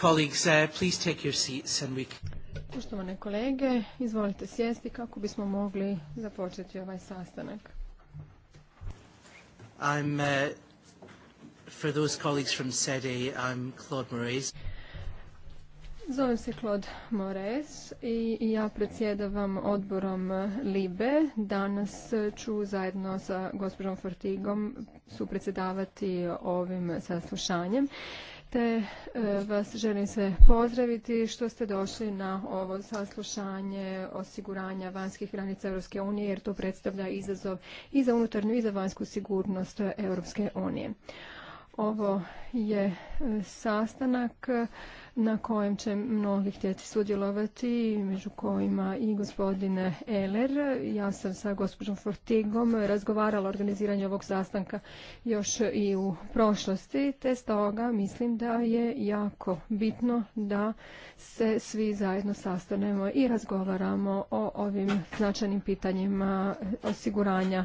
Colleagues, uh, Poštovane kolege, izvolite sjesti kako bismo mogli započeti ovaj sastanak. I'm, uh, for those Zovem se Claude Moraes i ja predsjedavam odborom uh, LIBE. Danas ću zajedno sa gospođom Fortigom supredsjedavati ovim saslušanjem te e, vas želim sve pozdraviti što ste došli na ovo saslušanje osiguranja vanjskih granica Europske unije jer to predstavlja izazov i za unutarnju i za vanjsku sigurnost Europske unije. Ovo je e, sastanak e, na kojem će mnogi htjeti sudjelovati, među kojima i gospodine Eler. Ja sam sa gospođom Fortigom razgovarala o organiziranju ovog sastanka još i u prošlosti, te stoga mislim da je jako bitno da se svi zajedno sastanemo i razgovaramo o ovim značajnim pitanjima osiguranja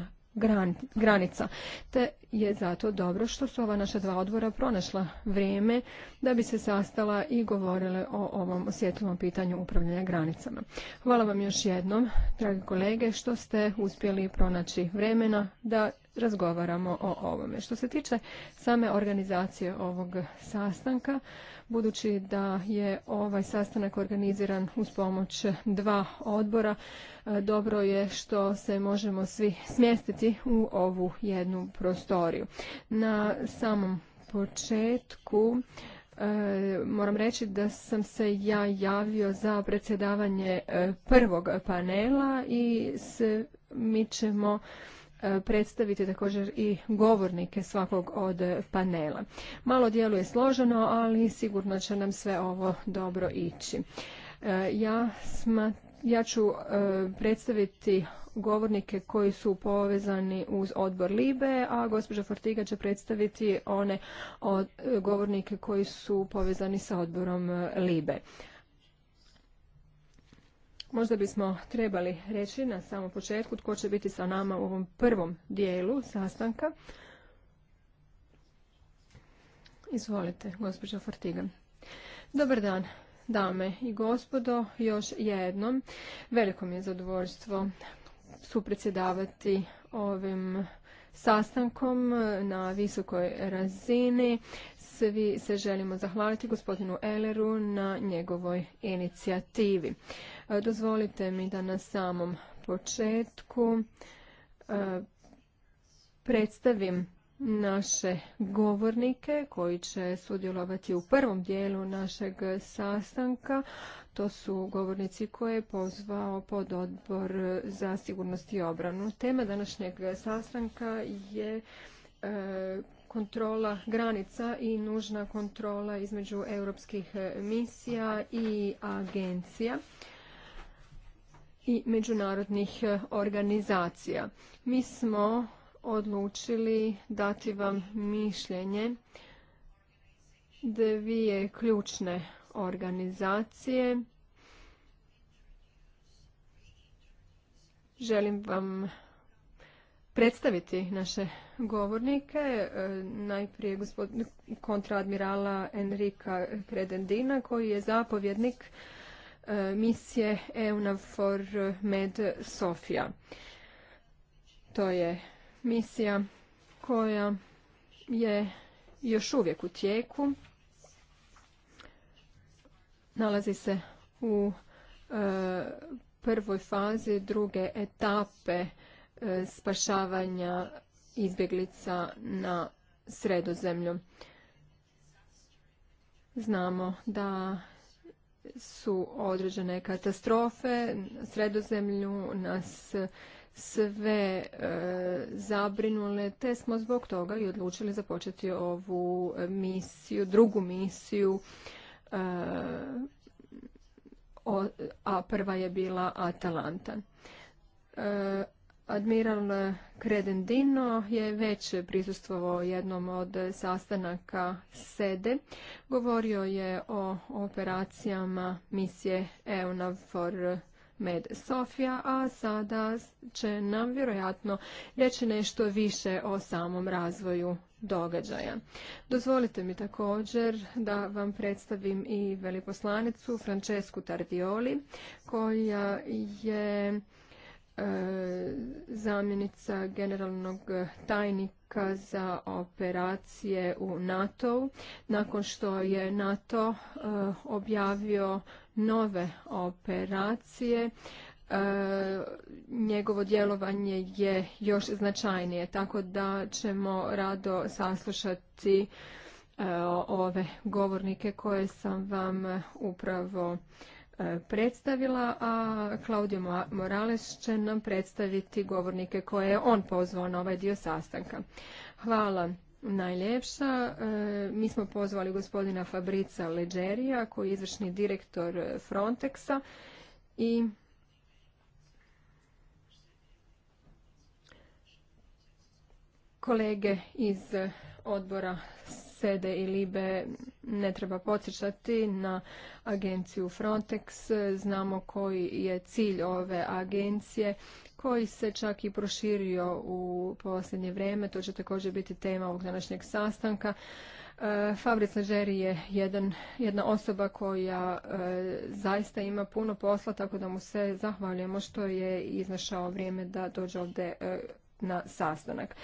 granica. Te je zato dobro što su ova naša dva odvora pronašla vrijeme da bi se sastala i govorile o ovom osjetljivom pitanju upravljanja granicama. Hvala vam još jednom, dragi kolege, što ste uspjeli pronaći vremena da razgovaramo o ovome. Što se tiče same organizacije ovog sastanka, Budući da je ovaj sastanak organiziran uz pomoć dva odbora, e, dobro je što se možemo svi smjestiti u ovu jednu prostoriju. Na samom početku e, moram reći da sam se ja javio za predsjedavanje e, prvog panela i mi ćemo E, predstaviti također i govornike svakog od panela. Malo djeluje složeno, ali sigurno će nam sve ovo dobro ići. E, ja, sma, ja ću e, predstaviti govornike koji su povezani uz odbor Libe, a gospođa Fortiga će predstaviti one govornike koji su povezani sa odborom Libe. Možda bismo trebali reći na samom početku tko će biti sa nama u ovom prvom dijelu sastanka. Izvolite, gospođo Fortigan. Dobar dan, dame i gospodo. Još jednom, veliko mi je zadovoljstvo supredsjedavati ovim sastankom na visokoj razini. Svi se želimo zahvaliti gospodinu Eleru na njegovoj inicijativi. E, dozvolite mi da na samom početku e, predstavim naše govornike koji će sudjelovati u prvom dijelu našeg sastanka. To su govornici koje je pozvao pod odbor za sigurnost i obranu. Tema današnjeg sastanka je e, kontrola granica i nužna kontrola između europskih misija i agencija i međunarodnih e, organizacija. Mi smo odlučili dati vam mišljenje dvije ključne organizacije. Želim vam predstaviti naše govornike. E, najprije kontraadmirala Enrika Kredendina koji je zapovjednik E, misije EUNAVFOR Med Sofia. To je misija koja je još uvijek u tijeku. Nalazi se u e, prvoj fazi druge etape e, spašavanja izbjeglica na sredozemlju. Znamo da su određene katastrofe sredozemlju, nas sve e, zabrinule, te smo zbog toga i odlučili započeti ovu misiju, drugu misiju, e, a prva je bila Atalanta. E, Admiral Credendino je već prisustvovao jednom od sastanaka sede. Govorio je o operacijama misije EUNAVFOR Med Sofia, a sada će nam vjerojatno reći nešto više o samom razvoju događaja. Dozvolite mi također da vam predstavim i veliposlanicu Francesku Tardioli, koja je E, zamjenica generalnog tajnika za operacije u NATO-u nakon što je NATO e, objavio nove operacije e, njegovo djelovanje je još značajnije tako da ćemo rado saslušati ove govornike koje sam vam upravo E, predstavila, a Claudio Morales će nam predstaviti govornike koje je on pozvao na ovaj dio sastanka. Hvala najljepša. E, mi smo pozvali gospodina Fabrica Leđerija, koji je izvršni direktor Frontexa i kolege iz odbora Sede i Libe ne treba podsjećati na agenciju Frontex. Znamo koji je cilj ove agencije koji se čak i proširio u posljednje vrijeme. To će također biti tema ovog današnjeg sastanka. E, Fabric Ležeri je jedan, jedna osoba koja e, zaista ima puno posla, tako da mu se zahvaljujemo što je iznašao vrijeme da dođe ovdje e, na sastanak.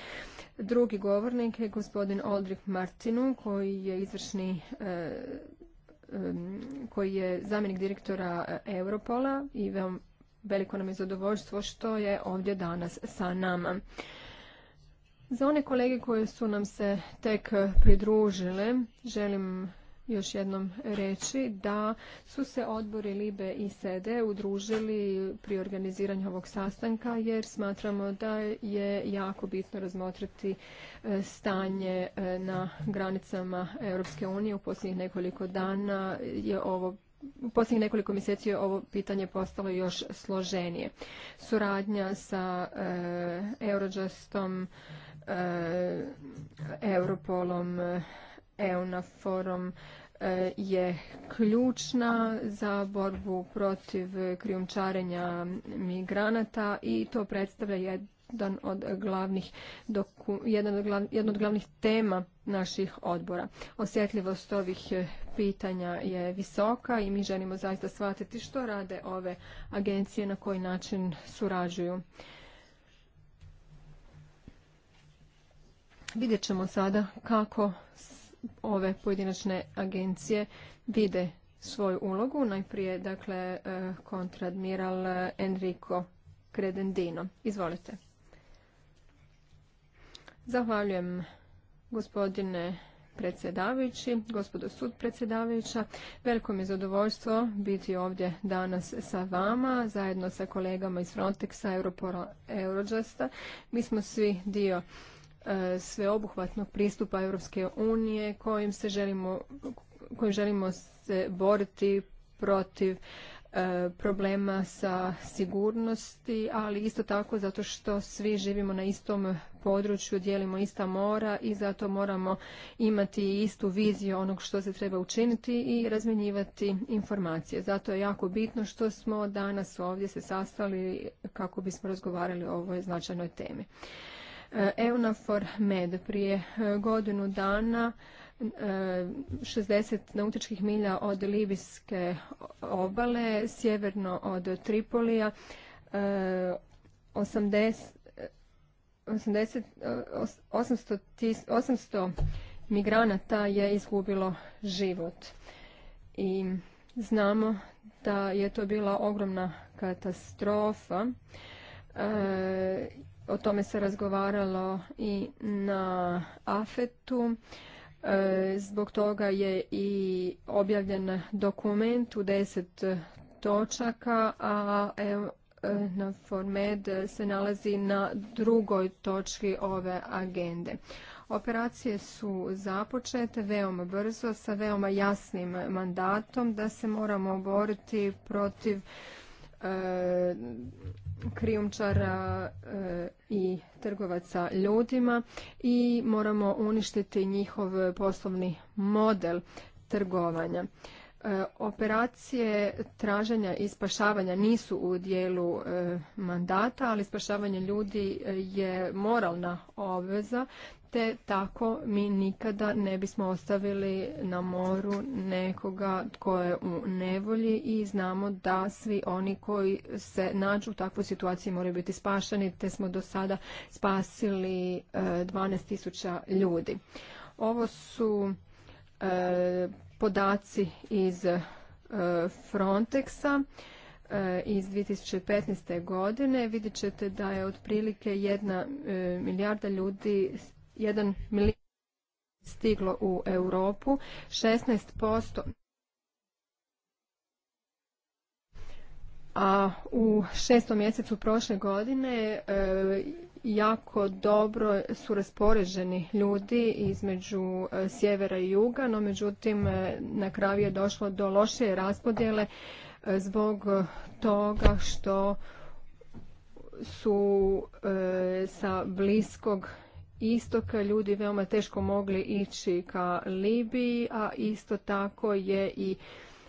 Drugi govornik je gospodin Oldrich Martinu koji je izvršni eh, koji je zamjenik direktora eh, Europola i veliko nam je zadovoljstvo što je ovdje danas sa nama. Za one kolege koje su nam se tek eh, pridružile, želim još jednom reći da su se odbori Libe i Sede udružili pri organiziranju ovog sastanka jer smatramo da je jako bitno razmotriti e, stanje e, na granicama Europske unije. U posljednjih nekoliko dana je ovo u posljednjih nekoliko mjeseci je ovo pitanje postalo još složenije. Suradnja sa e, Eurojustom, Europolom, EUNAFORom je ključna za borbu protiv krijumčarenja migranata i to predstavlja jedan od glavnih jedan od glavnih tema naših odbora. Osjetljivost ovih pitanja je visoka i mi želimo zaista shvatiti što rade ove agencije, na koji način surađuju. Vidjet ćemo sada kako ove pojedinačne agencije vide svoju ulogu. Najprije, dakle, e, kontradmiral Enrico Credendino. Izvolite. Zahvaljujem gospodine predsjedavajući, gospodo sud predsjedavajuća. Veliko mi je zadovoljstvo biti ovdje danas sa vama, zajedno sa kolegama iz Frontexa, Europoro, Eurojusta. Mi smo svi dio E, sveobuhvatnog pristupa Europske unije kojim se želimo kojim želimo se boriti protiv e, problema sa sigurnosti, ali isto tako zato što svi živimo na istom području, dijelimo ista mora i zato moramo imati istu viziju onog što se treba učiniti i razmjenjivati informacije. Zato je jako bitno što smo danas ovdje se sastali kako bismo razgovarali o ovoj značajnoj temi. E, EUNAFOR MED prije e, godinu dana 60 e, nautičkih milja od libijske obale, sjeverno od Tripolija, 80, 800, migranata je izgubilo život. I znamo da je to bila ogromna katastrofa o tome se razgovaralo i na AFET-u. E, zbog toga je i objavljen dokument u deset točaka, a e, na Formed se nalazi na drugoj točki ove agende. Operacije su započete veoma brzo sa veoma jasnim mandatom da se moramo boriti protiv e, krijumčara e, i trgovaca ljudima i moramo uništiti njihov poslovni model trgovanja. E, operacije traženja i spašavanja nisu u dijelu e, mandata, ali spašavanje ljudi je moralna obveza te tako mi nikada ne bismo ostavili na moru nekoga tko je u nevolji i znamo da svi oni koji se nađu u takvoj situaciji moraju biti spašeni te smo do sada spasili 12.000 e, ljudi. Ovo su e, podaci iz e, Frontexa iz 2015. godine vidjet ćete da je otprilike jedna milijarda ljudi 1 milijun stiglo u Europu, 16%. A u šestom mjesecu prošle godine e, jako dobro su raspoređeni ljudi između e, sjevera i juga, no međutim e, na kraju je došlo do loše raspodjele zbog toga što su sa bliskog istoka ljudi veoma teško mogli ići ka Libiji, a isto tako je i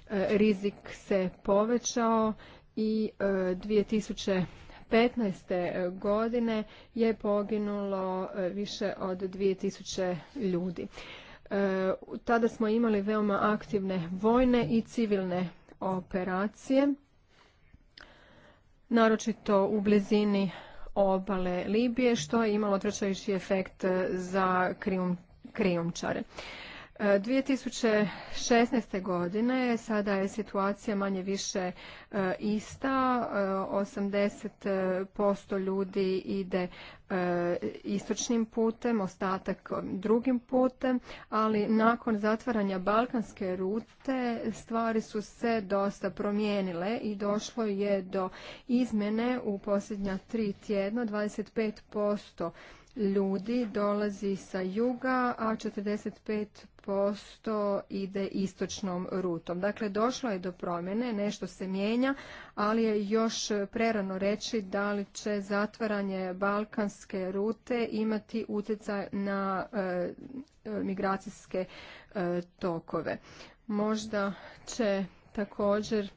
e, rizik se povećao i 2015. E, godine je poginulo e, više od 2000 ljudi. Tada smo imali veoma aktivne vojne i civilne operacije, naročito u blizini obale Libije, što je imalo otračajući efekt za krijumčare. 2016. E, godine sada je situacija manje više e, ista, 80% e, ljudi ide istočnim putem, ostatak drugim putem, ali nakon zatvaranja balkanske rute stvari su se dosta promijenile i došlo je do izmjene u posljednja tri tjedna, 25% ljudi dolazi sa juga, a 45% ide istočnom rutom. Dakle, došlo je do promjene, nešto se mijenja, ali je još prerano reći da li će zatvaranje balkanske rute imati utjecaj na e, migracijske e, tokove. Možda će također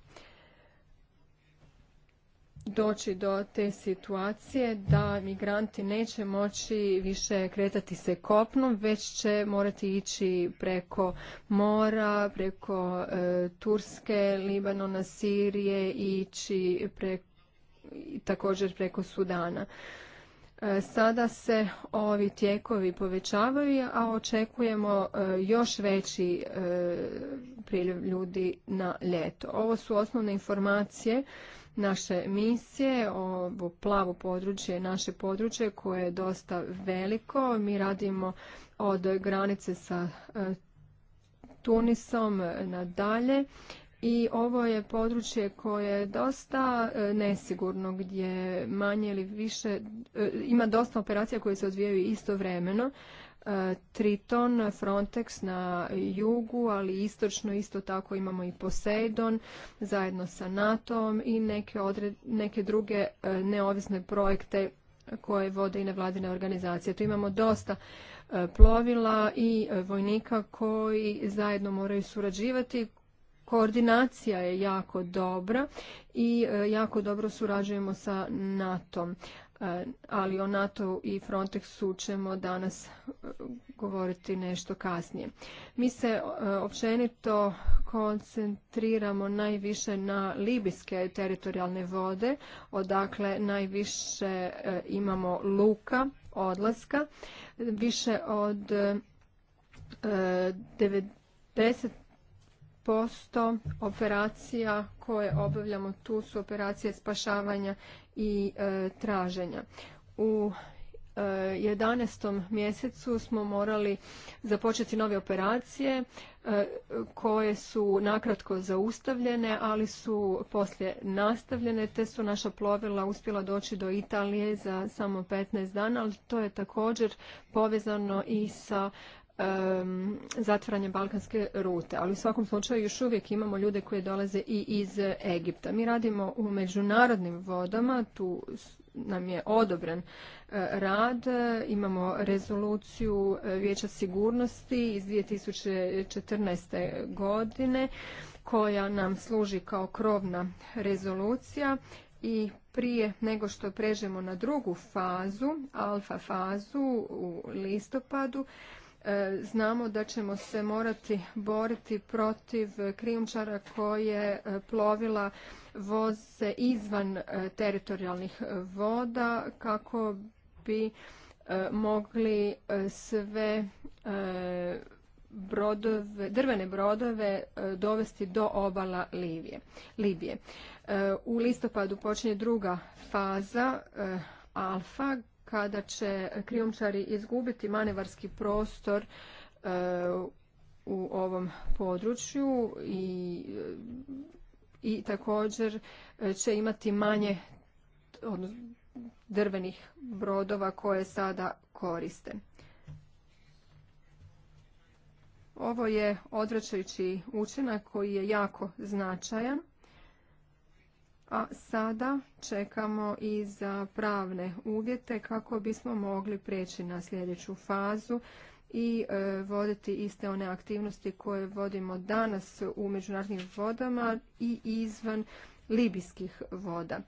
doći do te situacije da migranti neće moći više kretati se kopnom, već će morati ići preko mora, preko e, Turske, Libanona, Sirije ići također preko Sudana. E, sada se ovi tijekovi povećavaju, a očekujemo e, još veći e, priljev ljudi na ljeto. Ovo su osnovne informacije naše misije. Ovo plavo područje naše područje koje je dosta veliko. Mi radimo od granice sa e, Tunisom nadalje i ovo je područje koje je dosta e, nesigurno gdje manje ili više e, ima dosta operacija koje se odvijaju istovremeno Triton, Frontex na jugu, ali istočno isto tako imamo i Poseidon zajedno sa NATO-om i neke, neke druge e, neovisne projekte koje vode i nevladine organizacije. Tu imamo dosta e, plovila i e, vojnika koji zajedno moraju surađivati. Koordinacija je jako dobra i jako dobro surađujemo sa NATO-om ali o NATO i Frontexu ćemo danas e, govoriti nešto kasnije. Mi se e, općenito koncentriramo najviše na libijske teritorijalne vode, odakle najviše e, imamo luka odlaska, više od 90 posto operacija koje obavljamo tu su operacije spašavanja i e, traženja. U 11. E, mjesecu smo morali započeti nove operacije e, koje su nakratko zaustavljene, ali su poslije nastavljene, te su naša plovila uspjela doći do Italije za samo 15 dana, ali to je također povezano i sa zatvaranje balkanske rute, ali u svakom slučaju još uvijek imamo ljude koji dolaze i iz Egipta. Mi radimo u međunarodnim vodama, tu nam je odobren e, rad, e, imamo rezoluciju e, Vijeća sigurnosti iz 2014. godine koja nam služi kao krovna rezolucija i prije nego što pređemo na drugu fazu, alfa fazu u listopadu, E, znamo da ćemo se morati boriti protiv krijumčara koje e, plovila voze izvan e, teritorijalnih voda kako bi mogli sve brodove, drvene brodove dovesti do obala Libije. Libije. U listopadu počinje druga faza Alfa kada će krijumčari izgubiti manevarski prostor e, u ovom području i, i također će imati manje drvenih brodova koje sada koriste. Ovo je odvraćajući učinak koji je jako značajan a sada čekamo i za pravne uvjete kako bismo mogli preći na sljedeću fazu i e, voditi iste one aktivnosti koje vodimo danas u međunarodnim vodama i izvan libijskih voda.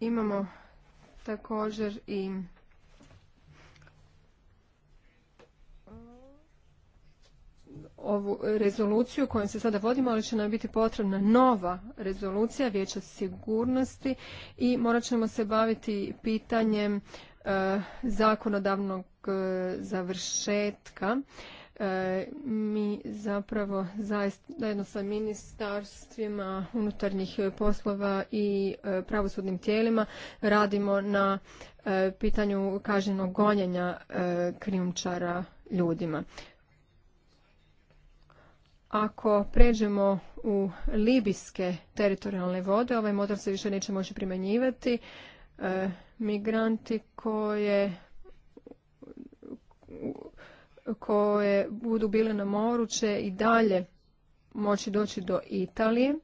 Imamo također i ovu rezoluciju kojom se sada vodimo, ali će nam biti potrebna nova rezolucija Vijeća sigurnosti i morat ćemo se baviti pitanjem e, zakonodavnog e, završetka. E, mi zapravo zajedno sa ministarstvima unutarnjih poslova i pravosudnim tijelima radimo na pitanju kažnjenog gonjenja krijumčara ljudima. Ako pređemo u libijske teritorijalne vode, ovaj model se više neće moći primjenjivati. E, migranti koje koje budu bile na moru će i dalje moći doći do Italije,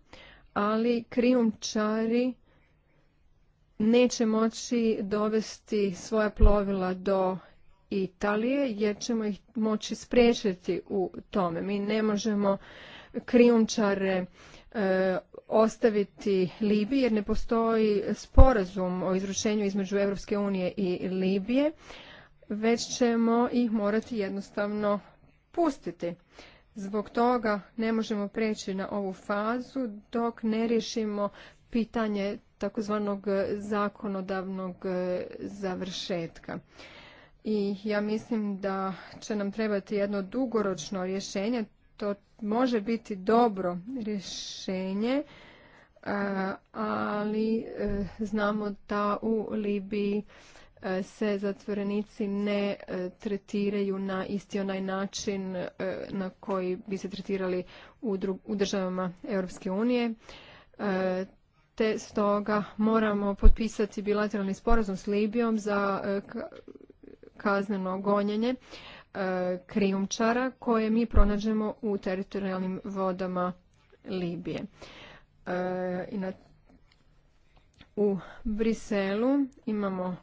ali krijumčari neće moći dovesti svoja plovila do Italije jer ćemo ih moći spriječiti u tome. Mi ne možemo krijumčare e, ostaviti Libiji jer ne postoji sporazum o izručenju između Europske unije i Libije, već ćemo ih morati jednostavno pustiti. Zbog toga ne možemo preći na ovu fazu dok ne riješimo pitanje takozvanog zakonodavnog e, završetka i ja mislim da će nam trebati jedno dugoročno rješenje. To može biti dobro rješenje, e, ali e, znamo da u Libiji e, se zatvorenici ne tretiraju na isti onaj način na koji bi se tretirali u, državama Europske unije. Te stoga moramo potpisati bilateralni sporazum s Libijom za kazneno gonjenje e, krijumčara koje mi pronađemo u teritorijalnim vodama Libije. E, u Briselu imamo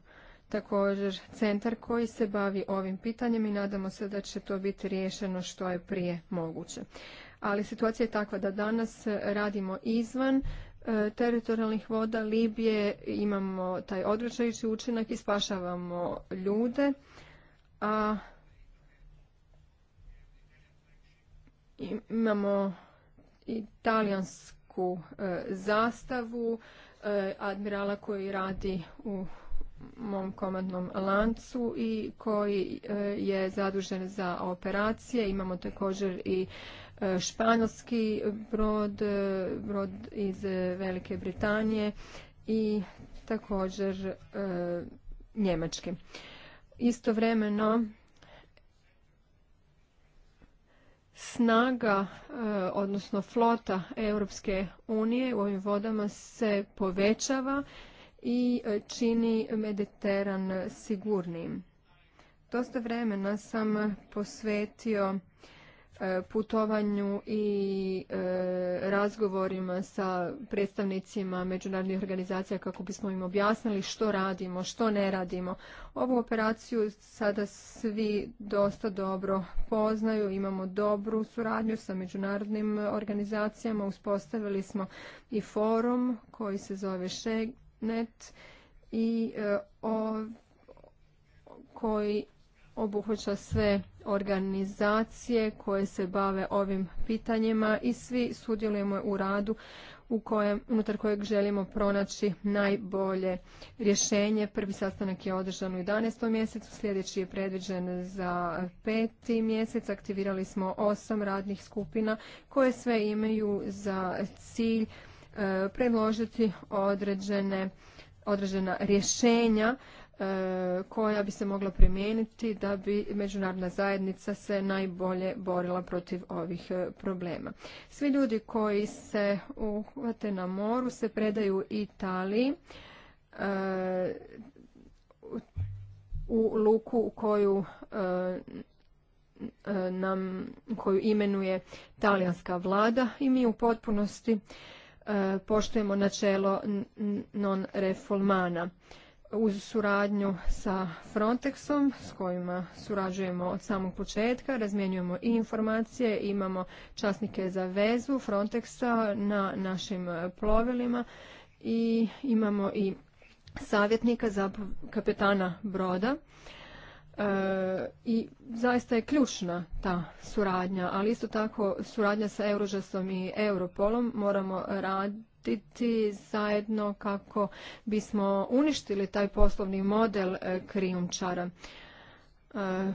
također centar koji se bavi ovim pitanjem i nadamo se da će to biti riješeno što je prije moguće. Ali situacija je takva da danas radimo izvan E, teritorijalnih voda Libije imamo taj odvraćajući učinak i spašavamo ljude, a imamo italijansku e, zastavu e, admirala koji radi u mom komadnom lancu i koji je zadužen za operacije. Imamo također i E, španjolski brod, e, brod iz Velike Britanije i također e, njemački. Istovremeno snaga, odnosno flota Europske unije u ovim vodama se povećava i čini Mediteran sigurnijim. Dosta vremena sam posvetio E, putovanju i e, razgovorima sa predstavnicima međunarodnih organizacija kako bismo im objasnili što radimo, što ne radimo. Ovu operaciju sada svi dosta dobro poznaju, imamo dobru suradnju sa međunarodnim organizacijama, uspostavili smo i forum koji se zove SHEGNET i e, koji obuhvaća sve organizacije koje se bave ovim pitanjima i svi sudjelujemo u radu u kojem, unutar kojeg želimo pronaći najbolje rješenje. Prvi sastanak je održan u 11. mjesecu, sljedeći je predviđen za peti mjesec. Aktivirali smo osam radnih skupina koje sve imaju za cilj e, predložiti određene, određena rješenja E, koja bi se mogla primijeniti da bi međunarodna zajednica se najbolje borila protiv ovih e, problema. Svi ljudi koji se uhvate na moru se predaju Italiji e, u luku u koju nam koju imenuje talijanska vlada i mi u potpunosti poštujemo načelo non reformana uz suradnju sa Frontexom s kojima surađujemo od samog početka, razmjenjujemo i informacije, imamo časnike za vezu Frontexa na našim e, plovilima i imamo i savjetnika za kapetana broda. E, I zaista je ključna ta suradnja, ali isto tako suradnja sa Eurožasom i Europolom moramo raditi raditi zajedno kako bismo uništili taj poslovni model e, krijumčara. E,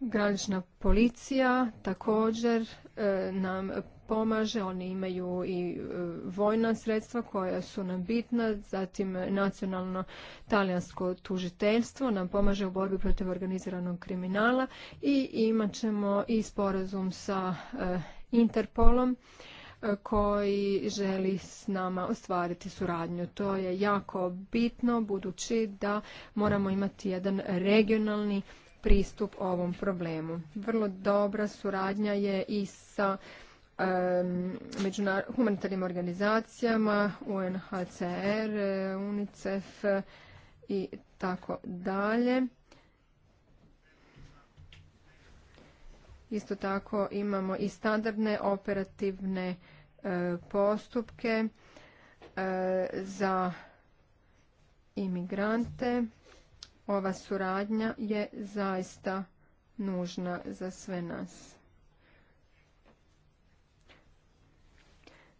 granična policija također e, nam pomaže, oni imaju i vojna sredstva koja su nam bitna, zatim nacionalno talijansko tužiteljstvo nam pomaže u borbi protiv organiziranog kriminala i imat ćemo i sporazum sa Interpolom koji želi s nama ostvariti suradnju. To je jako bitno budući da moramo imati jedan regionalni pristup ovom problemu. Vrlo dobra suradnja je i sa humanitarnim organizacijama, UNHCR, UNICEF i tako dalje. Isto tako imamo i standardne operativne postupke e, za imigrante. Ova suradnja je zaista nužna za sve nas.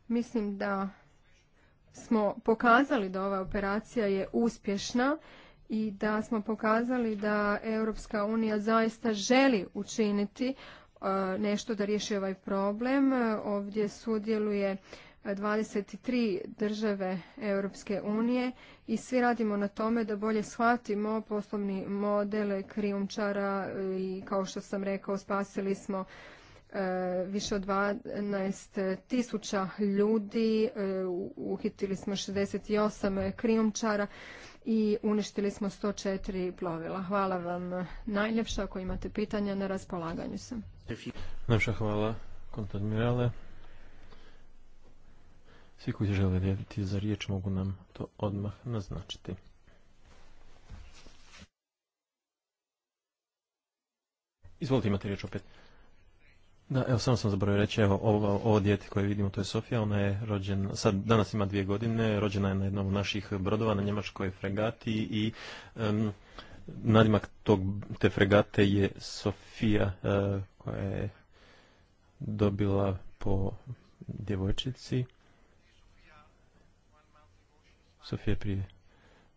Mislim da smo pokazali da ova operacija je uspješna i da smo pokazali da Europska unija zaista želi učiniti E, nešto da riješi ovaj problem. E, ovdje sudjeluje 23 države Europske unije i svi radimo na tome da bolje shvatimo poslovni model krijumčara i kao što sam rekao spasili smo e, više od 12 tisuća ljudi, uhitili smo 68 krijumčara i uništili smo 104 plovila. Hvala vam najljepša ako imate pitanja na raspolaganju sam. Najljepša hvala kontadmirale. Svi koji žele rediti za riječ mogu nam to odmah naznačiti. Izvolite imate riječ opet. Da, evo samo sam zaboravio reći, evo ovo, ovo dijete koje vidimo, to je Sofija, ona je rođena, sad danas ima dvije godine, rođena je na jednom od naših brodova na njemačkoj fregati i um, nadimak tog, te fregate je Sofija e, koja je dobila po djevojčici. Sofija prije,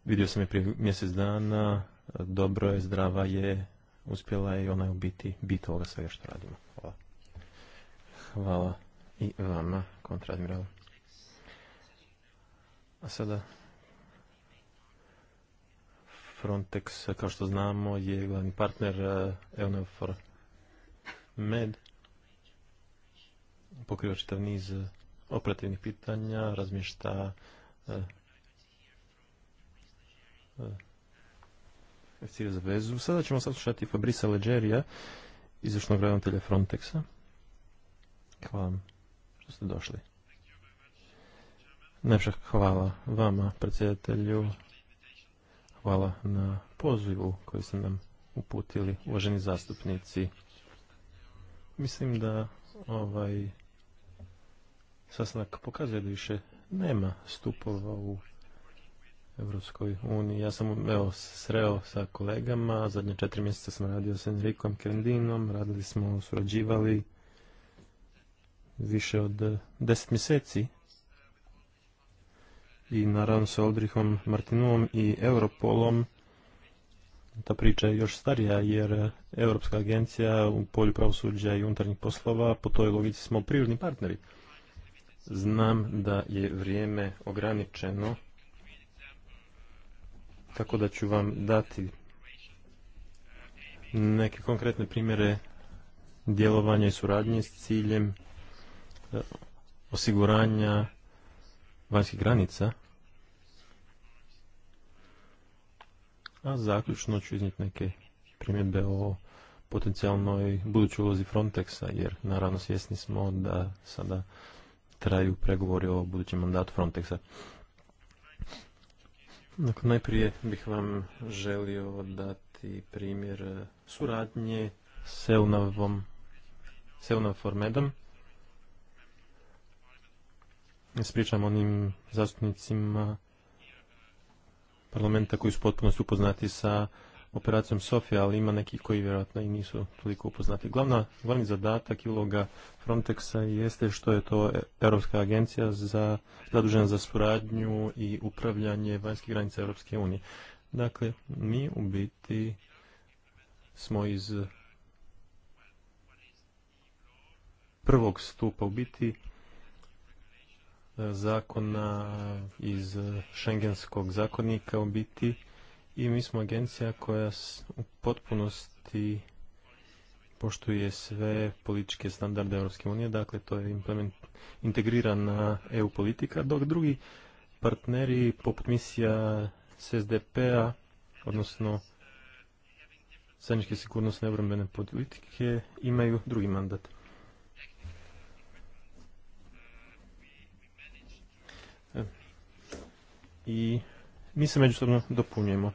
vidio sam je prije mjesec dana, dobro je, zdrava je, uspjela je i ona je u biti bit ovoga svega što radimo. Hvala. Hvala i vama, kontradmiral. A sada Frontex, kao što znamo, je glavni partner eh, EUNAVFOR MED. Pokriva čitav niz eh, operativnih pitanja, razmješta eh, za vezu. Sada ćemo saslušati Fabrisa Leđerija, izvršnog ravnatelja Frontexa. Hvala vam što ste došli. Najpša hvala vama, predsjedatelju. Hvala na pozivu koji ste nam uputili, uvaženi zastupnici. Mislim da ovaj sastanak pokazuje da više nema stupova u Evropskoj uniji. Ja sam evo, sreo sa kolegama, zadnje četiri mjeseca sam radio sa Enrikom Kendinom, radili smo, surađivali, više od eh, deset mjeseci i naravno sa Oldrihom Martinovom i Europolom ta priča je još starija jer eh, Europska agencija u polju pravosuđa i unutarnjih poslova po toj logici smo prirodni partneri. Znam da je vrijeme ograničeno tako da ću vam dati neke konkretne primjere djelovanja i suradnje s ciljem osiguranja vanjskih granica. A zaključno ću iznijeti neke primjedbe o potencijalnoj budućoj ulozi Frontexa, jer naravno svjesni smo da sada traju pregovori o budućem mandatu Frontexa. Dakle, najprije bih vam želio dati primjer suradnje s Elnavom, s Formedom spričam onim zastupnicima parlamenta koji su potpuno upoznati sa operacijom Sofia, ali ima neki koji vjerojatno i nisu toliko upoznati. Glavna, glavni zadatak i uloga Frontexa jeste što je to Europska agencija za, zadužena za suradnju i upravljanje vanjskih granica Europske unije. Dakle, mi u biti smo iz prvog stupa u biti zakona iz šengenskog zakonika u biti i mi smo agencija koja u potpunosti poštuje sve političke standarde Europske unije, dakle to je implement, integrirana EU politika, dok drugi partneri poput misija SDP-a, odnosno zajedničke sigurnosne obrambene politike, imaju drugi mandat. i mi se međusobno dopunjujemo.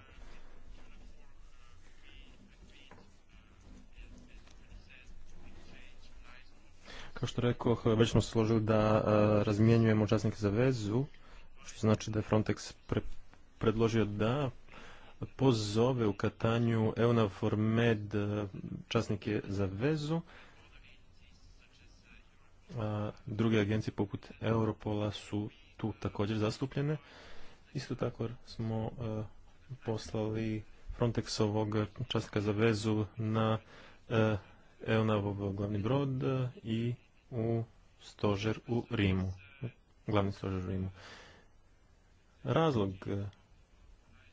Kao što rekao, već smo se složili da e, razmjenjujemo časnike za vezu, što znači da je Frontex pre predložio da pozove u katanju EUNAVFOR MED e, časnike za vezu. druge agencije poput Europola su tu također zastupljene. Isto tako smo e, poslali Frontexovog častka za vezu na EUNAVO-vo glavni brod i u stožer u Rimu, glavni stožer u Rimu. Razlog e,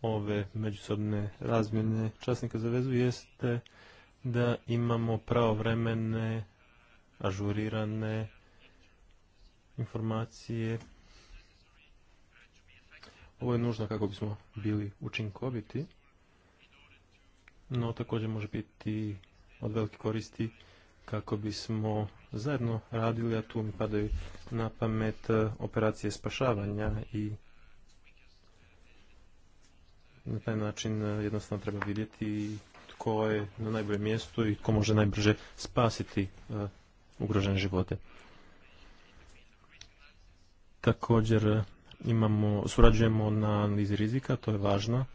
ove međusobne razmjene časnika za vezu jeste da imamo pravovremene, ažurirane informacije ovo je nužno kako bismo bili učinkoviti, no također može biti od velike koristi kako bismo zajedno radili, a tu mi padaju na pamet e, operacije spašavanja i na taj način e, jednostavno treba vidjeti tko je na najboljem mjestu i tko može najbrže spasiti e, ugrožene živote. Također imamo, surađujemo na analizi rizika, to je važno.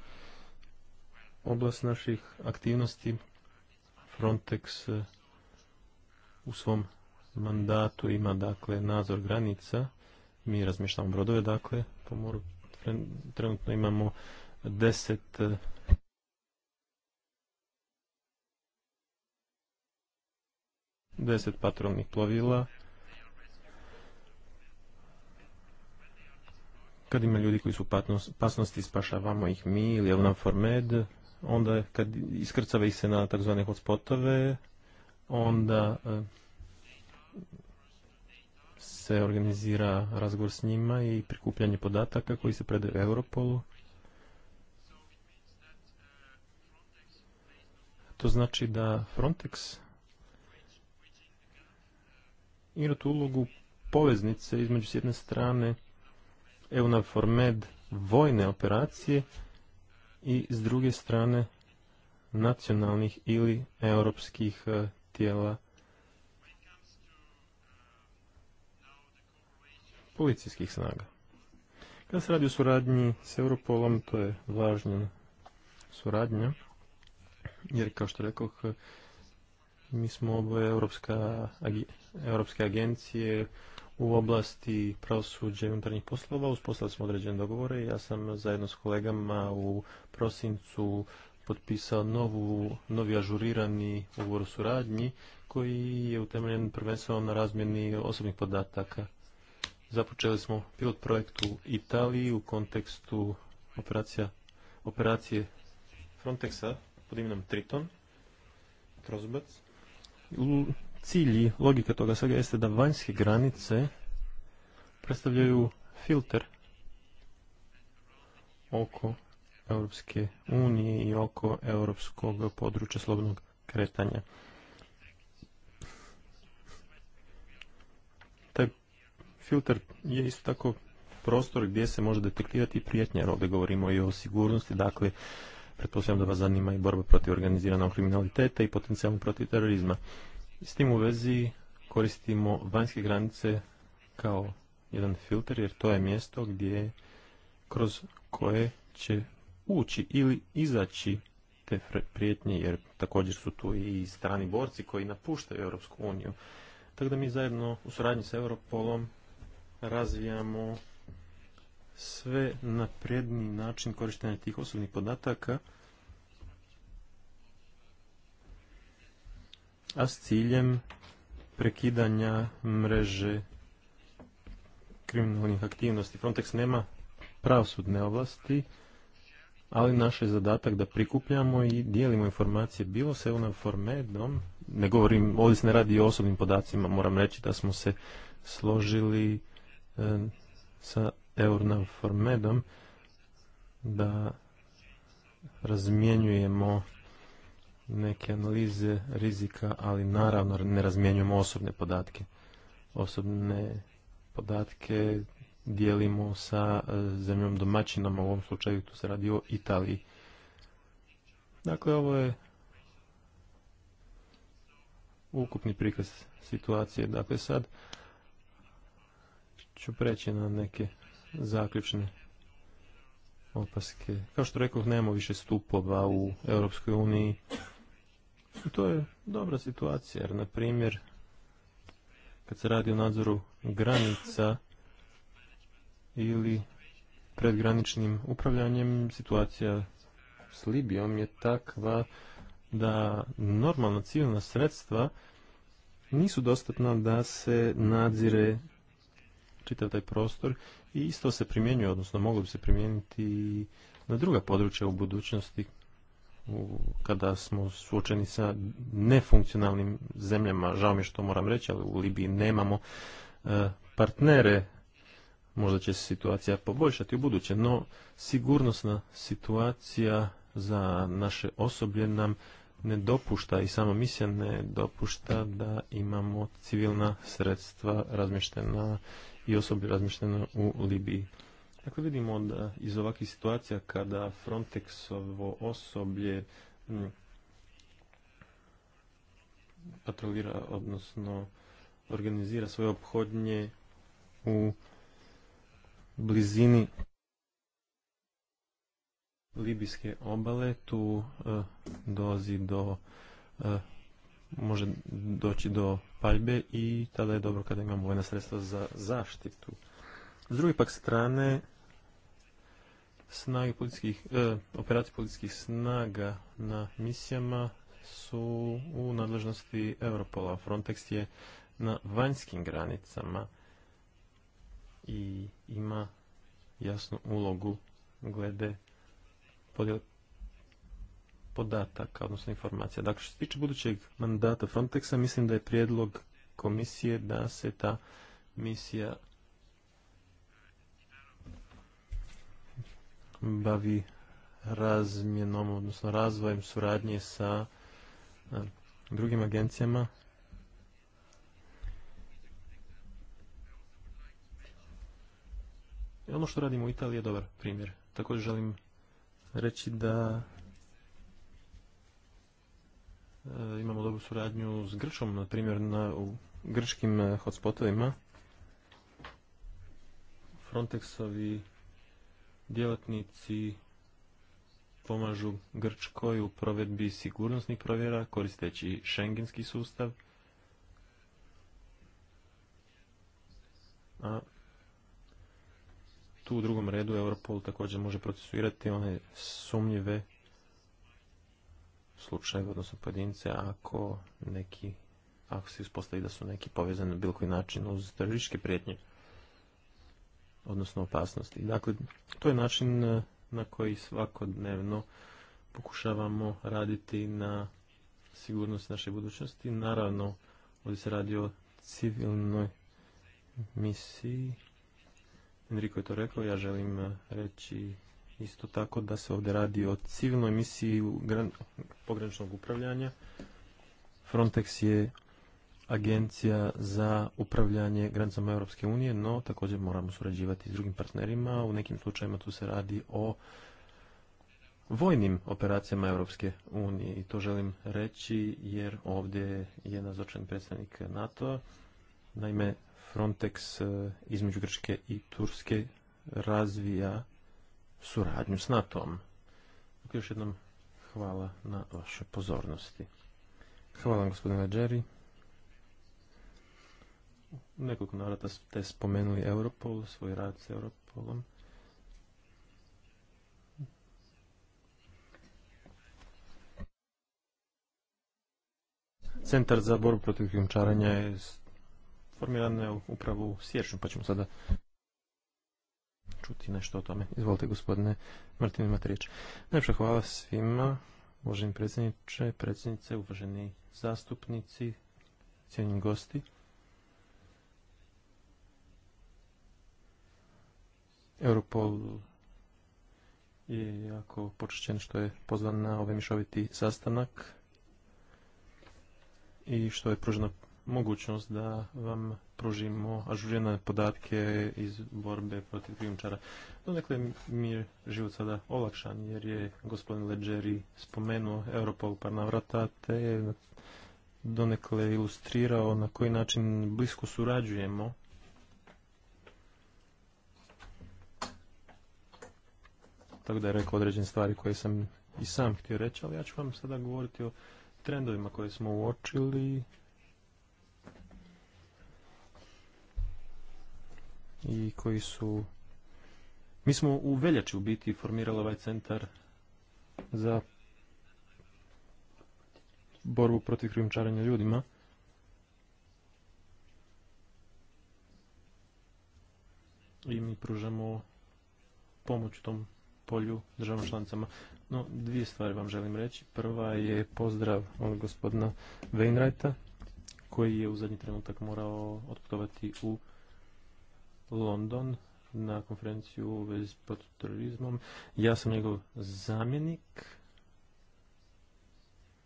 oblast naših aktivnosti. Frontex eh, u svom mandatu ima dakle nadzor granica, mi razmišljamo brodove dakle po moru. Trenutno imamo deset eh, deset patrolnih plovila kad ima ljudi koji su u pasnosti, spašavamo ih mi ili for Formed, onda kad iskrcava ih se na takzvane hotspotove, onda eh, se organizira razgovor s njima i prikupljanje podataka koji se predaju Europolu. To znači da Frontex ima tu ulogu poveznice između s jedne strane EUNAVFOR MED vojne operacije i s druge strane nacionalnih ili europskih e, tijela policijskih snaga. Kada se radi o suradnji s Europolom, to je važna suradnja, jer kao što rekao, e, mi smo oboje europske agencije u oblasti pravosuđa i unutarnjih poslova. Uspostavili smo određene dogovore i ja sam zajedno s kolegama u prosincu potpisao novu, novi ažurirani ugovor o suradnji koji je utemeljen prvenstveno na razmjeni osobnih podataka. Započeli smo pilot projekt u Italiji u kontekstu operacija, operacije Frontexa pod imenom Triton, Trozbac cilj logika toga svega jeste da vanjske granice predstavljaju filter oko Europske unije i oko europskog područja slobodnog kretanja. Taj filter je isto tako prostor gdje se može detektirati prijetnja, jer ovdje govorimo i o sigurnosti, dakle, pretpostavljam da vas zanima i borba protiv organiziranog kriminaliteta i potencijalno protiv terorizma. S tim u vezi koristimo vanjske granice kao jedan filter, jer to je mjesto gdje kroz koje će ući ili izaći te prijetnje, jer također su tu i strani borci koji napuštaju Europsku uniju. Tako da mi zajedno u suradnji sa Europolom razvijamo sve napredni način korištenja tih osobnih podataka a s ciljem prekidanja mreže kriminalnih aktivnosti. Frontex nema pravosudne ovlasti, ali naš je zadatak da prikupljamo i dijelimo informacije bilo se ono formedom, ne govorim, ovdje se ne radi o osobnim podacima, moram reći da smo se složili e, sa Eurnav formedom da razmjenjujemo neke analize rizika, ali naravno ne razmjenjujemo osobne podatke. Osobne podatke dijelimo sa e, zemljom domaćinom, u ovom slučaju tu se radi o Italiji. Dakle, ovo je ukupni prikaz situacije. Dakle, sad ću preći na neke zaključne opaske. Kao što rekao, nemamo više stupova u Europskoj uniji to je dobra situacija, jer na primjer, kad se radi o nadzoru granica ili predgraničnim upravljanjem, situacija s Libijom je takva da normalna civilna sredstva nisu dostatna da se nadzire čitav taj prostor i isto se primjenjuje, odnosno moglo bi se primijeniti na druga područja u budućnosti kada smo suočeni sa nefunkcionalnim zemljama. Žao mi je što moram reći, ali u Libiji nemamo e, partnere. Možda će se situacija poboljšati u buduće, no sigurnosna situacija za naše osoblje nam ne dopušta i sama misija ne dopušta da imamo civilna sredstva razmještena i osoblje razmješteno u Libiji. Dakle, vidimo da iz ovakvih situacija kada Frontexovo osoblje mm, patrolira, odnosno organizira svoje obhodnje u blizini libijske obale, tu e, dolazi do e, može doći do paljbe i tada je dobro kada imamo vojna sredstva za zaštitu. S druge pak strane, snage policijskih, e, operacije policijskih snaga na misijama su u nadležnosti Europola. Frontex je na vanjskim granicama i ima jasnu ulogu glede podataka, odnosno informacija. Dakle, što se tiče budućeg mandata Frontexa, mislim da je prijedlog komisije da se ta misija bavi razmjenom, odnosno razvojem suradnje sa drugim agencijama. I ono što radimo u Italiji je dobar primjer. Također želim reći da imamo dobru suradnju s Grčom, na primjer na u grčkim hotspotovima. Frontexovi djelatnici pomažu Grčkoj u provedbi sigurnosnih provjera koristeći šengenski sustav. A tu u drugom redu Europol također može procesuirati one sumnjive slučajeve, odnosno pojedince, ako neki ako se ispostavi da su neki povezani na bilo koji način uz terorističke prijetnje odnosno opasnosti. Dakle, to je način e, na koji svakodnevno pokušavamo raditi na sigurnosti naše budućnosti. Naravno, ovdje se radi o civilnoj misiji. Enrico je to rekao, ja želim e, reći isto tako da se ovdje radi o civilnoj misiji pograničnog upravljanja. Frontex je agencija za upravljanje granicama Europske unije, no također moramo surađivati s drugim partnerima. U nekim slučajima tu se radi o vojnim operacijama Europske unije i to želim reći jer ovdje je nazočan predstavnik NATO-a. Naime, Frontex e, između Grčke i Turske razvija suradnju s NATO-om. Dakle, još jednom hvala na vašoj pozornosti. Hvala vam gospodine Leđeri nekoliko navrata ste spomenuli Europol, svoj rad s Europolom. Centar za borbu protiv krijumčaranja je formiran upravo u siječnju, pa ćemo sada čuti nešto o tome. Izvolite, gospodine Martin, Matrič. riječ. hvala svima, uvaženi predsjedniče, predsjednice, uvaženi zastupnici, cijenjeni gosti. Europol je jako počešćen što je pozvan na ovaj mišoviti sastanak i što je pružena mogućnost da vam pružimo ažurirane podatke iz borbe protiv krijumčara. Donekle mi je život sada olakšan jer je gospodin Leđeri spomenuo Europol par navrata te donekle ilustrirao na koji način blisko surađujemo tako da je rekao određene stvari koje sam i sam htio reći, ali ja ću vam sada govoriti o trendovima koje smo uočili i koji su... Mi smo u veljači u biti formirali ovaj centar za borbu protiv krivimčaranja ljudima. I mi pružamo pomoć u tom polju državnom članicama. No, dvije stvari vam želim reći. Prva je pozdrav od gospodina Wainwrighta, koji je u zadnji trenutak morao otputovati u London na konferenciju u vezi s terorizmom. Ja sam njegov zamjenik.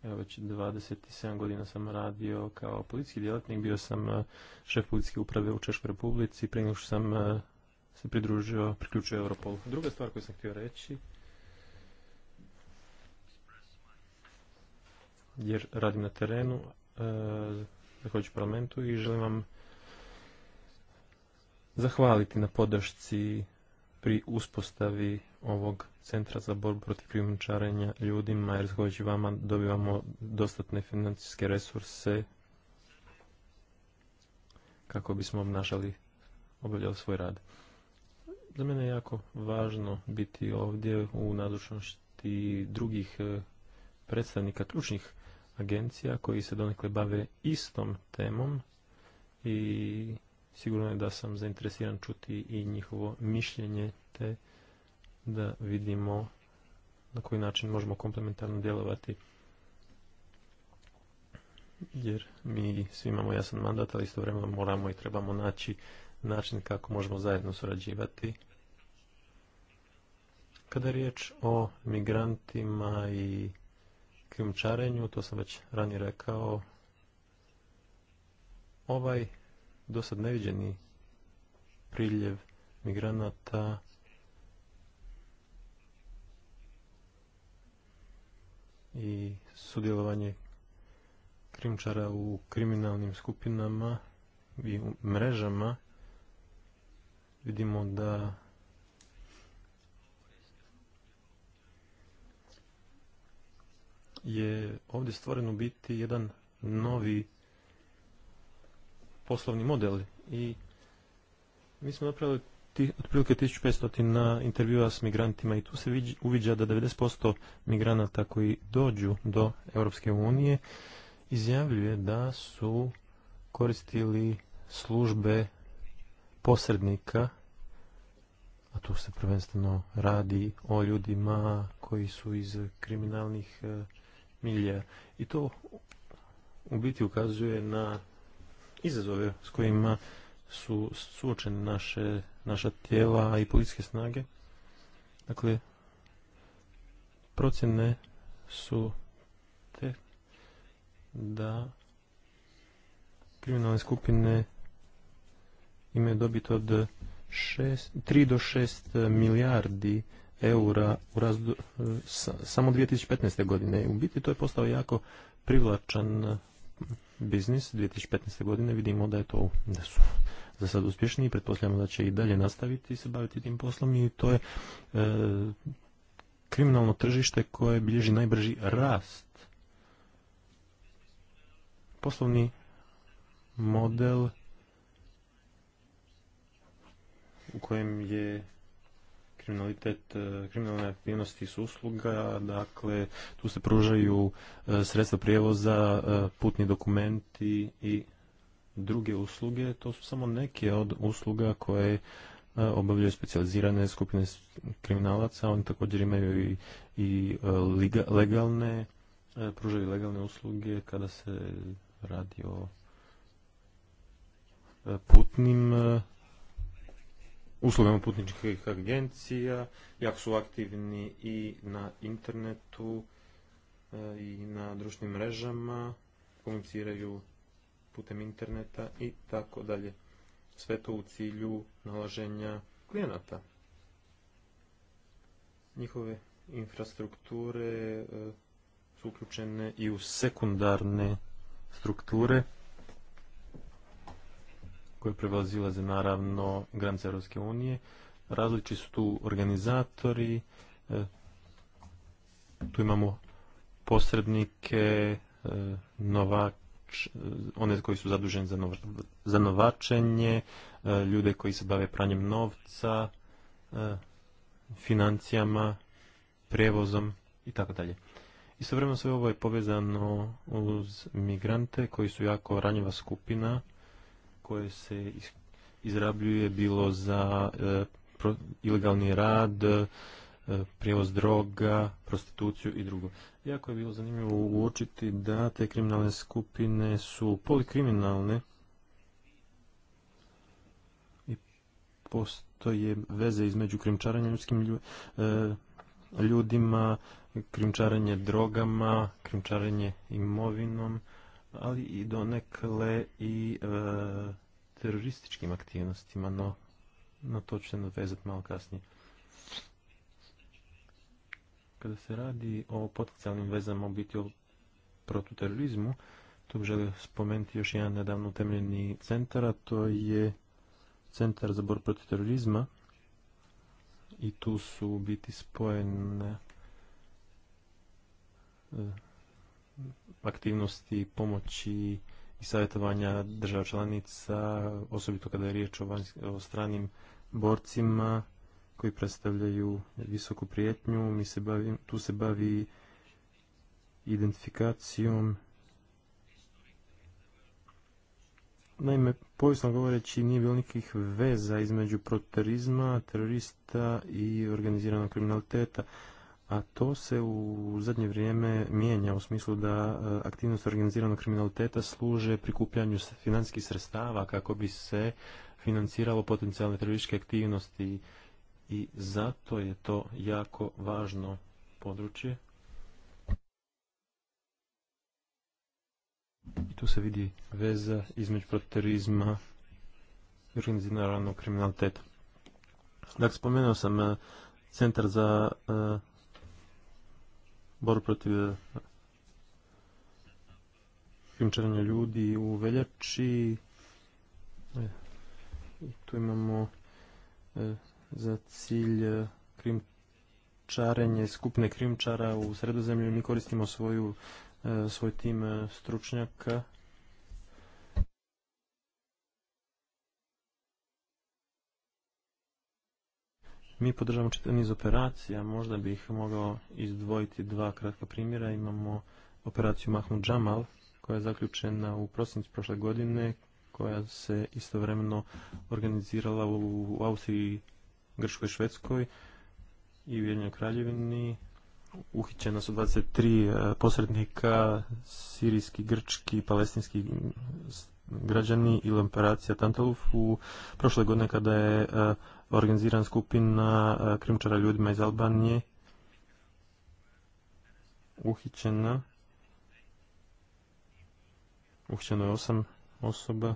Evo već 27 godina sam radio kao policijski djelatnik, bio sam eh, šef policijske uprave u Češkoj republici, prije nego što sam eh, se pridružio, priključio Europol. Druga stvar koju sam htio reći, jer radim na terenu, e, zahvaljujući parlamentu i želim vam zahvaliti na podršci pri uspostavi ovog centra za borbu protiv krijumčarenja ljudima, jer zahvaljujući vama dobivamo dostatne financijske resurse kako bismo obnašali, obavljali svoj rad za mene je jako važno biti ovdje u nadučnosti drugih e, predstavnika ključnih agencija koji se donekle bave istom temom i sigurno je da sam zainteresiran čuti i njihovo mišljenje te da vidimo na koji način možemo komplementarno djelovati jer mi svi imamo jasan mandat, ali vremeno moramo i trebamo naći način kako možemo zajedno surađivati. Kada je riječ o migrantima i krimčarenju, to sam već ranije rekao, ovaj dosad neviđeni priljev migranata i sudjelovanje krimčara u kriminalnim skupinama i mrežama vidimo da je ovdje stvoren u biti jedan novi poslovni model i mi smo napravili otprilike 1500 na intervjua s migrantima i tu se uviđa da 90% migranata koji dođu do Europske unije izjavljuje da su koristili službe posrednika, a tu se prvenstveno radi o ljudima koji su iz kriminalnih e, milija. I to u biti ukazuje na izazove s kojima su suočene naše, naša tijela i policijske snage. Dakle, procjene su te da kriminalne skupine imaju dobit od 6, 3 do 6 e, milijardi eura u razdu, e, sa, samo 2015. godine. U biti to je postao jako privlačan e, biznis 2015. godine. Vidimo da je to da su za sad uspješni pretpostavljamo da će i dalje nastaviti se baviti tim poslom i to je kriminalno tržište koje bilježi najbrži rast. Poslovni model u kojem je kriminalitet, e, kriminalne aktivnosti su usluga, dakle tu se pružaju e, sredstva prijevoza, e, putni dokumenti i druge usluge. To su samo neke od usluga koje obavljaju specijalizirane skupine kriminalaca, oni također imaju i, i legalne, pružaju legalne usluge kada se radi o putnim uslugama putničkih agencija, jak su aktivni i na internetu e, i na društvenim mrežama, komuniciraju putem interneta i tako dalje. Sve to u cilju nalaženja klijenata. Njihove infrastrukture e, su uključene i u sekundarne strukture koje prevazilaze naravno granice Europske unije. Različiti su tu organizatori, e, tu imamo posrednike, e, e, one koji su zaduženi za, za novačenje, ljude koji se bave pranjem novca, financijama, prijevozom i tako dalje. Istovremeno sve ovo je povezano uz migrante koji su jako ranjiva skupina koje se izrabljuje bilo za e, ilegalni rad, e, prijevoz droga, prostituciju i drugo. Jako je bilo zanimljivo uočiti da te kriminalne skupine su polikriminalne i postoje veze između krimčaranja ljudskim e, ljudima, krimčaranje drogama, krimčaranje imovinom ali i donekle i e, terorističkim aktivnostima, no na to ću vezati malo kasnije. Kada se radi o potencijalnim vezama u biti o protuterorizmu, tu bih želio spomenuti još jedan nedavno utemljeni centar, a to je Centar za borbu protiv terorizma i tu su biti spojene e, aktivnosti pomoći i savjetovanja država članica, osobito kada je riječ o, stranim borcima koji predstavljaju visoku prijetnju. Mi se tu se bavi identifikacijom. Naime, povijesno govoreći nije bilo nikakvih veza između proterizma, terorista i organiziranog kriminaliteta a to se u zadnje vrijeme mijenja u smislu da e, aktivnost organiziranog kriminaliteta služe prikupljanju financijskih sredstava kako bi se financiralo potencijalne terorističke aktivnosti i zato je to jako važno područje. I tu se vidi veza između proterizma i organiziranog kriminaliteta. Dakle, spomenuo sam e, Centar za e, boru protiv e, krimčarenja ljudi u veljači. E, I tu imamo e, za cilj krimčarenje skupne krimčara u sredozemlju. Mi koristimo svoju, svoj tim stručnjaka Mi podržavamo čitav niz operacija, možda bih mogao izdvojiti dva kratka primjera. Imamo operaciju Mahmud Jamal koja je zaključena u prosincu prošle godine koja se istovremeno organizirala u Austriji, Grškoj, Švedskoj i Ujedinjenoj Kraljevini. Uhićena su 23 e, posrednika, sirijski, grčki, palestinski građani ili operacija Tantaluf u prošle godine kada je e, organiziran skupina e, krimčara ljudima iz Albanije uhićena. Uhićeno je osam osoba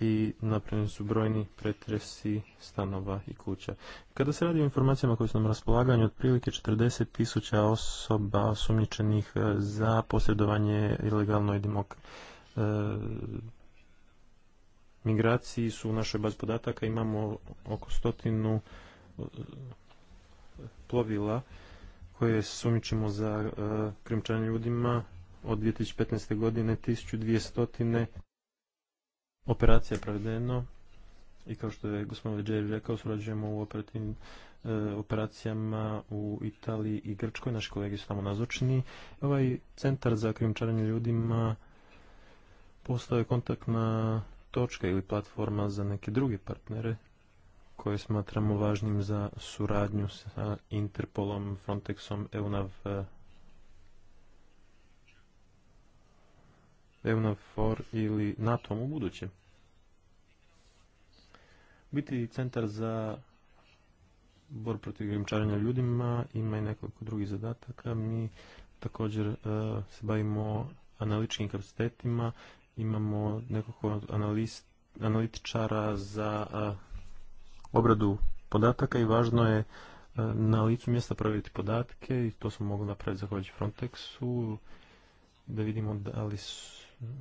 i napravljeni su brojni pretresi stanova i kuća. Kada se radi o informacijama koje su nam raspolaganju, otprilike 40 tisuća osoba osumnjičenih e, za posjedovanje ilegalnoj i e, migraciji su u našoj bazi podataka, imamo oko stotinu e, plovila koje sumičimo za e, krimčanje ljudima od 2015. godine 1200 operacija provedeno i kao što je gospodin Leđer rekao, surađujemo u operativnim e, operacijama u Italiji i Grčkoj, naši kolegi su tamo nazočni. Ovaj centar za krijumčarenje ljudima postao je na točka ili platforma za neke druge partnere koje smatramo važnim za suradnju sa Interpolom, Frontexom, EUNAV, eh, EUNAVFOR ili NATO-om u budućem. Biti centar za bor protiv grimčarenja ljudima ima i nekoliko drugih zadataka. Mi također eh, se bavimo analitičkim kapacitetima imamo nekog analitičara za obradu podataka i važno je na licu mjesta provjeriti podatke i to smo mogli napraviti zahvaljujući Frontexu da vidimo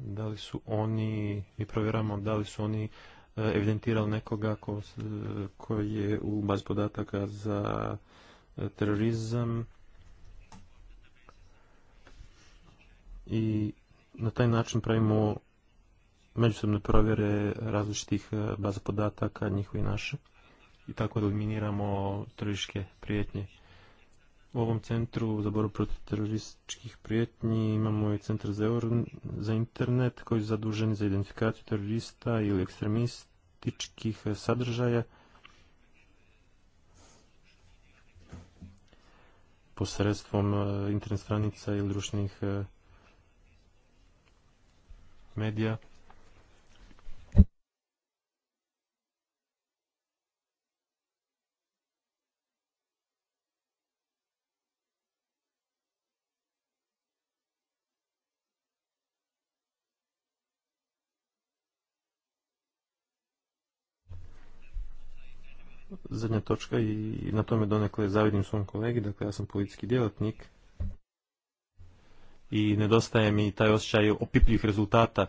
da li su, oni i provjeramo da li su oni evidentirali nekoga ko, je u bazi podataka za terorizam i na taj način pravimo međusobne provjere različitih e, baza podataka, njihove i naše, i tako da eliminiramo terorističke prijetnje. U ovom centru za borbu protiv terorističkih prijetnji imamo i centar za, za internet koji je zadužen za identifikaciju terorista ili ekstremističkih e, sadržaja. posredstvom e, internet stranica ili društvenih medija. zadnja točka i na tome donekle zavidim svom kolegi, dakle ja sam politički djelatnik i nedostaje mi taj osjećaj opipljivih rezultata.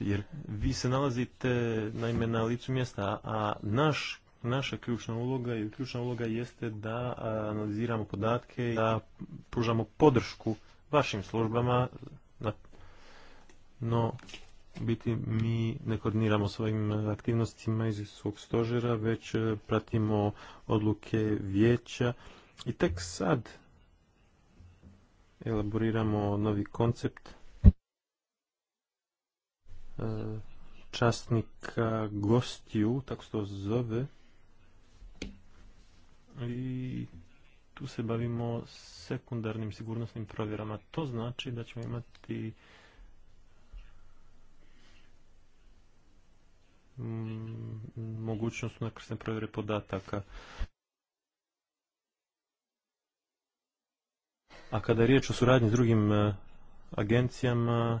jer vi se nalazite naime na licu mjesta, a naš Naša ključna uloga i ključna uloga jeste da analiziramo podatke i da pružamo podršku vašim službama, no biti mi ne koordiniramo svojim aktivnostima iz svog stožera, već e, pratimo odluke vijeća i tek sad elaboriramo novi koncept e, časnika e, gostiju, tako se to zove. I tu se bavimo sekundarnim sigurnosnim provjerama. To znači da ćemo imati mm, mogućnost nakrsne provjere podataka. A kada je riječ o suradnji s drugim e, agencijama,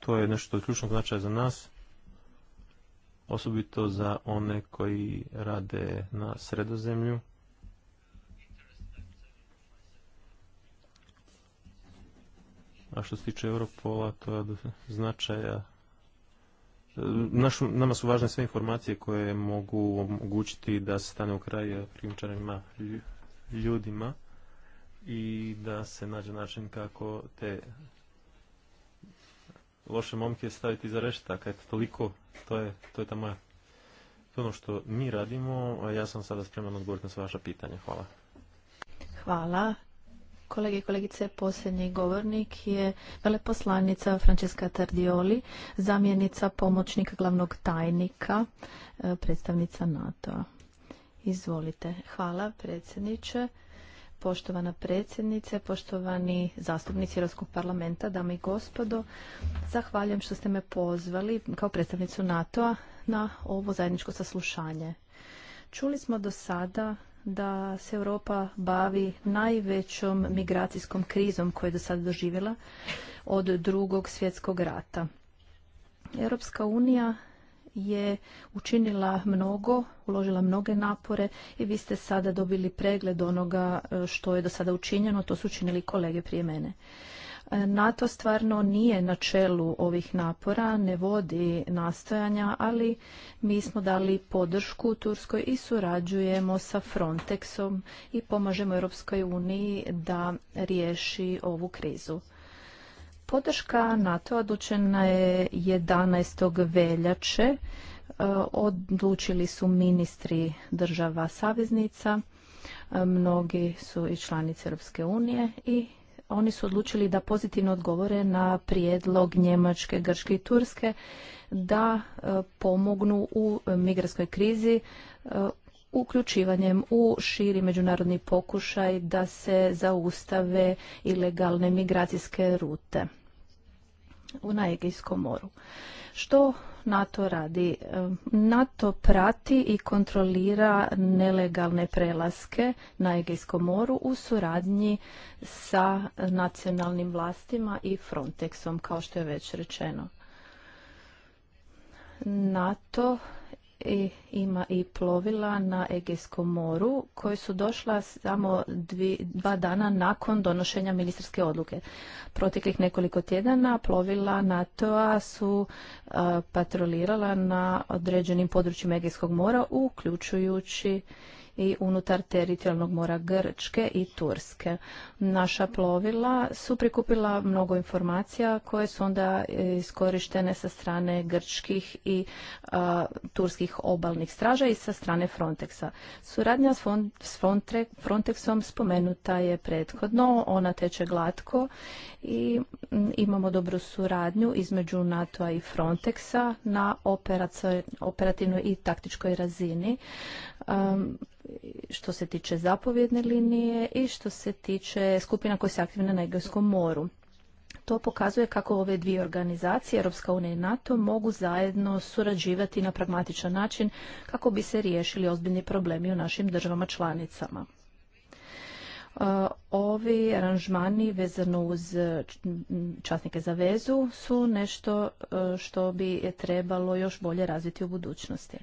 to je nešto od ključnog značaja za nas, osobito za one koji rade na sredozemlju. A što se tiče Europola, to je značaja e, nama su važne sve informacije koje mogu omogućiti da se stane u kraj e, krijumčarima ljudima i da se nađe način kako te loše momke staviti za reštak. Eto, toliko, to je, to je ta moja, ono što mi radimo, a ja sam sada spreman odgovoriti na sva vaša pitanja. Hvala. Hvala. Kolege i kolegice, posljednji govornik je veleposlanica Francesca Tardioli, zamjenica pomoćnika glavnog tajnika, e, predstavnica NATO-a. Izvolite. Hvala predsjedniče. Poštovana predsjednice, poštovani zastupnici Europskog parlamenta, dame i gospodo, zahvaljujem što ste me pozvali kao predstavnicu NATO-a na ovo zajedničko saslušanje. Čuli smo do sada da se Europa bavi najvećom migracijskom krizom koju je do sada doživjela od drugog svjetskog rata. Europska unija je učinila mnogo, uložila mnoge napore i vi ste sada dobili pregled onoga e, što je do sada učinjeno, to su učinili kolege prije mene. E, NATO stvarno nije na čelu ovih napora, ne vodi nastojanja, ali mi smo dali podršku Turskoj i surađujemo sa Frontexom i pomažemo Europskoj uniji da riješi ovu krizu. Podrška NATO odlučena je 11. veljače. E, odlučili su ministri država saveznica, e, mnogi su i članice Europske unije i oni su odlučili da pozitivno odgovore na prijedlog Njemačke, Grčke i Turske da e, pomognu u migrarskoj krizi uključivanjem u širi međunarodni pokušaj da se zaustave ilegalne migracijske rute na Egejskom moru. Što NATO radi? NATO prati i kontrolira nelegalne prelaske na Egejskom moru u suradnji sa nacionalnim vlastima i Frontexom, kao što je već rečeno. NATO ima i plovila na Egejskom moru koje su došla samo dvi, dva dana nakon donošenja ministarske odluke. Proteklih nekoliko tjedana plovila NATO-a su patrolirala na određenim područjima Egejskog mora uključujući i unutar teritorijalnog mora Grčke i Turske. Naša plovila su prikupila mnogo informacija koje su onda iskorištene sa strane grčkih i turskih obalnih straža i sa strane Frontexa. Suradnja s, Frontexom spomenuta je prethodno, ona teče glatko i imamo dobru suradnju između NATO-a i Frontexa na operativnoj i taktičkoj razini što se tiče zapovjedne linije i što se tiče skupina koje se aktivne na Egejskom moru. To pokazuje kako ove dvije organizacije, Europska unija i NATO, mogu zajedno surađivati na pragmatičan način kako bi se riješili ozbiljni problemi u našim državama članicama. E, ovi aranžmani vezano uz e, časnike za vezu su nešto e, što bi trebalo još bolje razviti u budućnosti.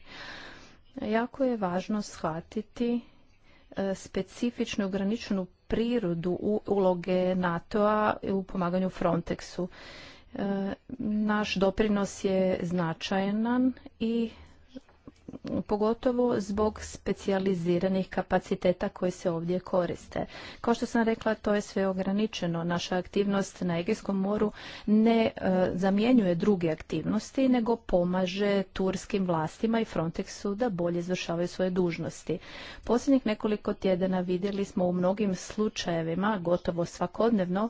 Jako je važno shvatiti e, specifičnu ograničenu prirodu uloge NATO-a u pomaganju Frontexu. E, naš doprinos je značajan i pogotovo zbog specijaliziranih kapaciteta koji se ovdje koriste. Kao što sam rekla, to je sve ograničeno. Naša aktivnost na Egejskom moru ne e, zamjenjuje druge aktivnosti, nego pomaže turskim vlastima i Frontexu da bolje izvršavaju svoje dužnosti. Posljednjih nekoliko tjedana vidjeli smo u mnogim slučajevima, gotovo svakodnevno,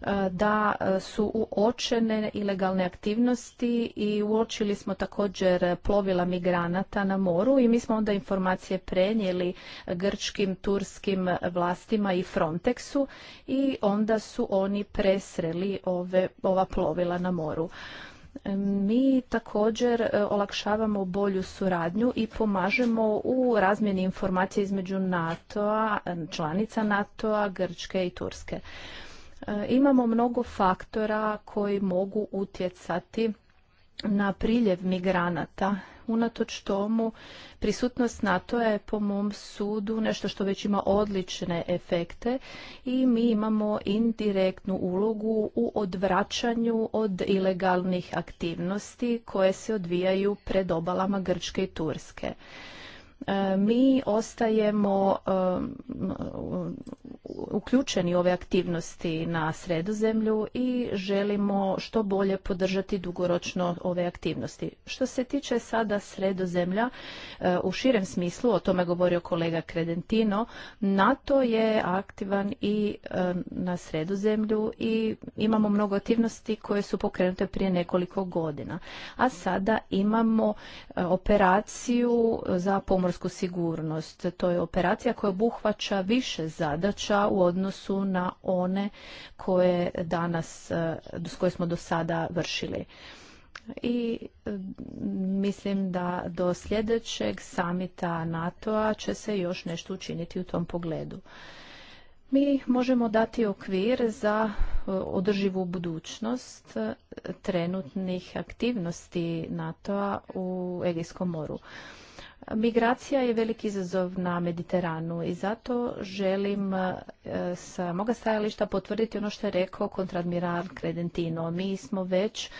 E, da e, su uočene ilegalne aktivnosti i uočili smo također plovila migranata na moru i mi smo onda informacije prenijeli grčkim, turskim vlastima i Frontexu i onda su oni presreli ove, ova plovila na moru. Mi također e, olakšavamo bolju suradnju i pomažemo u razmjeni informacija između NATO-a, članica NATO-a, Grčke i Turske. E, imamo mnogo faktora koji mogu utjecati na priljev migranata. Unatoč tomu, prisutnost NATO je po mom sudu nešto što već ima odlične efekte i mi imamo indirektnu ulogu u odvraćanju od ilegalnih aktivnosti koje se odvijaju pred obalama Grčke i Turske. E, mi ostajemo e, uključeni u ove aktivnosti na sredozemlju i želimo što bolje podržati dugoročno ove aktivnosti. Što se tiče sada sredozemlja, e, u širem smislu, o tome govorio kolega Credentino, NATO je aktivan i na sredozemlju i imamo mnogo aktivnosti koje su pokrenute prije nekoliko godina. A sada imamo operaciju za pomorstvo sigurnost. To je operacija koja obuhvaća više zadaća u odnosu na one koje danas, eh, koje smo do sada vršili. I mm, mislim da do sljedećeg samita NATO-a će se još nešto učiniti u tom pogledu. Mi možemo dati okvir za eh, održivu budućnost eh, trenutnih aktivnosti NATO-a u Egijskom moru. Migracija je veliki izazov na Mediteranu i zato želim e, sa moga stajališta potvrditi ono što je rekao kontradmiral Kredentino. Mi smo već e,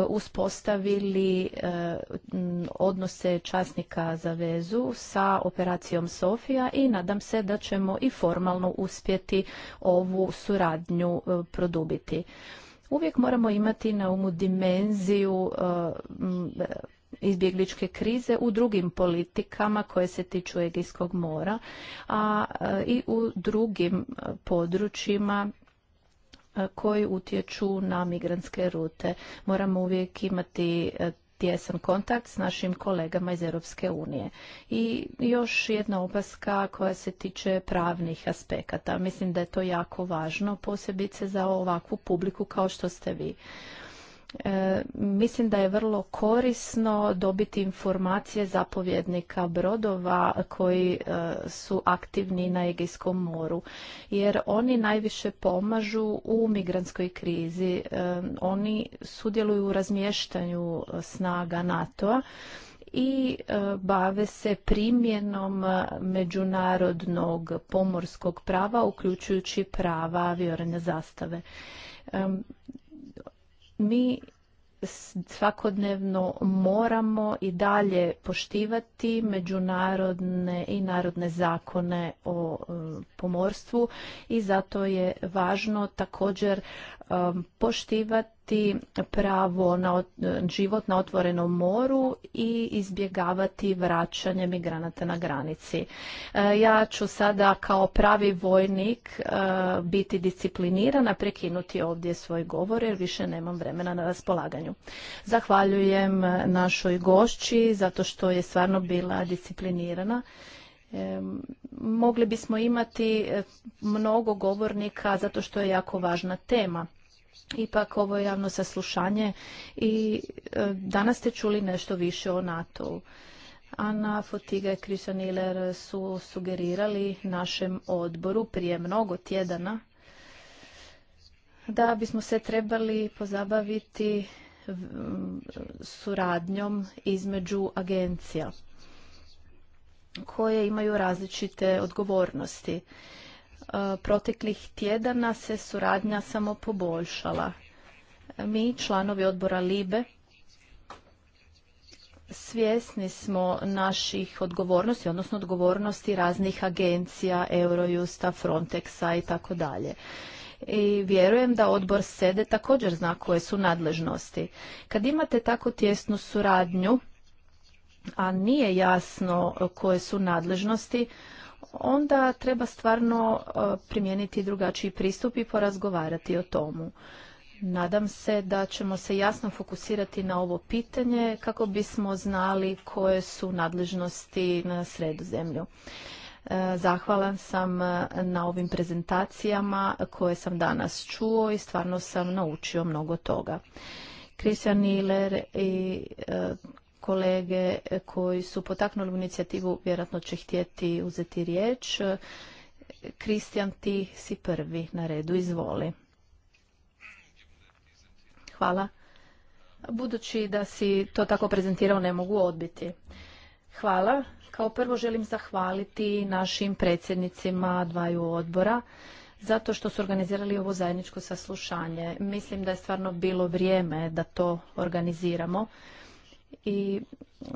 uspostavili e, odnose časnika za vezu sa operacijom Sofija i nadam se da ćemo i formalno uspjeti ovu suradnju produbiti. Uvijek moramo imati na umu dimenziju izbjegličke krize u drugim politikama koje se tiču Egijskog mora, a e, i u drugim e, područjima e, koji utječu na migrantske rute. Moramo uvijek imati tjesan kontakt s našim kolegama iz Europske unije. I još jedna opaska koja se tiče pravnih aspekata. Mislim da je to jako važno, posebice za ovakvu publiku kao što ste vi. E, mislim da je vrlo korisno dobiti informacije zapovjednika brodova koji e, su aktivni na Egejskom moru, jer oni najviše pomažu u migranskoj krizi. E, oni sudjeluju u razmještanju snaga NATO-a i bave se primjenom međunarodnog pomorskog prava, uključujući prava vjoranja zastave mi svakodnevno moramo i dalje poštivati međunarodne i narodne zakone o e, pomorstvu i zato je važno također e, poštivati imati pravo na život na otvorenom moru i izbjegavati vraćanje migranata na granici. E, ja ću sada kao pravi vojnik e, biti disciplinirana, prekinuti ovdje svoj govor jer više nemam vremena na raspolaganju. Zahvaljujem našoj gošći zato što je stvarno bila disciplinirana. E, mogli bismo imati mnogo govornika zato što je jako važna tema. Ipak ovo je javno saslušanje i e, danas ste čuli nešto više o NATO-u. Ana Fotiga i Christian su sugerirali našem odboru prije mnogo tjedana da bismo se trebali pozabaviti suradnjom između agencija koje imaju različite odgovornosti. E, proteklih tjedana se suradnja samo poboljšala. Mi, članovi odbora LIBE, svjesni smo naših odgovornosti, odnosno odgovornosti raznih agencija, Eurojusta, Frontexa i tako dalje. I vjerujem da odbor SEDE također zna koje su nadležnosti. Kad imate tako tjesnu suradnju, a nije jasno koje su nadležnosti, onda treba stvarno e, primijeniti drugačiji pristup i porazgovarati o tomu. Nadam se da ćemo se jasno fokusirati na ovo pitanje kako bismo znali koje su nadležnosti na sredu zemlju. E, zahvalan sam e, na ovim prezentacijama koje sam danas čuo i stvarno sam naučio mnogo toga. Christian Niler i kolege koji su potaknuli u inicijativu vjerojatno će htjeti uzeti riječ. Kristijan, ti si prvi na redu, izvoli. Hvala. Budući da si to tako prezentirao, ne mogu odbiti. Hvala. Kao prvo želim zahvaliti našim predsjednicima dvaju odbora zato što su organizirali ovo zajedničko saslušanje. Mislim da je stvarno bilo vrijeme da to organiziramo i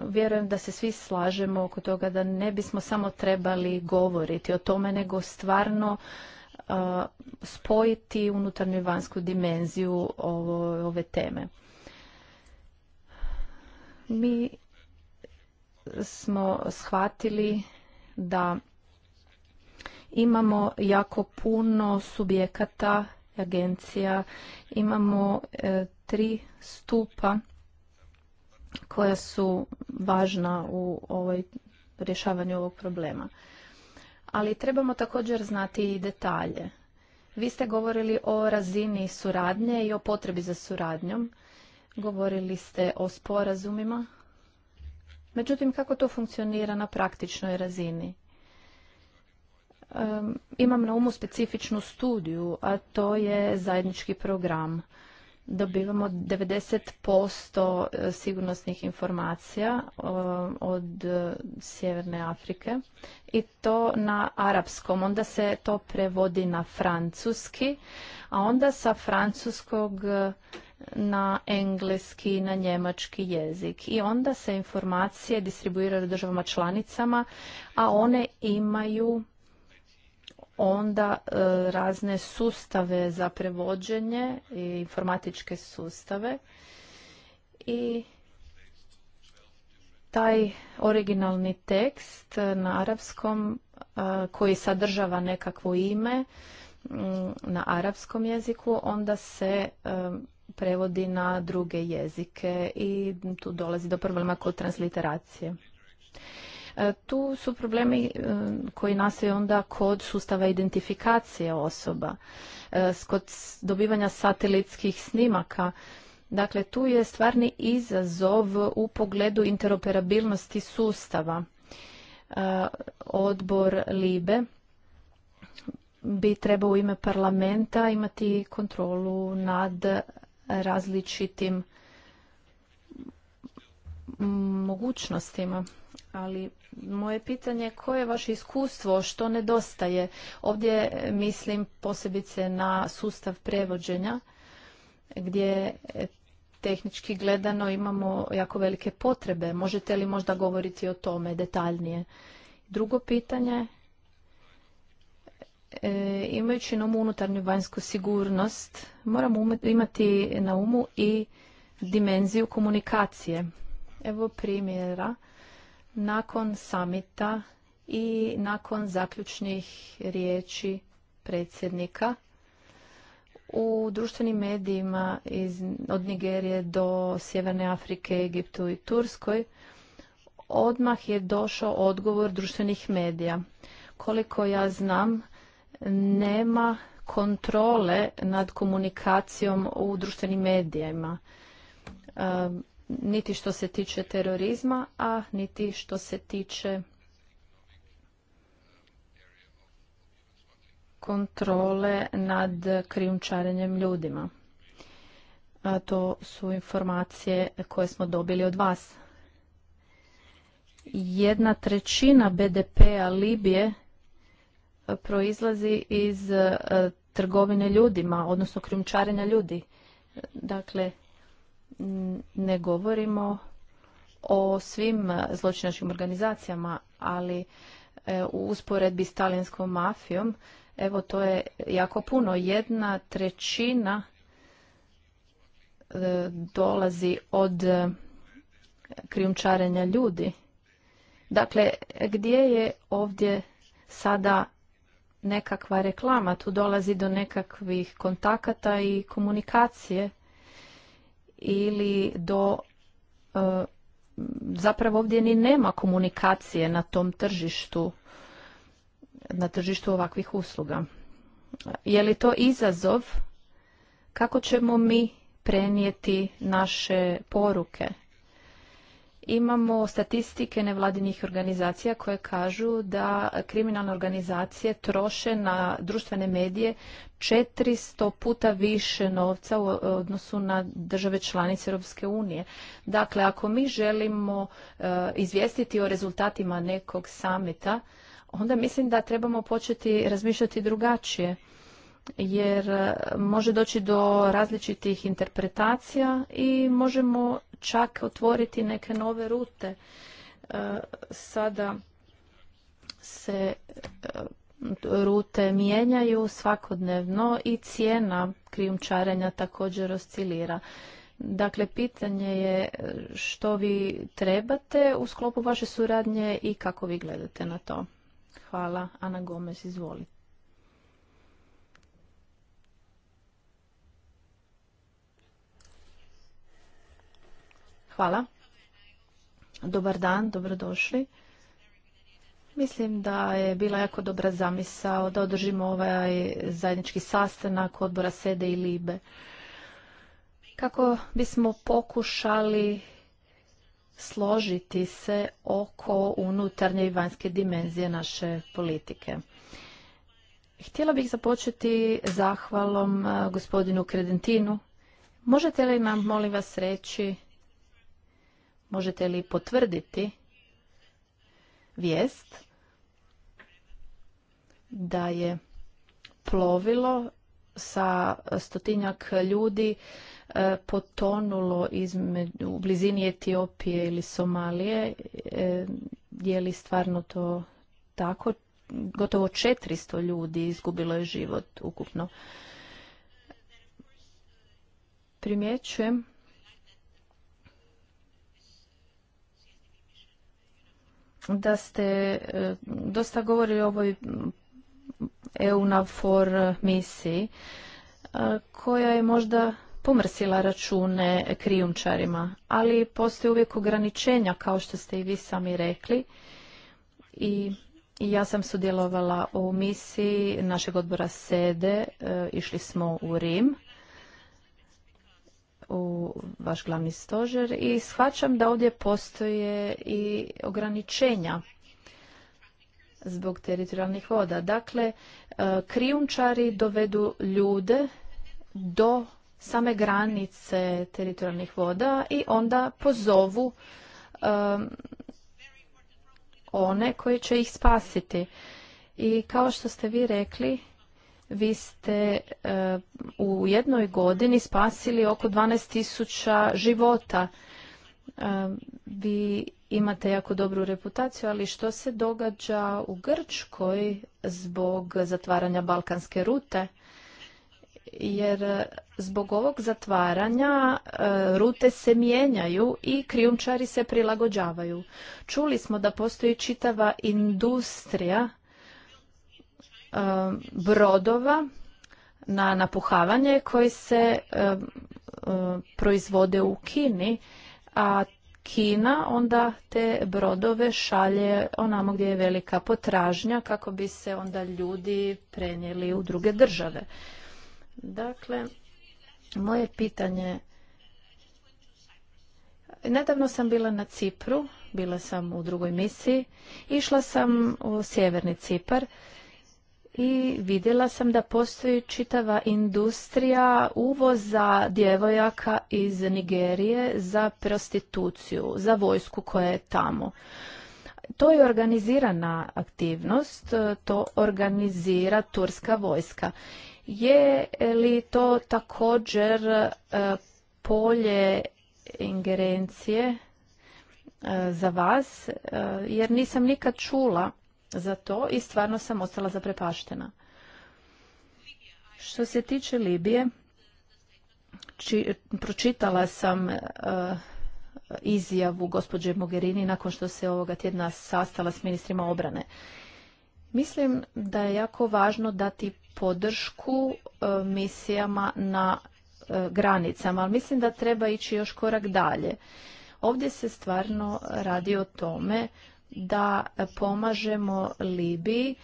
vjerujem da se svi slažemo oko toga da ne bismo samo trebali govoriti o tome, nego stvarno spojiti unutarnju i vanjsku dimenziju ove teme. Mi smo shvatili da imamo jako puno subjekata, agencija, imamo e, tri stupa koja su važna u ovoj rješavanju ovog problema. Ali trebamo također znati i detalje. Vi ste govorili o razini suradnje i o potrebi za suradnjom. Govorili ste o sporazumima. Međutim, kako to funkcionira na praktičnoj razini? imam na umu specifičnu studiju, a to je zajednički program dobivamo 90% e, sigurnosnih informacija e, od e, Sjeverne Afrike i to na arapskom. Onda se to prevodi na francuski, a onda sa francuskog na engleski, i na njemački jezik. I onda se informacije distribuiraju državama članicama, a one imaju onda e, razne sustave za prevođenje i informatičke sustave i taj originalni tekst na arapskom e, koji sadržava nekakvo ime mm, na arapskom jeziku onda se e, prevodi na druge jezike i tu dolazi do problema kod transliteracije. E, tu su problemi e, koji nastaju onda kod sustava identifikacije osoba, e, kod dobivanja satelitskih snimaka. Dakle, tu je stvarni izazov u pogledu interoperabilnosti sustava. Odbor LIBE bi trebao u ime parlamenta imati kontrolu nad različitim mogućnostima ali moje pitanje je koje je vaše iskustvo, što nedostaje? Ovdje mislim posebice na sustav prevođenja gdje e, tehnički gledano imamo jako velike potrebe. Možete li možda govoriti o tome detaljnije? Drugo pitanje, e, imajući na umu unutarnju vanjsku sigurnost, moramo imati na umu i dimenziju komunikacije. Evo primjera nakon samita i nakon zaključnih riječi predsjednika u društvenim medijima iz, od Nigerije do Sjeverne Afrike, Egiptu i Turskoj odmah je došao odgovor društvenih medija. Koliko ja znam, nema kontrole nad komunikacijom u društvenim medijima. Ehm, niti što se tiče terorizma, a niti što se tiče kontrole nad krijumčarenjem ljudima. A to su informacije koje smo dobili od vas. Jedna trećina BDP-a Libije proizlazi iz e, trgovine ljudima, odnosno krijumčarenja ljudi. Dakle, ne govorimo o svim zločinačkim organizacijama, ali e, u usporedbi s talijanskom mafijom, evo to je jako puno. Jedna trećina e, dolazi od e, krijumčarenja ljudi. Dakle, gdje je ovdje sada nekakva reklama? Tu dolazi do nekakvih kontakata i komunikacije ili do e, zapravo ovdje ni nema komunikacije na tom tržištu na tržištu ovakvih usluga. Je li to izazov kako ćemo mi prenijeti naše poruke? Imamo statistike nevladinih organizacija koje kažu da kriminalne organizacije troše na društvene medije 400 puta više novca u odnosu na države članice Europske unije. Dakle, ako mi želimo e, izvijestiti o rezultatima nekog samita, onda mislim da trebamo početi razmišljati drugačije jer e, može doći do različitih interpretacija i možemo čak otvoriti neke nove rute. E, sada se e, rute mijenjaju svakodnevno i cijena krijumčarenja također oscilira. Dakle, pitanje je što vi trebate u sklopu vaše suradnje i kako vi gledate na to. Hvala. Ana Gomez, izvolite. Hvala. Dobar dan, dobrodošli. Mislim da je bila jako dobra zamisao da održimo ovaj zajednički sastanak odbora Sede i Libe. Kako bismo pokušali složiti se oko unutarnje i vanjske dimenzije naše politike. Htjela bih započeti zahvalom eh, gospodinu Kredentinu. Možete li nam, molim vas, reći Možete li potvrditi vijest da je plovilo sa stotinjak ljudi e, potonulo u blizini Etiopije ili Somalije. E, je li stvarno to tako? Gotovo 400 ljudi izgubilo je život ukupno. Primjećujem da ste e, dosta govorili o ovoj EUNAVFOR misiji e, koja je možda pomrsila račune krijumčarima, ali postoje uvijek ograničenja kao što ste i vi sami rekli i ja sam sudjelovala u misiji našeg odbora SEDE, e, išli smo u Rim u vaš glavni stožer i shvaćam da ovdje postoje i ograničenja zbog teritorijalnih voda. Dakle, e, krijumčari dovedu ljude do same granice teritorijalnih voda i onda pozovu one koji će ih spasiti. I kao što ste vi rekli, vi ste e, u jednoj godini spasili oko 12.000 života. E, vi imate jako dobru reputaciju, ali što se događa u Grčkoj zbog zatvaranja balkanske rute? Jer zbog ovog zatvaranja e, rute se mijenjaju i krijumčari se prilagođavaju. Čuli smo da postoji čitava industrija E, brodova na napuhavanje koji se e, e, proizvode u Kini, a Kina onda te brodove šalje onamo gdje je velika potražnja kako bi se onda ljudi prenijeli u druge države. Dakle, moje pitanje Nedavno sam bila na Cipru, bila sam u drugoj misiji, išla sam u sjeverni Cipar i vidjela sam da postoji čitava industrija uvoza djevojaka iz Nigerije za prostituciju, za vojsku koja je tamo. To je organizirana aktivnost, to organizira turska vojska. Je li to također e, polje ingerencije e, za vas? E, jer nisam nikad čula za to i stvarno sam ostala zaprepaštena. Što se tiče Libije, pročitala sam e, izjavu gospođe Mogherini nakon što se ovoga tjedna sastala s ministrima obrane. Mislim da je jako važno dati podršku e, misijama na e, granicama, ali mislim da treba ići još korak dalje. Ovdje se stvarno radi o tome da pomažemo Libiji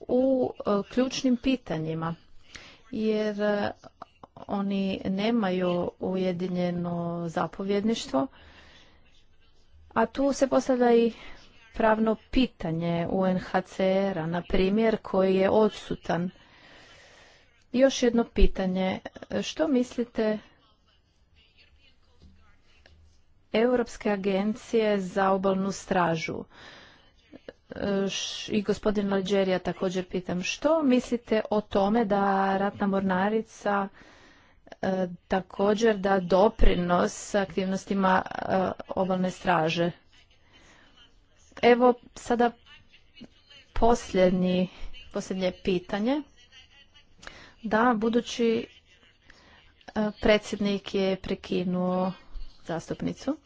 u e, ključnim pitanjima jer e, oni nemaju ujedinjeno zapovjedništvo, a tu se postavlja i pravno pitanje UNHCR-a, na primjer, koji je odsutan. Još jedno pitanje, što mislite Europske agencije za obalnu stražu. E, I gospodin Lađerija također pitam što mislite o tome da ratna mornarica e, također da doprinos aktivnostima e, obalne straže. Evo sada posljednji, posljednje pitanje. Da, budući predsjednik je prekinuo zastupnicu.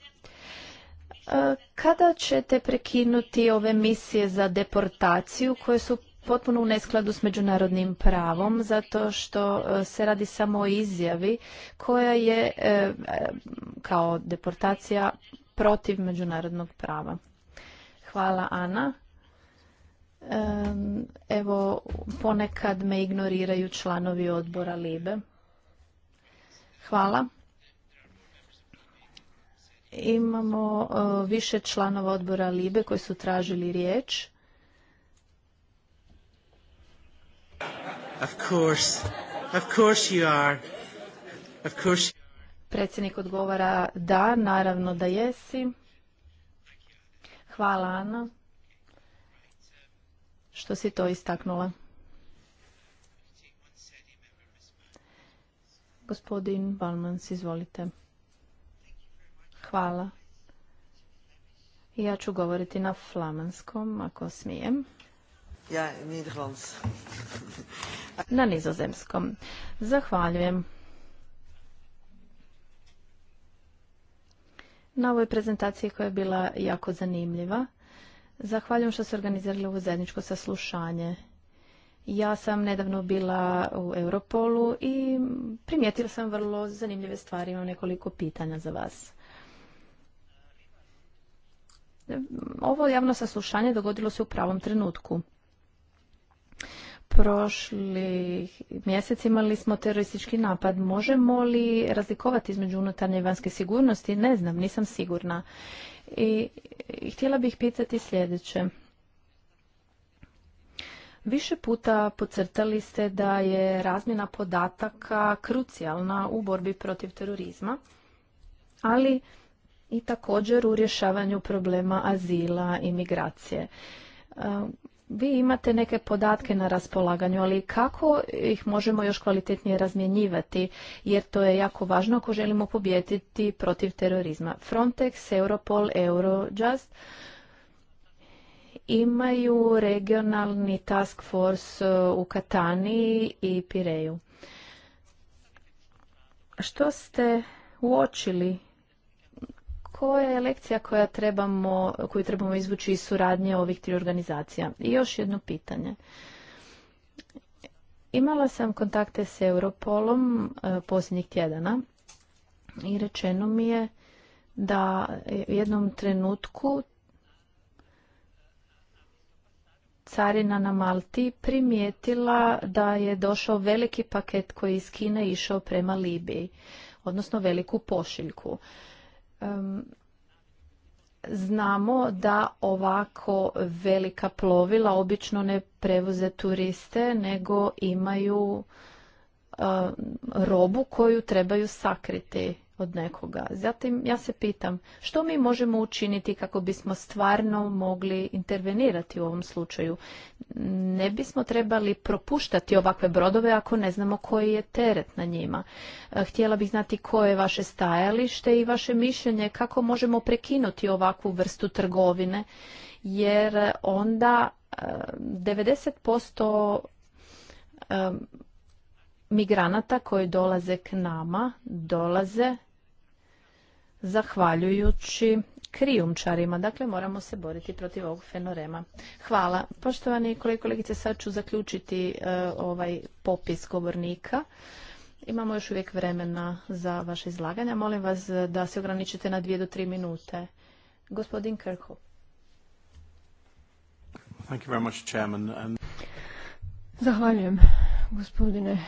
E, kada ćete prekinuti ove misije za deportaciju koje su potpuno u neskladu s međunarodnim pravom zato što e, se radi samo o izjavi koja je e, kao deportacija protiv međunarodnog prava. Hvala Ana. Evo, ponekad me ignoriraju članovi odbora Libe. Hvala. Imamo e, više članova odbora Libe koji su tražili riječ. Predsjednik odgovara da, naravno da jesi. Hvala Ana što si to istaknula. Gospodin Balmans, izvolite. Hvala. Ja ću govoriti na flamanskom, ako smijem. Ja, Na nizozemskom. Zahvaljujem. Na ovoj prezentaciji koja je bila jako zanimljiva. Zahvaljujem što ste organizirali ovo zajedničko saslušanje. Ja sam nedavno bila u Europolu i primijetila sam vrlo zanimljive stvari. Imam nekoliko pitanja za vas. Ovo javno saslušanje dogodilo se u pravom trenutku. Prošli mjesec imali smo teroristički napad. Možemo li razlikovati između unutarnje i vanjske sigurnosti? Ne znam, nisam sigurna. I, i htjela bih pitati sljedeće. Više puta podcrtali ste da je razmjena podataka krucijalna u borbi protiv terorizma, ali i također u rješavanju problema azila i migracije. E, vi imate neke podatke na raspolaganju, ali kako ih možemo još kvalitetnije razmjenjivati, jer to je jako važno ako želimo pobijediti protiv terorizma. Frontex, Europol, Eurojust imaju regionalni task force e, u Katani i Pireju. Što ste uočili koja je lekcija koja trebamo, koju trebamo izvući iz suradnje ovih tri organizacija? I još jedno pitanje. Imala sam kontakte s Europolom e, posljednjih tjedana i rečeno mi je da u jednom trenutku carina na Malti primijetila da je došao veliki paket koji iz Kine išao prema Libiji, odnosno veliku pošiljku znamo da ovako velika plovila obično ne prevoze turiste nego imaju robu koju trebaju sakriti od nekoga. Zatim ja se pitam što mi možemo učiniti kako bismo stvarno mogli intervenirati u ovom slučaju. Ne bismo trebali propuštati ovakve brodove ako ne znamo koji je teret na njima. E, htjela bih znati koje je vaše stajalište i vaše mišljenje kako možemo prekinuti ovakvu vrstu trgovine jer onda 90% e, migranata koji dolaze k nama dolaze zahvaljujući krijumčarima. Dakle, moramo se boriti protiv ovog fenorema. Hvala. Poštovani kolege kolegice, sad ću zaključiti e, ovaj popis govornika. Imamo još uvijek vremena za vaše izlaganja. Molim vas da se ograničite na dvije do tri minute. Gospodin Kirchhoff. Zahvaljujem gospodine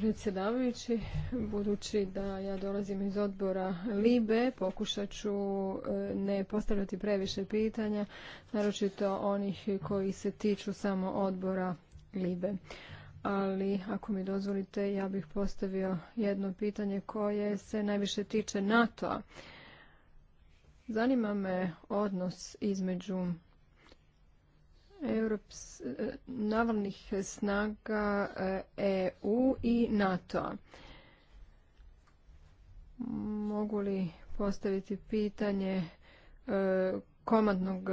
predsjedavajući. Budući da ja dolazim iz odbora LIBE, pokušat ću e, ne postavljati previše pitanja, naročito onih koji se tiču samo odbora LIBE. Ali ako mi dozvolite, ja bih postavio jedno pitanje koje se najviše tiče NATO-a. Zanima me odnos između Eh, navodnih snaga EU eh, e i NATO-a. Mogu li postaviti pitanje eh, komadnog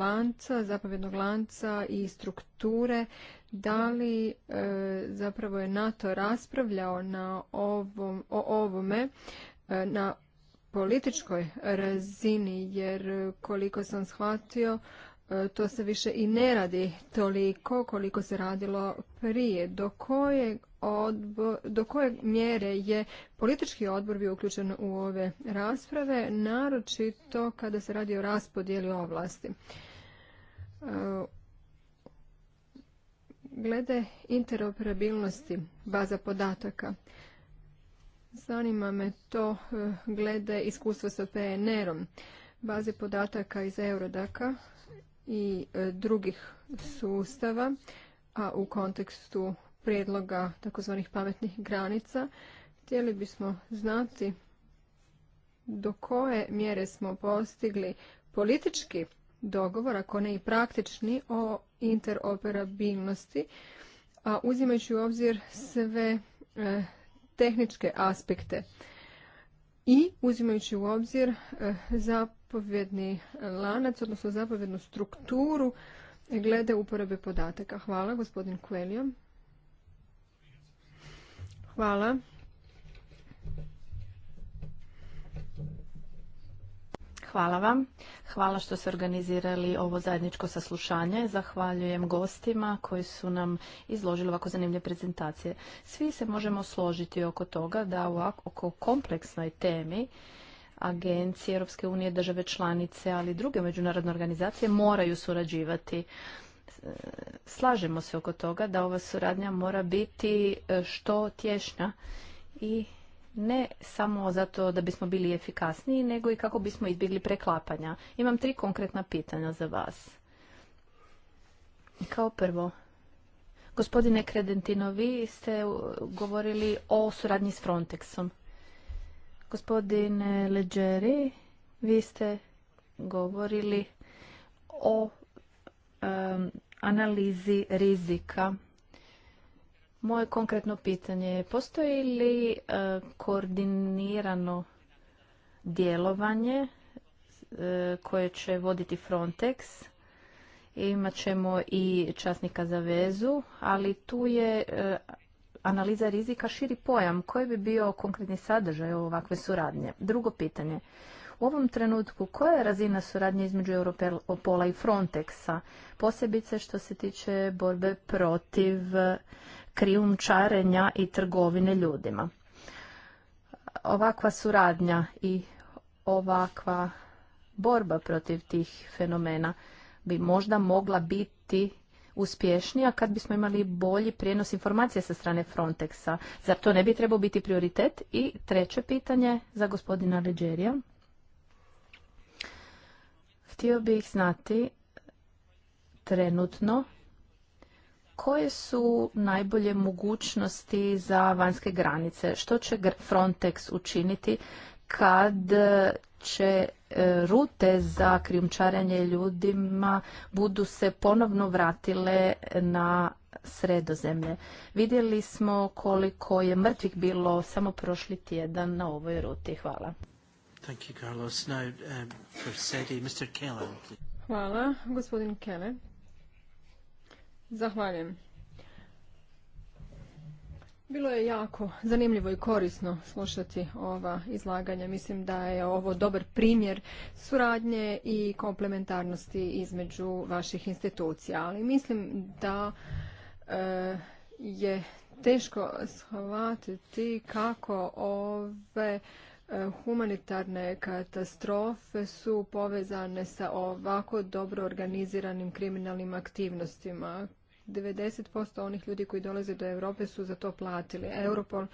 lanca, zapovjednog lanca i strukture. Da li zapravo je NATO raspravljao na o ovome na političkoj razini, jer koliko sam shvatio, E, to se više i ne radi toliko koliko se radilo prije. Do koje do koje mjere je politički odbor bio uključen u ove rasprave, naročito kada se radi o raspodjeli ovlasti. E, glede interoperabilnosti baza podataka, zanima me to e, glede iskustva sa PNR-om. Baze podataka iz Eurodaka i e, drugih sustava, a u kontekstu prijedloga takozvanih pametnih granica, htjeli bismo znati do koje mjere smo postigli politički dogovor, ako ne i praktični, o interoperabilnosti, a uzimajući u obzir sve e, tehničke aspekte i uzimajući u obzir eh, zapovjedni lanac, odnosno zapovjednu strukturu glede uporabe podataka. Hvala, gospodin Kuelio. Hvala, Hvala vam. Hvala što ste organizirali ovo zajedničko saslušanje. Zahvaljujem gostima koji su nam izložili ovako zanimljive prezentacije. Svi se možemo složiti oko toga da ovako oko kompleksnoj temi agencije Europske unije, države članice, ali i druge međunarodne organizacije moraju surađivati. E, slažemo se oko toga da ova suradnja mora biti e, što tješnja i ne samo zato da bismo bili efikasniji, nego i kako bismo izbjegli preklapanja. Imam tri konkretna pitanja za vas. Kao prvo, gospodine Kredentino, vi ste govorili o suradnji s Frontexom. Gospodine Leđeri, vi ste govorili o analizi rizika moje konkretno pitanje je, postoji li e, koordinirano djelovanje e, koje će voditi Frontex? Imat ćemo i časnika za vezu, ali tu je e, analiza rizika širi pojam. Koji bi bio konkretni sadržaj ovakve suradnje? Drugo pitanje. U ovom trenutku koja je razina suradnje između Europola i Frontexa, posebice što se tiče borbe protiv krijumčarenja i trgovine ljudima. Ovakva suradnja i ovakva borba protiv tih fenomena bi možda mogla biti uspješnija kad bismo imali bolji prijenos informacija sa strane Frontexa. Zar to ne bi trebao biti prioritet? I treće pitanje za gospodina Leđerija. Htio bih znati trenutno koje su najbolje mogućnosti za vanjske granice? Što će Frontex učiniti kad e, će e, rute za krijumčarenje ljudima budu se ponovno vratile na sredozemlje. Vidjeli smo koliko je mrtvih bilo samo prošli tjedan na ovoj ruti. Hvala. Um, Hvala. Gospodin Kellan. Zahvaljujem. Bilo je jako zanimljivo i korisno slušati ova izlaganja. Mislim da je ovo dobar primjer suradnje i komplementarnosti između vaših institucija. Ali mislim da e, je teško shvatiti kako ove e, humanitarne katastrofe su povezane sa ovako dobro organiziranim kriminalnim aktivnostima 90% onih ljudi koji dolaze do Europe su za to platili. Europol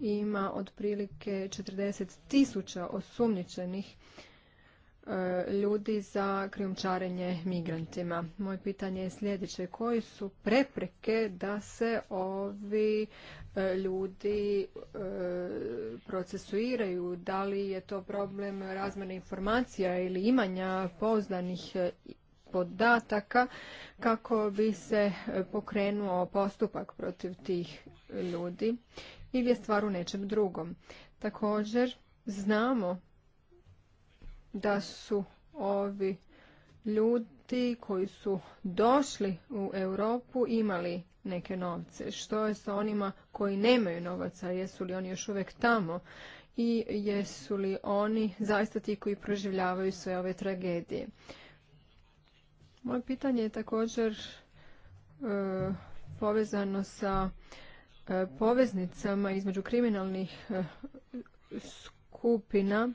ima otprilike 40 tisuća osumnjičenih e, ljudi za krijumčarenje migrantima. Moje pitanje je sljedeće. Koji su prepreke da se ovi e, ljudi e, procesuiraju? Da li je to problem razmjene informacija ili imanja poznanih podataka kako bi se e, pokrenuo postupak protiv tih ljudi ili je stvar u nečem drugom. Također znamo da su ovi ljudi koji su došli u Europu imali neke novce. Što je sa onima koji nemaju novaca? Jesu li oni još uvijek tamo? I jesu li oni zaista ti koji proživljavaju sve ove tragedije? Moje pitanje je također e, povezano sa e, poveznicama između kriminalnih e, skupina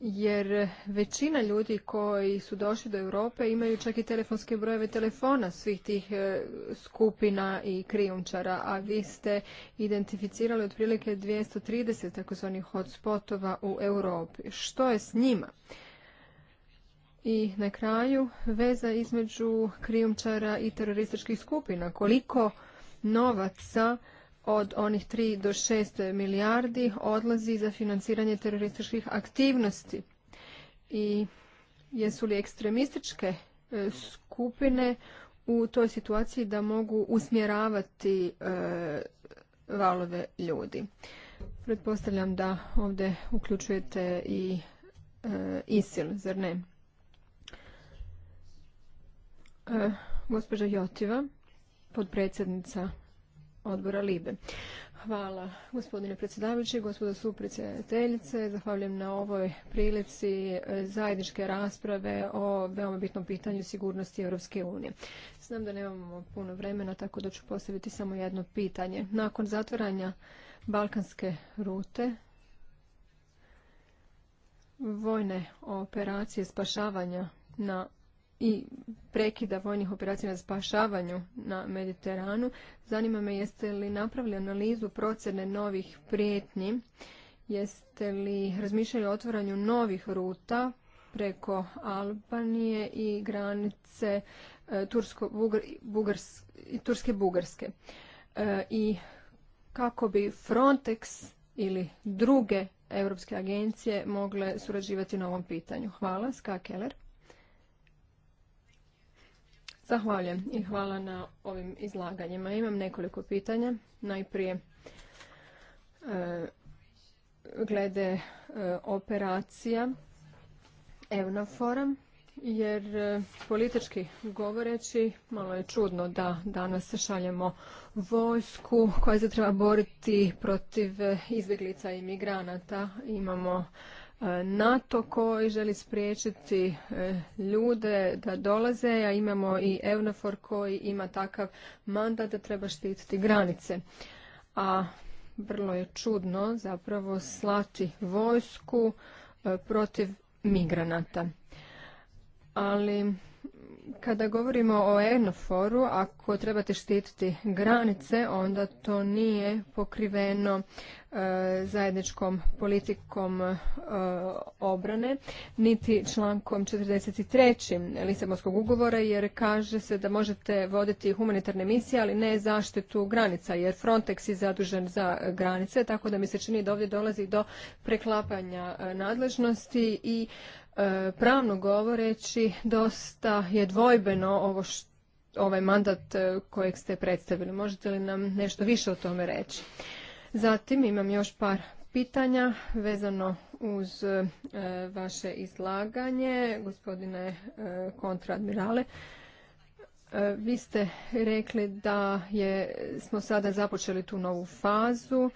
jer većina ljudi koji su došli do Europe imaju čak i telefonske brojeve telefona svih tih skupina i krijumčara, a vi ste identificirali otprilike 230 takozvanih hotspotova u Europi. Što je s njima? I na kraju, veza između krijumčara i terorističkih skupina. Koliko novaca od onih 3 do 6 milijardi odlazi za financiranje terorističkih aktivnosti? I jesu li ekstremističke e, skupine u toj situaciji da mogu usmjeravati e, valove ljudi. Pretpostavljam da ovdje uključujete i e, ISIL, zar ne? E, gospođa Jotiva, podpredsjednica odbora Libe. Hvala gospodine predsjedavajući, gospodo supredsjedateljice. Zahvaljujem na ovoj prilici e, zajedničke rasprave o veoma bitnom pitanju sigurnosti Europske unije. Znam da nemamo puno vremena, tako da ću postaviti samo jedno pitanje. Nakon zatvaranja balkanske rute, vojne operacije spašavanja na i prekida vojnih operacija na spašavanju na Mediteranu. Zanima me jeste li napravili analizu procjene novih prijetnji, jeste li razmišljali o otvaranju novih ruta preko Albanije i granice e, Tursko, Turske Bugarske. E, I kako bi Frontex ili druge europske agencije mogle surađivati na ovom pitanju. Hvala, Ska Keller. Zahvaljujem i hvala na ovim izlaganjima. Imam nekoliko pitanja. Najprije e, glede e, operacija Evnafora, jer e, politički govoreći malo je čudno da danas šaljemo vojsku koja se treba boriti protiv izbjeglica i migranata. Imamo E, NATO koji želi spriječiti e, ljude da dolaze, a imamo i EUNAFOR koji ima takav mandat da treba štititi granice. A vrlo je čudno zapravo slati vojsku e, protiv migranata. Ali kada govorimo o enoforu, ako trebate štititi granice, onda to nije pokriveno e, zajedničkom politikom e, obrane, niti člankom 43. Lisabonskog ugovora, jer kaže se da možete voditi humanitarne misije, ali ne zaštitu granica, jer Frontex je zadužen za granice, tako da mi se čini da ovdje dolazi do preklapanja e, nadležnosti i E, pravno govoreći dosta je dvojbeno ovo ovaj mandat e, kojeg ste predstavili. Možete li nam nešto više o tome reći? Zatim imam još par pitanja vezano uz e, vaše izlaganje, gospodine kontradmirale. vi ste rekli da smo sada započeli tu novu fazu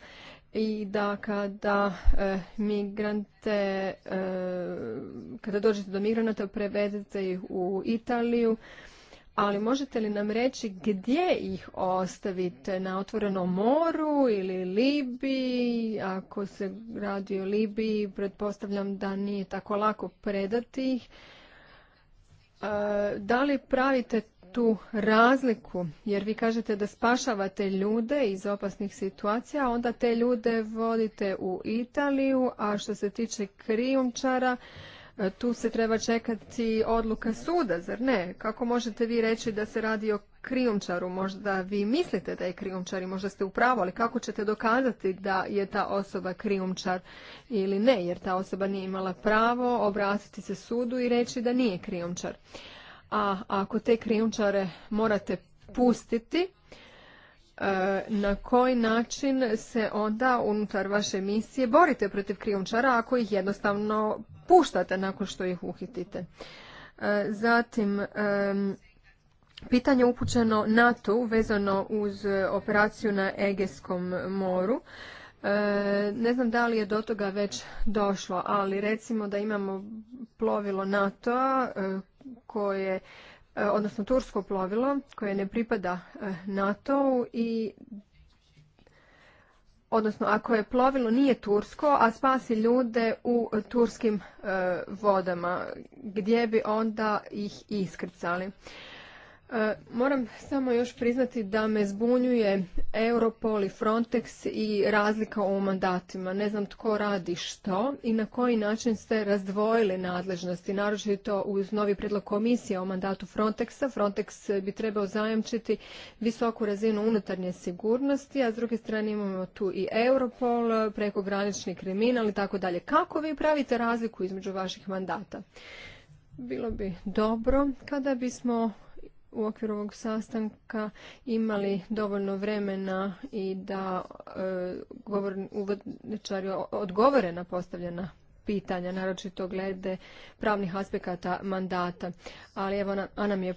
i da kada e, migrante, e, kada dođete do migranata prevedete ih u Italiju, ali možete li nam reći gdje ih ostavite na otvorenom moru ili Libiji? Ako se radi o Libiji, pretpostavljam da nije tako lako predati ih. E, da li pravite tu razliku, jer vi kažete da spašavate ljude iz opasnih situacija, onda te ljude vodite u Italiju, a što se tiče krijumčara, e, tu se treba čekati odluka suda, zar ne? Kako možete vi reći da se radi o krijumčaru? Možda vi mislite da je krijumčar i možda ste u pravu, ali kako ćete dokazati da je ta osoba krijumčar ili ne? Jer ta osoba nije imala pravo obratiti se sudu i reći da nije krijumčar a ako te krijumčare morate pustiti, e, na koji način se onda unutar vaše misije borite protiv krijumčara ako ih jednostavno puštate nakon što ih uhitite. E, zatim, e, pitanje upućeno NATO vezano uz operaciju na Egeskom moru. Ne znam da li je do toga već došlo, ali recimo da imamo plovilo NATO-a koje e, odnosno tursko plovilo koje ne pripada e, NATO-u i odnosno ako je plovilo nije tursko, a spasi ljude u turskim e, vodama, gdje bi onda ih iskrcali. E, moram samo još priznati da me zbunjuje Europol i Frontex i razlika u mandatima. Ne znam tko radi što i na koji način ste razdvojili nadležnosti, naročito uz novi predlog komisije o mandatu Frontexa. Frontex bi trebao zajamčiti visoku razinu unutarnje sigurnosti, a s druge strane imamo tu i Europol, prekogranični kriminal i tako dalje. Kako vi pravite razliku između vaših mandata? Bilo bi dobro kada bismo u okviru ovog sastanka imali dovoljno vremena i da e, uvodničari odgovore na postavljena pitanja, naročito glede pravnih aspekata mandata. Ali evo, Ana mi je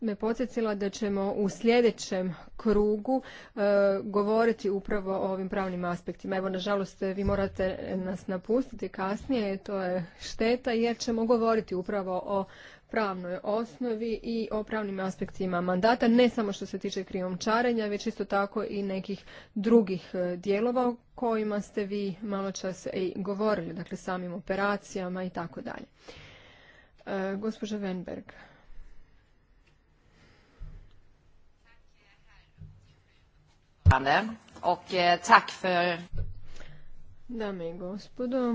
me podsjetila da ćemo u sljedećem krugu e, govoriti upravo o ovim pravnim aspektima. Evo, nažalost, vi morate nas napustiti kasnije, to je šteta, jer ćemo govoriti upravo o pravnoj osnovi i o pravnim aspektima mandata, ne samo što se tiče čarenja, već isto tako i nekih drugih e, dijelova o kojima ste vi malo čas i govorili, dakle samim operacijama i tako dalje. E, Gospođa Wenberg. Eh, Dame i gospodo,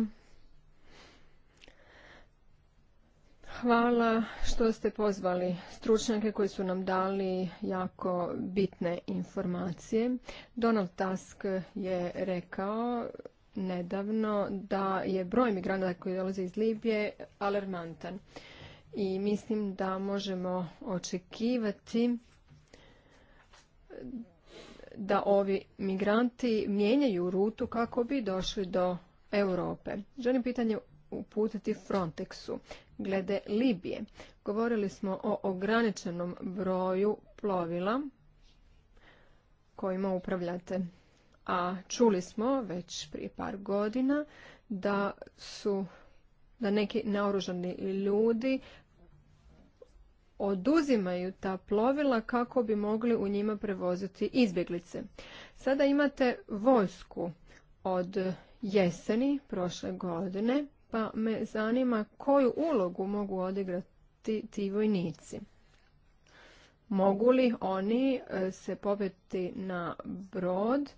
Hvala što ste pozvali stručnjake koji su nam dali jako bitne informacije. Donald Tusk je rekao nedavno da je broj migranata koji dolaze iz Libije alarmantan. I mislim da možemo očekivati da ovi migranti mijenjaju rutu kako bi došli do Europe. Želim pitanje uputiti Frontexu glede Libije. Govorili smo o ograničenom broju plovila kojima upravljate. A čuli smo već prije par godina da su da neki naoružani ljudi oduzimaju ta plovila kako bi mogli u njima prevoziti izbjeglice. Sada imate vojsku od jeseni prošle godine pa me zanima koju ulogu mogu odigrati ti vojnici. Mogu li oni e, se poveti na brod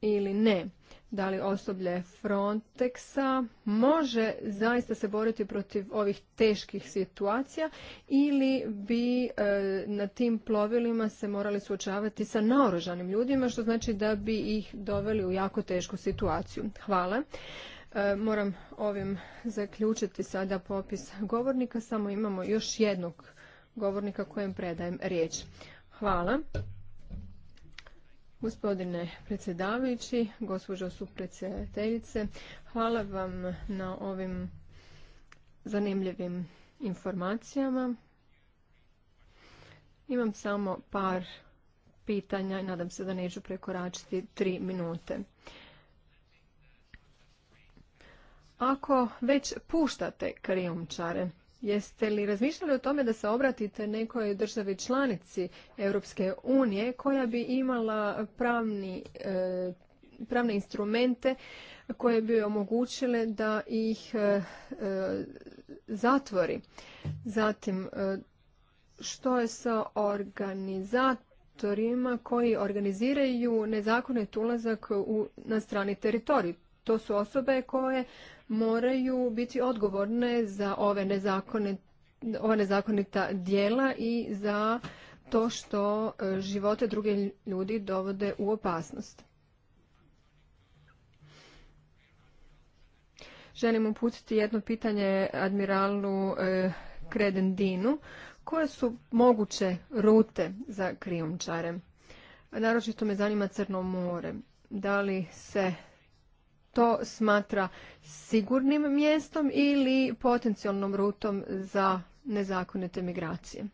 ili ne? Da li osoblje Frontexa može zaista se boriti protiv ovih teških situacija ili bi e, na tim plovilima se morali suočavati sa naoružanim ljudima, što znači da bi ih doveli u jako tešku situaciju. Hvala. E, moram ovim zaključiti sada popis govornika, samo imamo još jednog govornika kojem predajem riječ. Hvala. Gospodine predsjedavajući, gospođo supredsjedateljice, hvala vam na ovim zanimljivim informacijama. Imam samo par pitanja i nadam se da neću prekoračiti tri minute. Ako već puštate krijumčare, Jeste li razmišljali o tome da se obratite nekoj državi članici Europske unije koja bi imala pravni, e, pravne instrumente koje bi omogućile da ih e, e, zatvori? Zatim, što je sa organizatorima koji organiziraju nezakonit ulazak u, na strani teritorij? To su osobe koje moraju biti odgovorne za ove ova nezakonita dijela i za to što e, živote druge ljudi dovode u opasnost. Želim uputiti jedno pitanje admiralu e, Kredendinu. Koje su moguće rute za krijumčare? Naročito me zanima Crno more. Da li se to smatra sigurnim mjestom ili potencijalnom rutom za nezakonite migracije.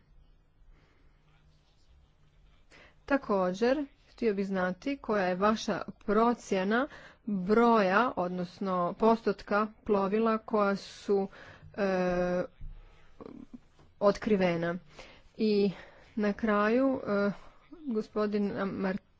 Također, htio bih znati koja je vaša procjena broja, odnosno postotka plovila koja su e, otkrivena. I na kraju, e, gospodin Martin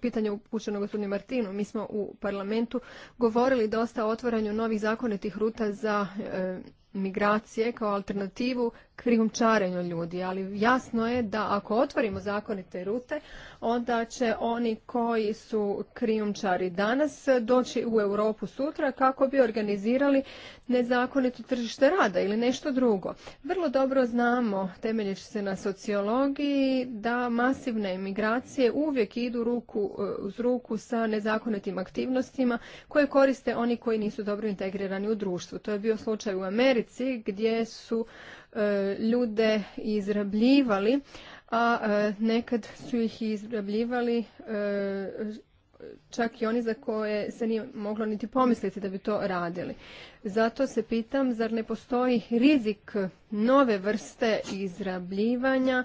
pitanje upućeno gospodinu Martinu. Mi smo u parlamentu govorili dosta o otvaranju novih zakonitih ruta za e, migracije kao alternativu krijumčarenju ljudi, ali jasno je da ako otvorimo zakonite rute, onda će oni koji su krijumčari danas doći u Europu sutra kako bi organizirali nezakonito tržište rada ili nešto drugo. Vrlo dobro znamo, temeljeći se na sociologiji, da masivne imigracije uvijek idu ruku uz ruku sa nezakonitim aktivnostima koje koriste oni koji nisu dobro integrirani u društvu. To je bio slučaj u Americi gdje su E, ljude izrabljivali, a e, nekad su ih izrabljivali e, čak i oni za koje se nije moglo niti pomisliti da bi to radili. Zato se pitam, zar ne postoji rizik nove vrste izrabljivanja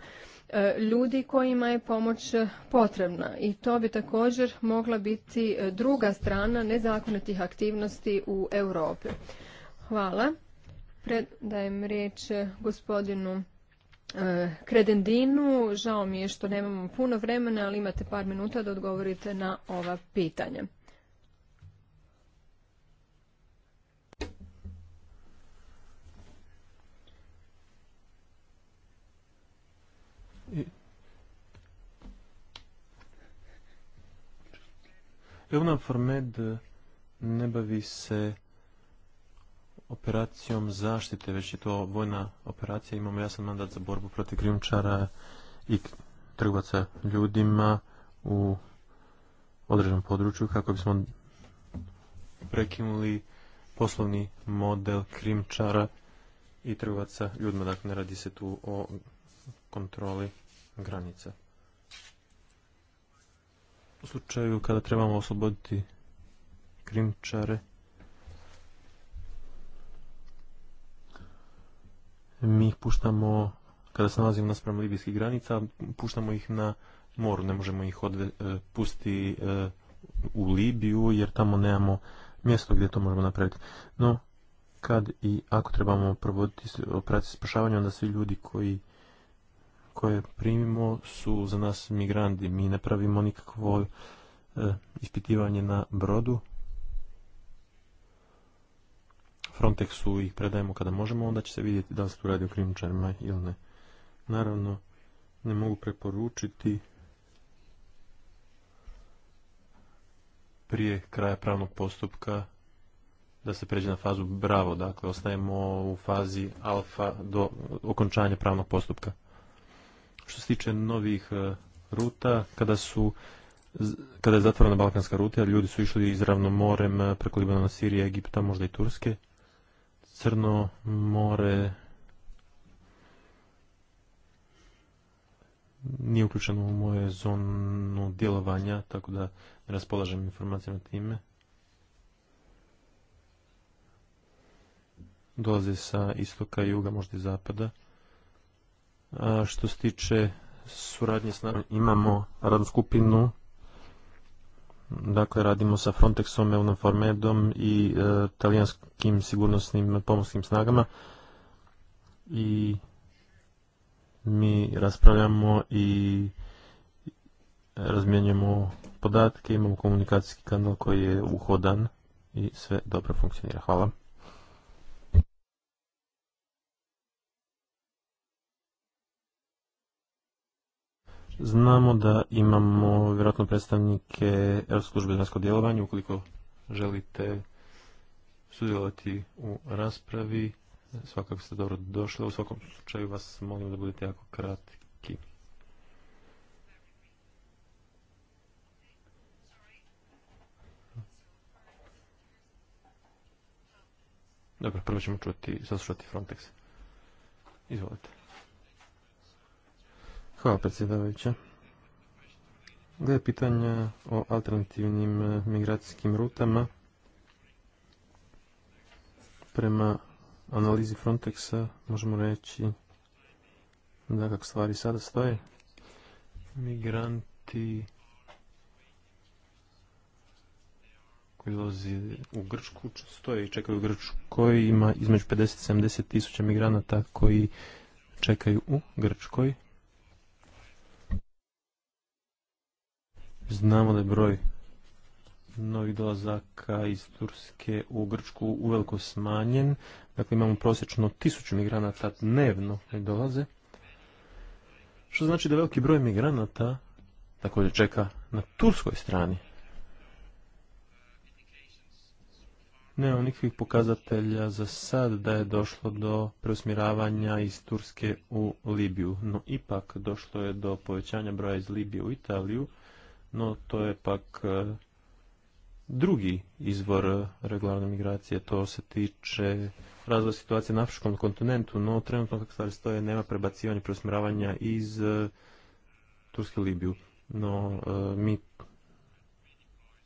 ljudi kojima je pomoć potrebna i to bi također mogla biti druga strana nezakonitih aktivnosti u Europi. Hvala. Predajem riječ gospodinu e, Kredendinu. Žao mi je što nemamo puno vremena, ali imate par minuta da odgovorite na ova pitanja. Evo nam Formed ne bavi se operacijom zaštite, već je to vojna operacija, imamo jasan mandat za borbu protiv krimčara i trgovaca ljudima u određenom području kako bismo prekinuli poslovni model krimčara i trgovaca ljudima. Dakle, ne radi se tu o kontroli granica. U slučaju kada trebamo osloboditi krimčare mi ih puštamo, kada se nalazimo naspram libijskih granica, puštamo ih na moru, ne možemo ih odve, e, e, u Libiju jer tamo nemamo mjesto gdje to možemo napraviti. No, kad i ako trebamo provoditi operaciju spašavanja, onda svi ljudi koji koje primimo su za nas migranti. Mi ne pravimo nikakvo e, ispitivanje na brodu, Frontexu ih predajemo kada možemo, onda će se vidjeti da li se tu radi o krimčarima ili ne. Naravno, ne mogu preporučiti prije kraja pravnog postupka da se pređe na fazu bravo, dakle ostajemo u fazi alfa do okončanja pravnog postupka. Što se tiče novih e, ruta, kada su kada je zatvorena balkanska ruta, ljudi su išli izravno morem e, preko Libanona, Sirije, Egipta, možda i Turske. Crno more nije uključeno u moje zonu djelovanja, tako da ne raspolažem informacijama time. Dolaze sa istoka, juga, možda i zapada. A što se tiče suradnje s nama, imamo radnu skupinu Dakle, radimo sa Frontexom, formedom i e, talijanskim sigurnosnim pomorskim snagama i mi raspravljamo i razmjenjujemo podatke, imamo komunikacijski kanal koji je uhodan i sve dobro funkcionira. Hvala. Znamo da imamo vjerojatno predstavnike Europske službe za djelovanje. Ukoliko želite sudjelovati u raspravi, svakako ste dobro došli. U svakom slučaju vas molim da budete jako kratki. Dobro, prvo ćemo čuti, saslušati Frontex. Izvolite. Hvala predsjedavajuća. je pitanja o alternativnim eh, migracijskim rutama, prema analizi Frontexa možemo reći da kako stvari sada stoje, migranti koji lozi u Grčku, stoje i čekaju u Koji ima između 50-70 tisuća migranata koji čekaju u Grčkoj Znamo da je broj novih dolazaka iz Turske u Grčku uveliko smanjen. Dakle, imamo prosječno tisuću migranata dnevno koji dolaze. Što znači da veliki broj migranata također čeka na turskoj strani. Nemamo nikakvih pokazatelja za sad da je došlo do preusmjeravanja iz Turske u Libiju, no ipak došlo je do povećanja broja iz Libije u Italiju, no to je pak e, drugi izvor e, regularne migracije, to se tiče razvoja situacije na afričkom kontinentu, no trenutno kako stvari stoje nema prebacivanja preusmjeravanja iz e, Turske Libiju. No, mi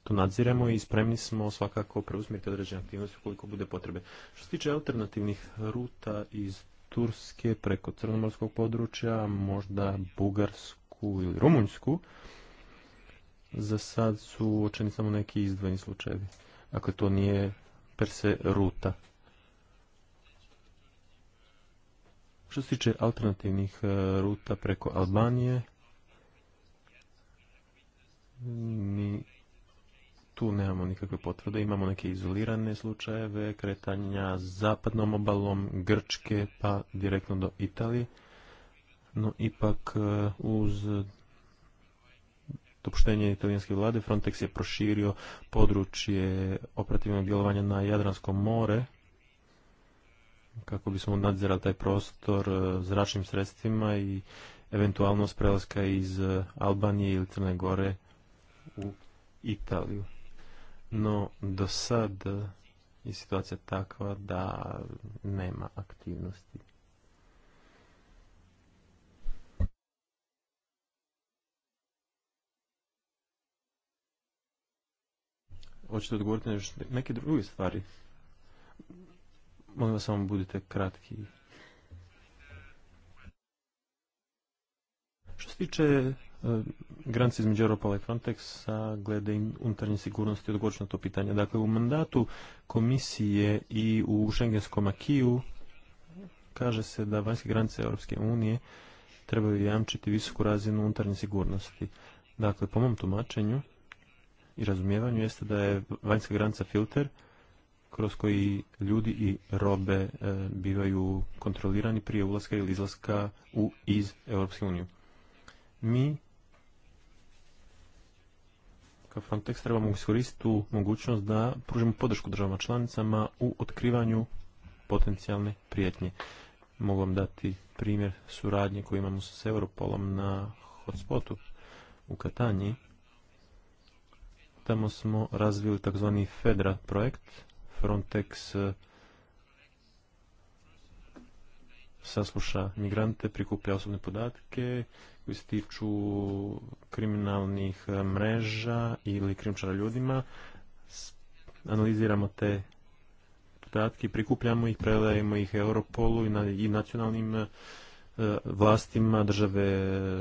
to nadziremo i spremni smo svakako preusmjeriti određene aktivnosti ukoliko bude potrebe. Što se tiče alternativnih ruta iz Turske preko crnomorskog područja, možda Bugarsku ili Rumunjsku, za sad su uočeni samo neki izdvojeni slučajevi. Ako dakle, to nije per se ruta. Što se tiče alternativnih e, ruta preko Albanije, tu nemamo nikakve potvrde. Imamo neke izolirane slučajeve, kretanja zapadnom obalom Grčke pa direktno do Italije. No ipak e, uz dopuštenje italijanske vlade, Frontex je proširio područje operativnog djelovanja na Jadransko more, kako bismo nadzirali taj prostor e, zračnim sredstvima i eventualnost prelaska iz e, Albanije ili Crne Gore u Italiju. No, do sad je situacija takva da nema aktivnosti. hoćete odgovoriti na neke druge stvari? Molim vas samo budite kratki. Što se tiče e, granice između Europola i Frontexa glede unutarnje sigurnosti na to pitanje. Dakle, u mandatu komisije i u šengenskom akiju kaže se da vanjske granice Europske unije trebaju jamčiti visoku razinu unutarnje sigurnosti. Dakle, po mom tumačenju, i razumijevanju jeste da je vanjska granica filter kroz koji ljudi i robe e, bivaju kontrolirani prije ulaska ili izlaska u, iz Europske unije. Mi kao Frontex trebamo iskoristiti tu mogućnost da pružimo podršku državama članicama u otkrivanju potencijalne prijetnje. Mogu vam dati primjer suradnje koju imamo s Europolom na hotspotu u Katanji. Tamo smo razvili takzvani FEDRA projekt, Frontex eh, sasluša migrante, prikuplja osobne podatke koji se tiču kriminalnih eh, mreža ili krimčara ljudima. Analiziramo te podatke, prikupljamo ih, predajemo ih Europolu i nacionalnim eh, E, vlastima države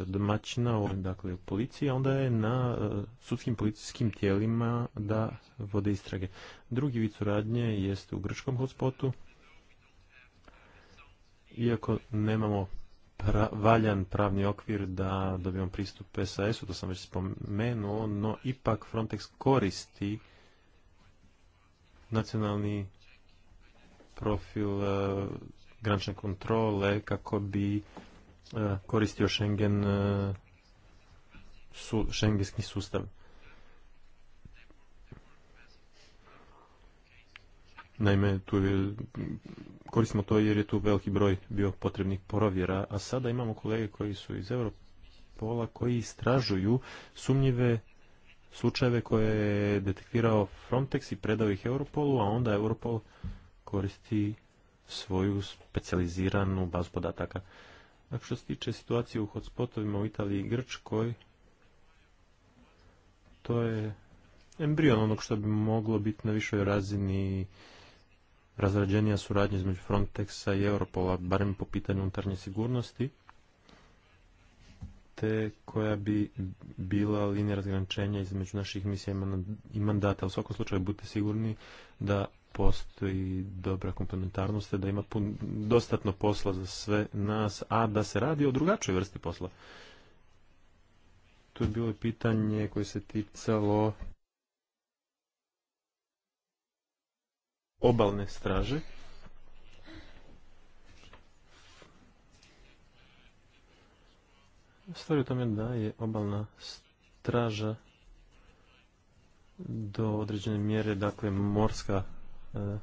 domaćina, dakle u policiji, onda je na e, sudskim policijskim tijelima da vode istrage. Drugi vid suradnje jeste u grčkom hotspotu. Iako nemamo valjan pravni okvir da dobijemo pristup SAS-u, to sam već spomenuo, no ipak Frontex koristi nacionalni profil e, granične kontrole kako bi e, koristio Schengen e, su, šengenski sustav. Naime, tu je, koristimo to jer je tu veliki broj bio potrebnih porovjera, a sada imamo kolege koji su iz Europola koji istražuju sumnjive slučajeve koje je detektirao Frontex i predao ih Europolu, a onda Europol koristi svoju specializiranu bazu podataka. A što se tiče situacije u hotspotovima u Italiji i Grčkoj, to je embrion onog što bi moglo biti na višoj razini razrađenija suradnje između Frontexa i Europola, barem po pitanju unutarnje sigurnosti, te koja bi bila linija razgrančenja između naših misija i mandata. U svakom slučaju budite sigurni da postoji dobra komplementarnost, da ima pun, dostatno posla za sve nas, a da se radi o drugačoj vrsti posla. Tu je bilo pitanje koje se ticalo obalne straže. Stvar u tome da je obalna straža do određene mjere, dakle, morska E,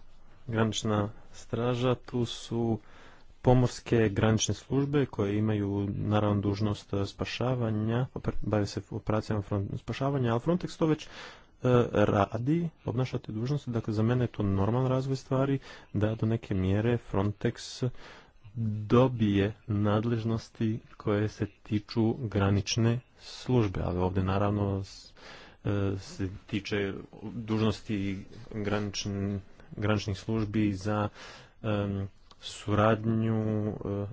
granična straža, tu su pomorske granične službe koje imaju naravno dužnost e, spašavanja, bave se operacijama spašavanja, ali Frontex to već e, radi, obnašate dužnost. Dakle, za mene je to normalan razvoj stvari da do neke mjere Frontex dobije nadležnosti koje se tiču granične službe, ali ovdje naravno se tiče dužnosti granične graničnih službi za suradnju eh,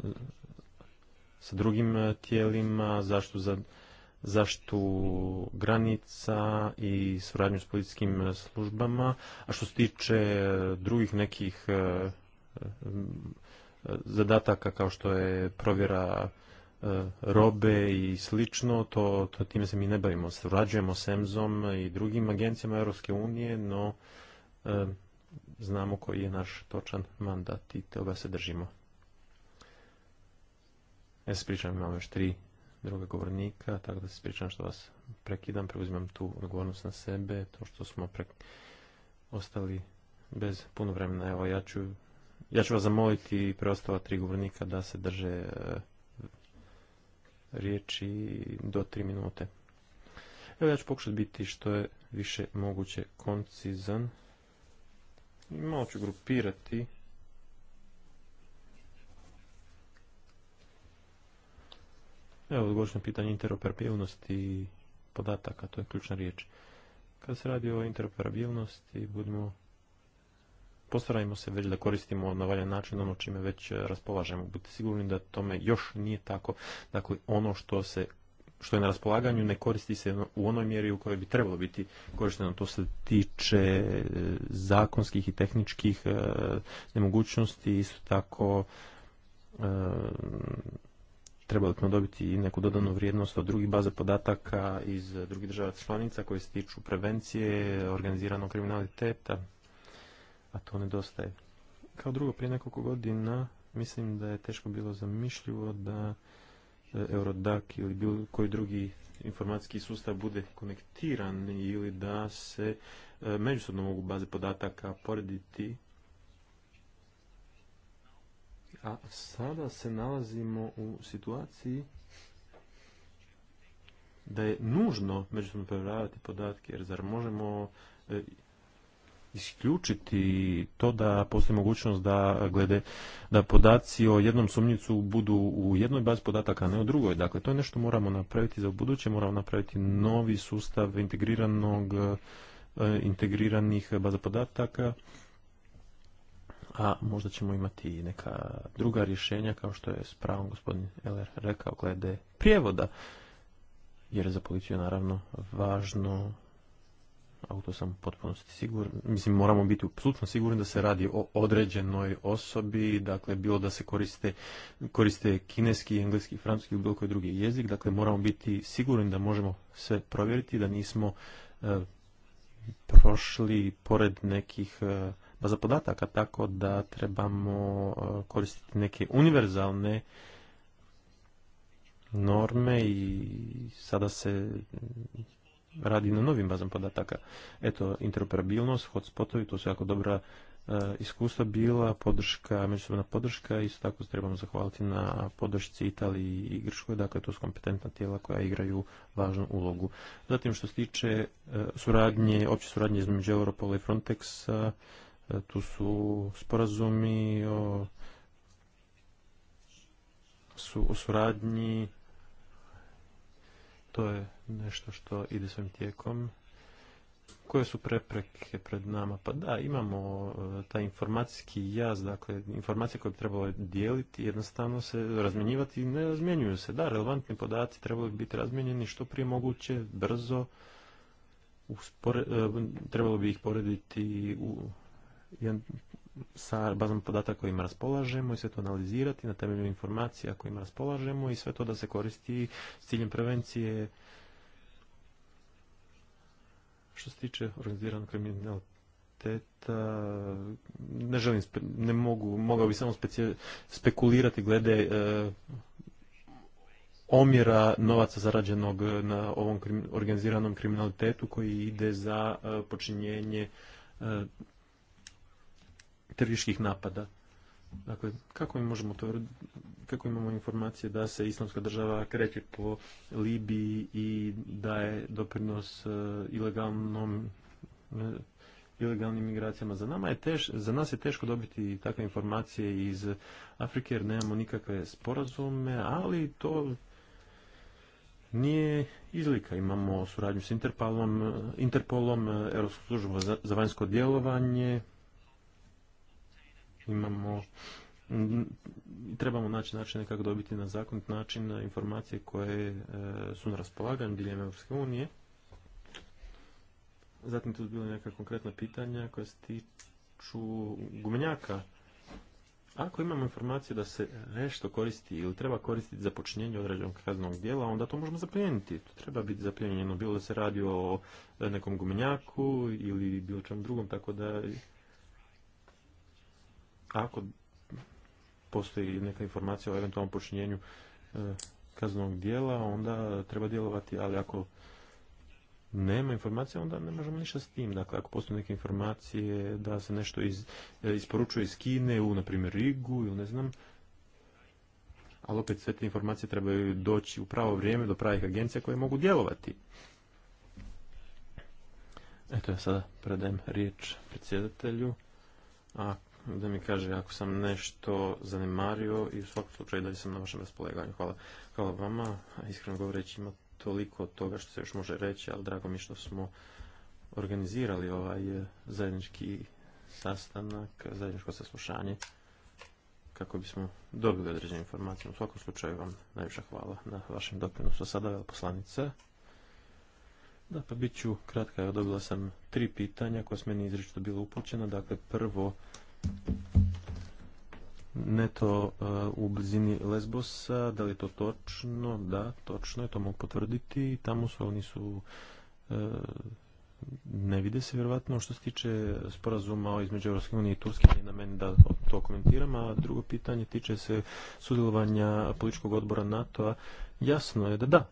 sa drugim eh, tijelima, zaštu za granica i suradnju s policijskim eh, službama. A što se tiče drugih nekih zadataka kao što je provjera robe i slično, to, to time se mi ne bavimo. Surađujemo s EMZ-om i drugim agencijama Europske unije, no znamo koji je naš točan mandat i toga se držimo. Ja se pričam, imamo još tri druge govornika, tako da se pričam što vas prekidam, preuzimam tu odgovornost na sebe, to što smo pre... ostali bez puno vremena. Evo, ja ću, ja ću vas zamoliti i preostala tri govornika da se drže e, riječi do tri minute. Evo, ja ću pokušati biti što je više moguće koncizan. I malo ću grupirati. Evo, odgovorit pitanje interoperabilnosti podataka, to je ključna riječ. Kad se radi o interoperabilnosti, budemo postarajmo se već da koristimo na valjan način ono čime već raspolažemo. Budite sigurni da tome još nije tako. Dakle, ono što se što je na raspolaganju ne koristi se u onoj mjeri u kojoj bi trebalo biti korišteno. To se tiče e, zakonskih i tehničkih e, nemogućnosti, isto tako e, trebali smo dobiti i neku dodanu vrijednost od drugih baza podataka iz drugih država članica koje se tiču prevencije, organiziranog kriminaliteta, a to nedostaje. Kao drugo, prije nekoliko godina mislim da je teško bilo zamišljivo da E, Eurodac ili bilo koji drugi informacijski sustav bude konektiran ili da se e, međusobno mogu baze podataka porediti. A sada se nalazimo u situaciji da je nužno međusobno provjeravati podatke, jer zar možemo e, isključiti to da postoji mogućnost da glede da podaci o jednom sumnjicu budu u jednoj bazi podataka, a ne u drugoj. Dakle, to je nešto moramo napraviti za buduće, moramo napraviti novi sustav integriranog e, integriranih baza podataka a možda ćemo imati i neka druga rješenja kao što je s pravom gospodin Eller rekao glede prijevoda jer je za policiju naravno važno a u to sam potpuno siguran, mislim moramo biti apsolutno sigurni da se radi o određenoj osobi, dakle bilo da se koriste, koriste kineski, engleski, francuski ili bilo koji drugi jezik, dakle moramo biti sigurni da možemo sve provjeriti, da nismo e, prošli pored nekih e, baza podataka, tako da trebamo e, koristiti neke univerzalne norme i sada se radi na novim bazama podataka. Eto, interoperabilnost, hotspotovi, to su jako dobra e, iskustva bila, podrška, međusobna podrška, isto tako trebamo zahvaliti na podršci Italiji i Grškoj, dakle to su kompetentna tijela koja igraju važnu ulogu. Zatim što se tiče e, suradnje, opće suradnje između Europola i Frontexa, e, tu su sporazumi o, su, o suradnji to je nešto što ide svojim tijekom. Koje su prepreke pred nama? Pa da, imamo e, taj informacijski jaz, dakle, informacije koje bi trebalo dijeliti, jednostavno se razmjenjivati i ne razmjenjuju se. Da, relevantni podaci trebali bi biti razmjenjeni što prije moguće, brzo, e, trebalo bi ih porediti u sa bazom podataka kojima raspolažemo i sve to analizirati na temelju informacija kojima raspolažemo i sve to da se koristi s ciljem prevencije što se tiče organiziranog kriminaliteta ne želim ne mogu mogao bi samo spekulirati glede e, omjera novaca zarađenog na ovom organiziranom kriminalitetu koji ide za e, počinjenje e, terorističkih napada. Dakle, kako mi možemo to, kako imamo informacije da se islamska država kreće po Libiji i daje doprinos e, ilegalnom e, ilegalnim migracijama. Za, nama je teš, za nas je teško dobiti takve informacije iz Afrike jer nemamo nikakve sporazume, ali to nije izlika. Imamo suradnju s Interpolom, Interpolom Europskom službom za, za vanjsko djelovanje, imamo trebamo naći načine kako dobiti na zakonit način informacije koje e, su na raspolaganju diljem Europske unije. Zatim tu bilo neka konkretna pitanja koja se tiču gumenjaka. Ako imamo informaciju da se nešto koristi ili treba koristiti za počinjenje određenog kaznenog djela, onda to možemo zaplijeniti. To treba biti zaplijenjeno, bilo da se radi o e, nekom gumenjaku ili bilo čemu drugom, tako da ako postoji neka informacija o eventualnom počinjenju e, kaznog dijela, onda treba djelovati, ali ako nema informacija, onda ne možemo ništa s tim. Dakle, ako postoje neke informacije da se nešto iz, e, isporučuje iz Kine u, na primjer, Rigu ili ne znam, ali opet sve te informacije trebaju doći u pravo vrijeme do pravih agencija koje mogu djelovati. Eto ja sada predajem riječ predsjedatelju. A da mi kaže ako sam nešto zanemario i u svakom slučaju li sam na vašem raspolaganju. Hvala, hvala vama. Iskreno govoreći ima toliko toga što se još može reći, ali drago mi što smo organizirali ovaj eh, zajednički sastanak, zajedničko saslušanje kako bismo dobili određene informacije. U svakom slučaju vam najviše hvala na vašem doprinosu. Sada je Da, pa bit ću kratka. dobila sam tri pitanja koja su meni izričito bilo upućena. Dakle, prvo neto e, u blizini Lesbosa, da li je to točno? Da, točno je, to mogu potvrditi. Tamo su oni su e, ne vide se vjerovatno što se tiče sporazuma između EU i Turske je na meni da to komentiram, a drugo pitanje tiče se sudjelovanja političkog odbora NATO-a. Jasno je da da,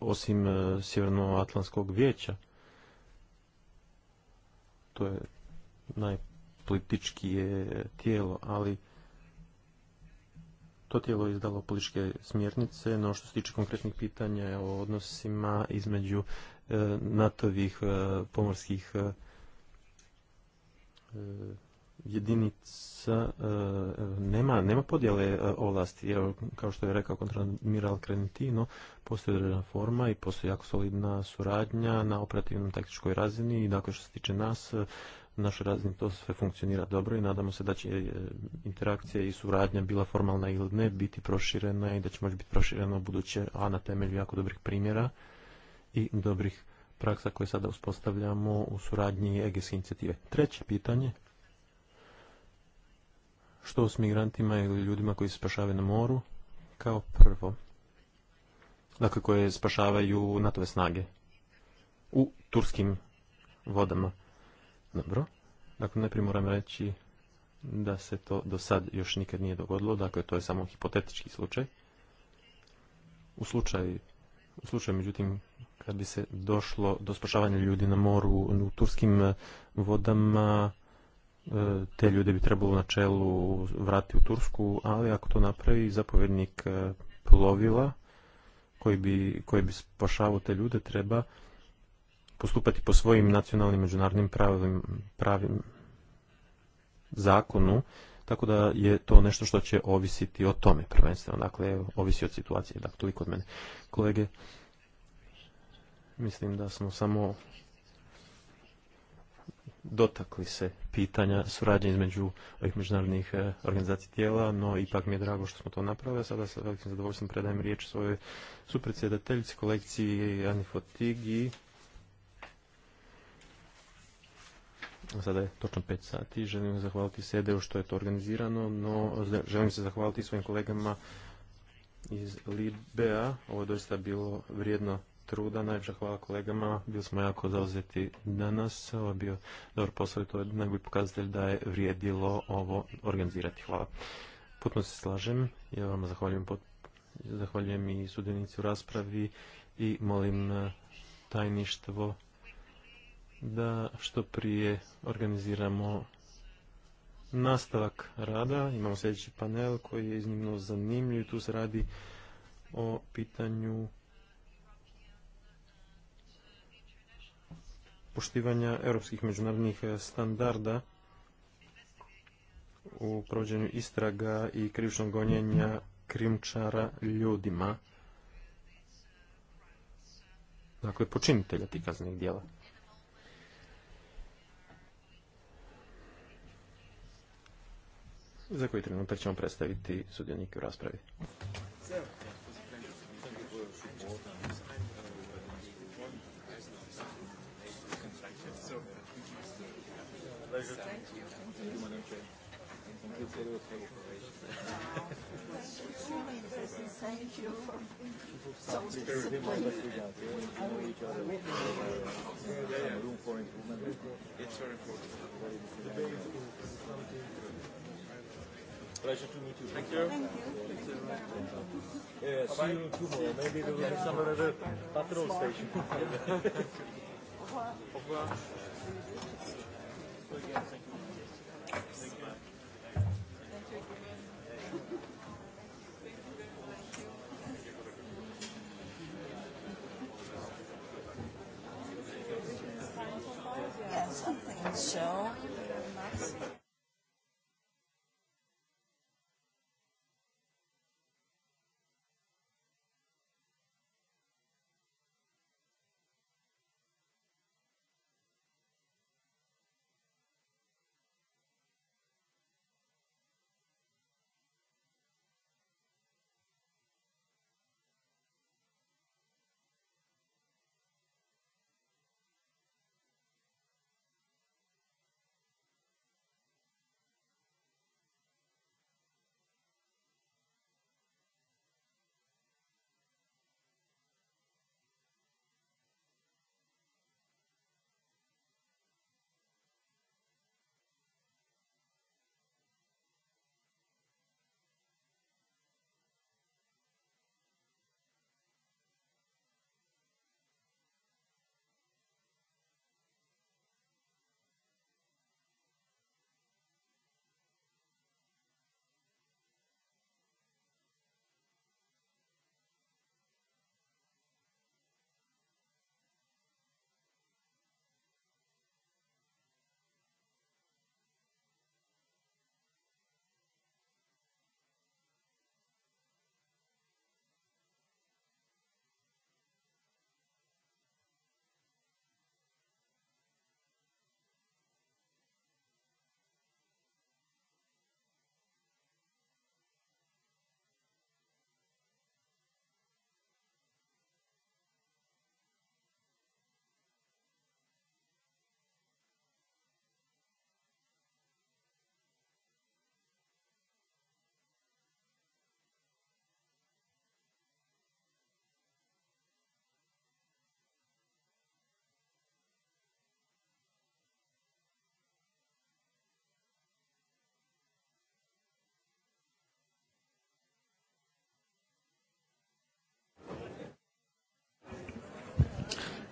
osim e, Sjevernoatlantskog vijeća. To je najpolitičkije tijelo, ali to tijelo je izdalo političke smjernice, no što se tiče konkretnih pitanja o odnosima između e, NATO-vih e, pomorskih e, jedinica nema, nema podjele ovlasti. jer kao što je rekao Miral Krenitino, postoji određena forma i postoji jako solidna suradnja na operativnom taktičkoj razini i dakle što se tiče nas našoj razini to sve funkcionira dobro i nadamo se da će e, interakcija i suradnja bila formalna ili ne biti proširena i da će moći biti proširena u buduće, a na temelju jako dobrih primjera i dobrih praksa koje sada uspostavljamo u suradnji EGS inicijative. Treće pitanje, što s migrantima ili ljudima koji se spašavaju na moru? Kao prvo, dakle koje spašavaju NATO snage u turskim vodama. Dobro. Dakle, najprije moram reći da se to do sad još nikad nije dogodilo, dakle to je samo hipotetički slučaj. U slučaju, u slučaju međutim, kad bi se došlo do spašavanja ljudi na moru u turskim e, vodama, e, te ljude bi trebalo na čelu vratiti u Tursku, ali ako to napravi zapovjednik e, plovila koji bi, koji bi spašavao te ljude, treba postupati po svojim nacionalnim međunarodnim pravim, pravim zakonu, tako da je to nešto što će ovisiti o tome prvenstveno, dakle ovisi od situacije, dakle toliko od mene. Kolege, mislim da smo samo dotakli se pitanja suradnje između ovih međunarodnih eh, organizacija tijela, no ipak mi je drago što smo to napravili. Sada sa velikim zadovoljstvom predajem riječ svojoj supredsjedateljici kolekciji Ani Sada je točno 5 sati. Želim zahvaliti SEDEU što je to organizirano, no želim se zahvaliti svojim kolegama iz Libea. Ovo je doista bilo vrijedno truda. Najveća hvala kolegama. Bili smo jako zauzeti danas. Ovo je bio dobar posao i to je najbolji pokazatelj da je vrijedilo ovo organizirati. Hvala. Putno se slažem. Ja vam zahvaljujem, pot... zahvaljujem i sudjenici u raspravi i molim eh, tajništvo da što prije organiziramo nastavak rada. Imamo sljedeći panel koji je iznimno zanimljiv. Tu se radi o pitanju poštivanja europskih međunarodnih standarda u provođenju istraga i krivičnog gonjenja krimčara ljudima, dakle počinitelja tih kaznenih djela. za koji trenutak ćemo predstaviti sudionike u raspravi. Thank Pleasure to meet you. Thank you. Yeah, you Maybe some patrol station. Thank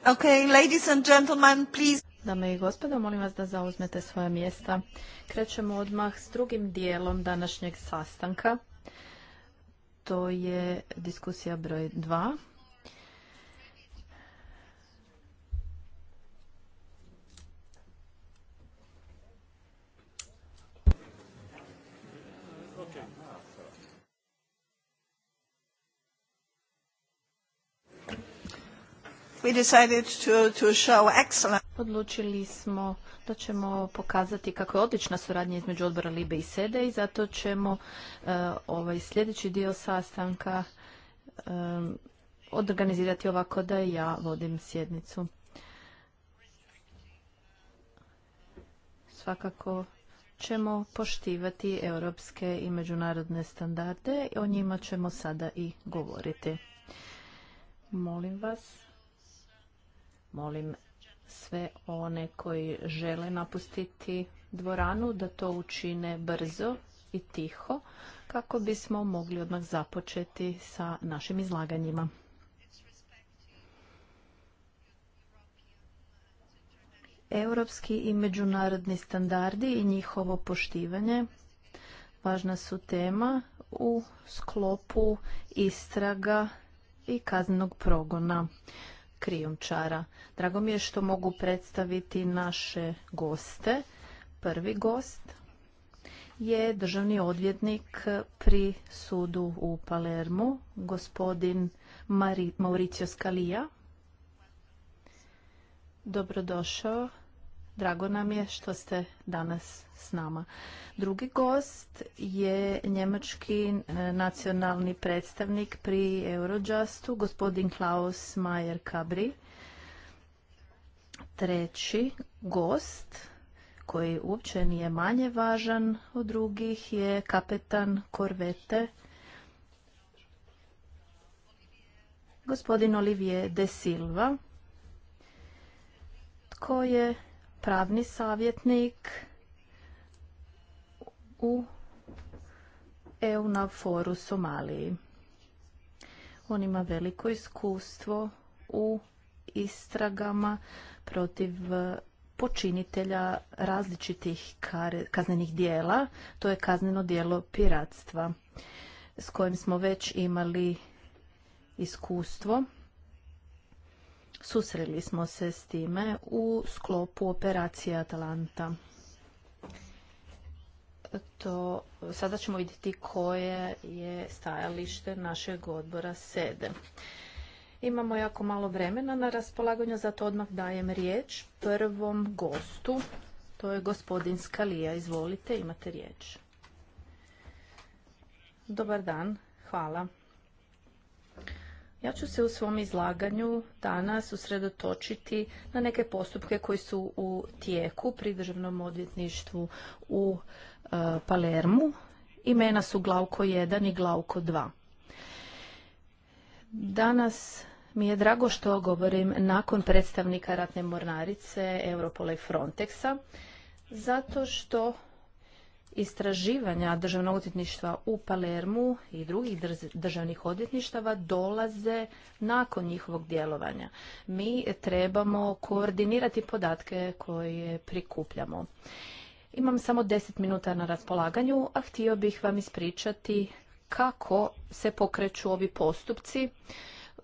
Okay, ladies and gentlemen, please. Dame i gospodo, molim vas da zauzmete svoja mjesta. Krećemo odmah s drugim dijelom današnjeg sastanka. To je diskusija broj 2. we to Odlučili smo da ćemo pokazati kako je odlična suradnja između odbora Libe i Sede i zato ćemo e, ovaj sljedeći dio sastanka um, e, odorganizirati ovako da ja vodim sjednicu. Svakako ćemo poštivati europske i međunarodne standarde i o njima ćemo sada i govoriti. Molim vas Molim sve one koji žele napustiti dvoranu da to učine brzo i tiho kako bismo mogli odmah započeti sa našim izlaganjima. Europski i međunarodni standardi i njihovo poštivanje važna su tema u sklopu istraga i kaznenog progona krijumčara. Drago mi je što mogu predstaviti naše goste. Prvi gost je državni odvjetnik pri sudu u Palermu, gospodin Mauricio Scalia. Dobrodošao Drago nam je što ste danas s nama. Drugi gost je njemački e, nacionalni predstavnik pri Eurojustu, gospodin Klaus Mayer Kabri. Treći gost, koji uopće nije manje važan od drugih, je kapetan korvete gospodin Olivier de Silva, koji je pravni savjetnik u EUNAVFOR-u Somaliji. On ima veliko iskustvo u istragama protiv e, počinitelja različitih kaznenih dijela. To je kazneno dijelo piratstva s kojim smo već imali iskustvo Susreli smo se s time u sklopu operacije Atalanta. To, sada ćemo vidjeti koje je stajalište našeg odbora sede. Imamo jako malo vremena na raspolaganju, zato odmah dajem riječ prvom gostu. To je gospodin Skalija. Izvolite, imate riječ. Dobar dan, hvala. Ja ću se u svom izlaganju danas usredotočiti na neke postupke koji su u tijeku pri državnom odvjetništvu u e, Palermu. Imena su Glauko 1 i Glauko 2. Danas mi je drago što govorim nakon predstavnika ratne mornarice Europola i Frontexa, zato što istraživanja državnog odvjetništva u Palermu i drugih državnih odvjetništava dolaze nakon njihovog djelovanja. Mi trebamo koordinirati podatke koje prikupljamo. Imam samo 10 minuta na raspolaganju, a htio bih vam ispričati kako se pokreću ovi postupci,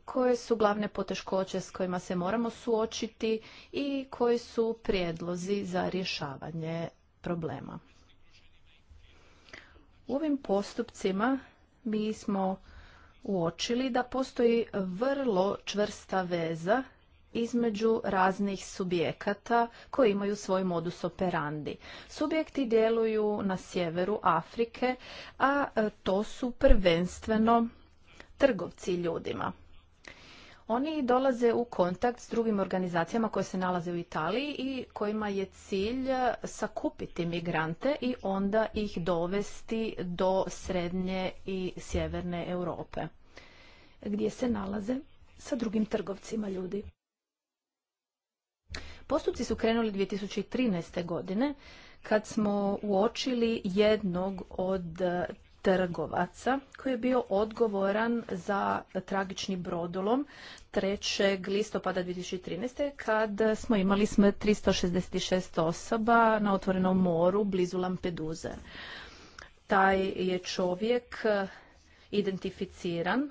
koje su glavne poteškoće s kojima se moramo suočiti i koji su prijedlozi za rješavanje problema. U ovim postupcima mi smo uočili da postoji vrlo čvrsta veza između raznih subjekata koji imaju svoj modus operandi. Subjekti djeluju na sjeveru Afrike, a to su prvenstveno trgovci ljudima. Oni dolaze u kontakt s drugim organizacijama koje se nalaze u Italiji i kojima je cilj sakupiti migrante i onda ih dovesti do srednje i sjeverne Europe gdje se nalaze sa drugim trgovcima ljudi. Postupci su krenuli 2013. godine kad smo uočili jednog od trgovaca koji je bio odgovoran za tragični brodolom 3. listopada 2013. kad smo imali smo 366 osoba na otvorenom moru blizu Lampeduze. Taj je čovjek eh, identificiran.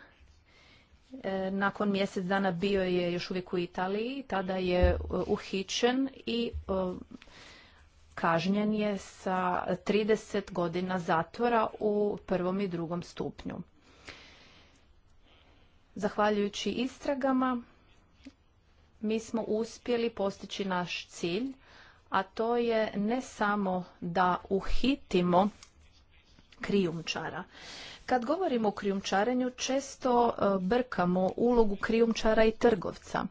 Eh, nakon mjesec dana bio je još uvijek u Italiji, tada je eh, uhićen i kažnjen je sa 30 godina zatvora u prvom i drugom stupnju. Zahvaljujući istragama mi smo uspjeli postići naš cilj, a to je ne samo da uhitimo krijumčara. Kad govorimo o krijumčarenju, često e, brkamo ulogu krijumčara i trgovca.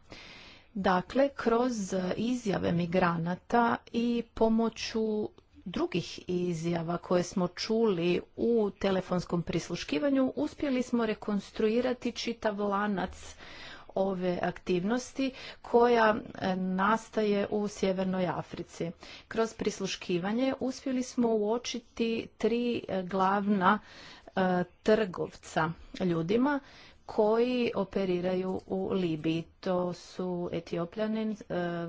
Dakle, kroz izjave migranata i pomoću drugih izjava koje smo čuli u telefonskom prisluškivanju, uspjeli smo rekonstruirati čitav lanac ove aktivnosti koja e, nastaje u Sjevernoj Africi. Kroz prisluškivanje uspjeli smo uočiti tri e, glavna e, trgovca ljudima koji operiraju u Libiji. To su etiopljanin, eh,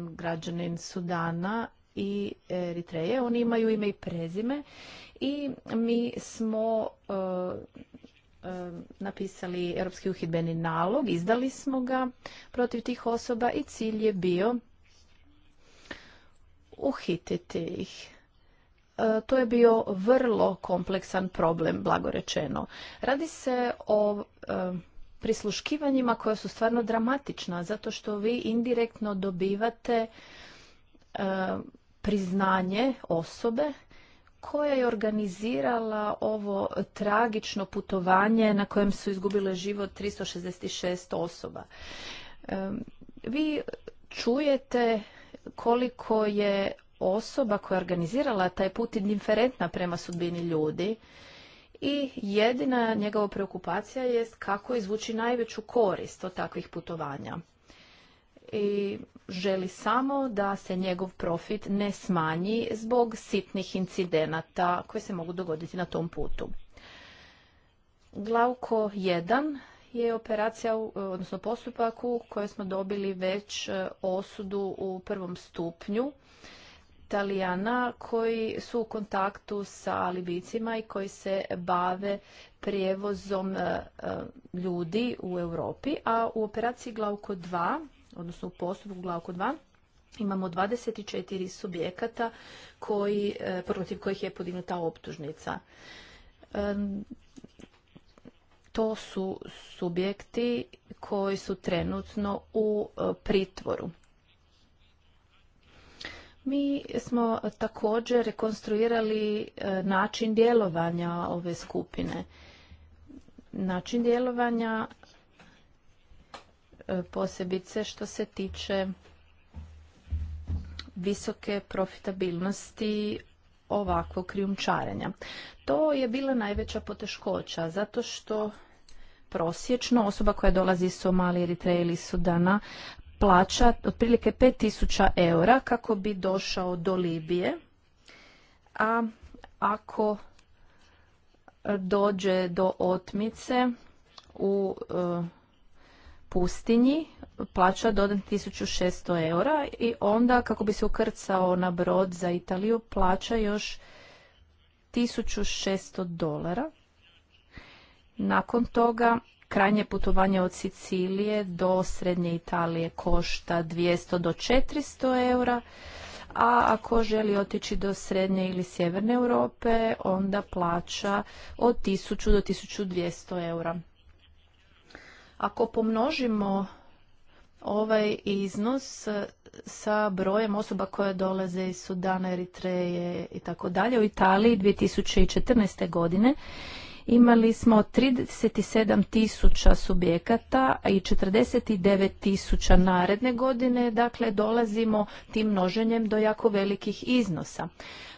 građanin Sudana i Eritreje. Oni imaju ime i prezime i mi smo eh, eh, napisali Europski uhidbeni nalog, izdali smo ga protiv tih osoba i cilj je bio uhititi ih. To je bio vrlo kompleksan problem, blagorečeno. Radi se o prisluškivanjima koja su stvarno dramatična, zato što vi indirektno dobivate e, priznanje osobe koja je organizirala ovo tragično putovanje na kojem su izgubile život 366 osoba. E, vi čujete koliko je osoba koja je organizirala taj put indiferentna prema sudbini ljudi i jedina njegova preokupacija jest kako izvući najveću korist od takvih putovanja. I želi samo da se njegov profit ne smanji zbog sitnih incidenata koji se mogu dogoditi na tom putu. Glauko 1 je operacija, odnosno postupak u kojoj smo dobili već e, osudu u prvom stupnju Italijana koji su u kontaktu sa alibicima i koji se bave prijevozom e, e, ljudi u Europi, a u operaciji Glauko 2, odnosno u postupku Glauko 2, imamo 24 subjekata koji, e, protiv kojih je podignuta optužnica. To su subjekti koji su trenutno u pritvoru. Mi smo također rekonstruirali e, način djelovanja ove skupine. Način djelovanja e, posebice što se tiče visoke profitabilnosti ovakvog krijumčarenja. To je bila najveća poteškoća zato što prosječno osoba koja dolazi iz Somalije, Eritreje ili Sudana plaća otprilike 5000 eura kako bi došao do Libije, a ako dođe do otmice u e, pustinji, plaća dodan 1600 eura i onda kako bi se ukrcao na brod za Italiju plaća još 1600 dolara. Nakon toga krajnje putovanje od Sicilije do Srednje Italije košta 200 do 400 eura, a ako želi otići do Srednje ili Sjeverne Europe, onda plaća od 1000 do 1200 eura. Ako pomnožimo ovaj iznos eh, sa brojem osoba koje dolaze iz Sudana, Eritreje i tako dalje u Italiji 2014. godine imali smo 37 tisuća subjekata i 49 tisuća naredne godine, dakle dolazimo tim množenjem do jako velikih iznosa.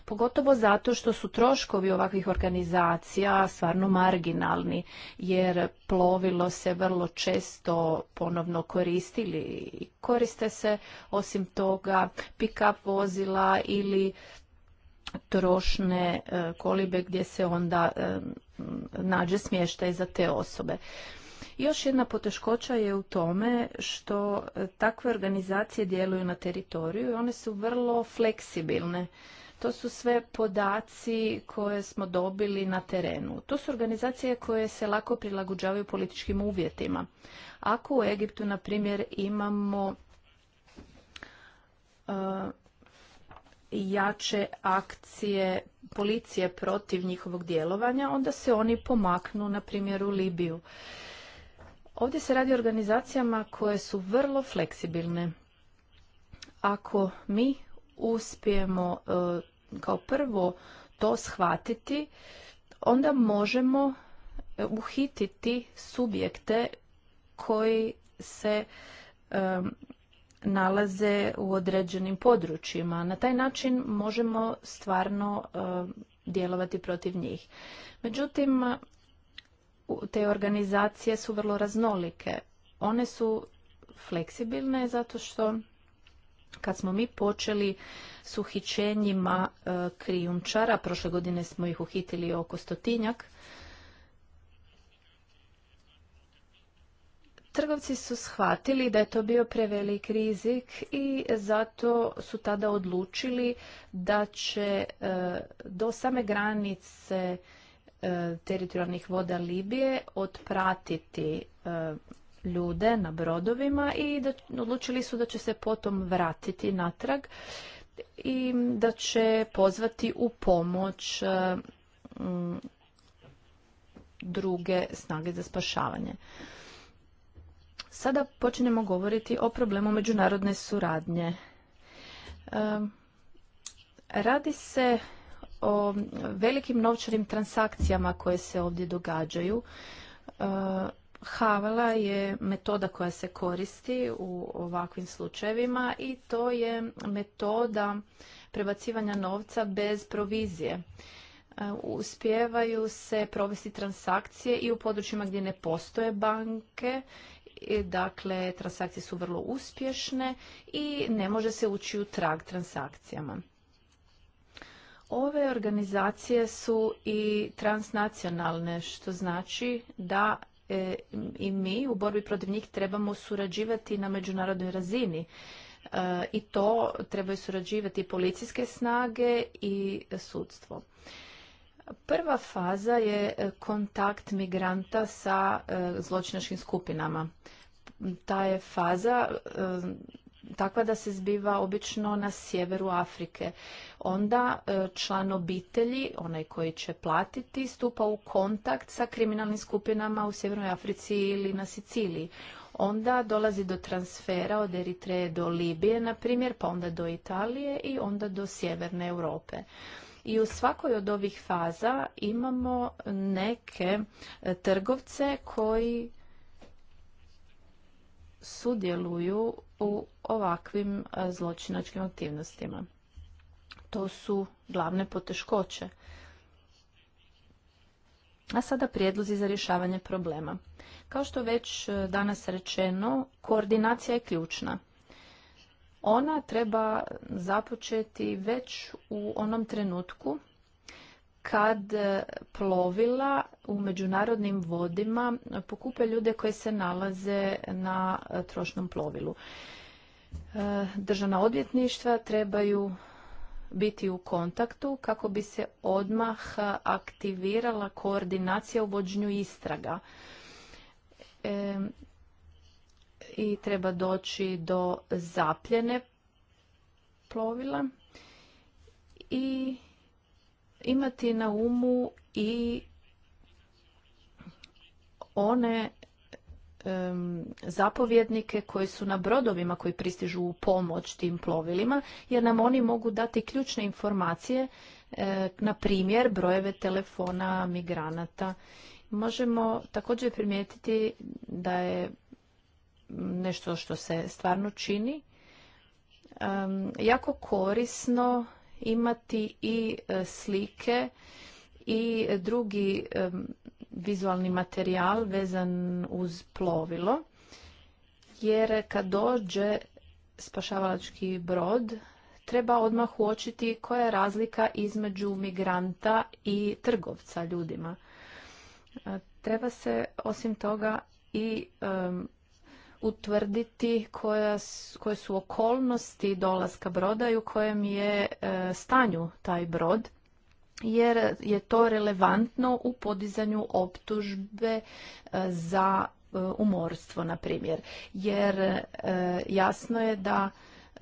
Pogotovo zato što su troškovi ovakvih organizacija stvarno marginalni, jer plovilo se vrlo često ponovno koristili i koriste se osim toga pick-up vozila ili trošne e, kolibe gdje se onda e, nađe smještaj za te osobe. Još jedna poteškoća je u tome što e, takve organizacije djeluju na teritoriju i one su vrlo fleksibilne. To su sve podaci koje smo dobili na terenu. To su organizacije koje se lako prilagođavaju političkim uvjetima. Ako u Egiptu, na primjer, imamo jače akcije policije protiv njihovog djelovanja, onda se oni pomaknu, na primjer, u Libiju. Ovdje se radi o organizacijama koje su vrlo fleksibilne. Ako mi uspijemo e, kao prvo to shvatiti, onda možemo uhititi subjekte koji se e, nalaze u određenim područjima. Na taj način možemo stvarno e, djelovati protiv njih. Međutim, te organizacije su vrlo raznolike. One su fleksibilne zato što kad smo mi počeli s uhićenjima e, krijumčara, prošle godine smo ih uhitili oko stotinjak, trgovci su shvatili da je to bio prevelik rizik i zato su tada odlučili da će e, do same granice e, teritorijalnih voda Libije otpratiti e, ljude na brodovima i odlučili su da će se potom vratiti natrag i da će pozvati u pomoć druge snage za spašavanje. Sada počinemo govoriti o problemu međunarodne suradnje. E, radi se o velikim novčanim transakcijama koje se ovdje događaju. E, Havala je metoda koja se koristi u ovakvim slučajevima i to je metoda prebacivanja novca bez provizije. E, uspijevaju se provesti transakcije i u područjima gdje ne postoje banke dakle transakcije su vrlo uspješne i ne može se ući u trag transakcijama. Ove organizacije su i transnacionalne, što znači da e, i mi u borbi protiv njih trebamo surađivati na međunarodnoj razini. E, I to trebaju surađivati policijske snage i sudstvo. Prva faza je e, kontakt migranta sa e, zločinačkim skupinama. Ta je faza e, takva da se zbiva obično na sjeveru Afrike. Onda član obitelji, onaj koji će platiti, stupa u kontakt sa kriminalnim skupinama u sjevernoj Africi ili na Siciliji. Onda dolazi do transfera od Eritreje do Libije, na primjer, pa onda do Italije i onda do sjeverne Europe i u svakoj od ovih faza imamo neke e, trgovce koji sudjeluju u ovakvim e, zločinačkim aktivnostima. To su glavne poteškoće. A sada prijedlozi za rješavanje problema. Kao što već e, danas rečeno, koordinacija je ključna ona treba započeti već u onom trenutku kad plovila u međunarodnim vodima pokupe ljude koji se nalaze na trošnom plovilu. E, državna odvjetništva trebaju biti u kontaktu kako bi se odmah aktivirala koordinacija u vođenju istraga. E, i treba doći do zapljene plovila i imati na umu i one zapovjednike koji su na brodovima koji pristižu u pomoć tim plovilima jer nam oni mogu dati ključne informacije e, na primjer brojeve telefona migranata možemo također primijetiti da je nešto što se stvarno čini, jako korisno imati i e, slike i drugi vizualni materijal vezan uz plovilo, jer kad dođe spašavalački brod, treba odmah uočiti koja je razlika između migranta i trgovca ljudima. E, treba se osim toga i utvrditi koja, koje su okolnosti dolaska broda i u kojem je e, stanju taj brod jer je to relevantno u podizanju optužbe e, za e, umorstvo na primjer jer jasno je da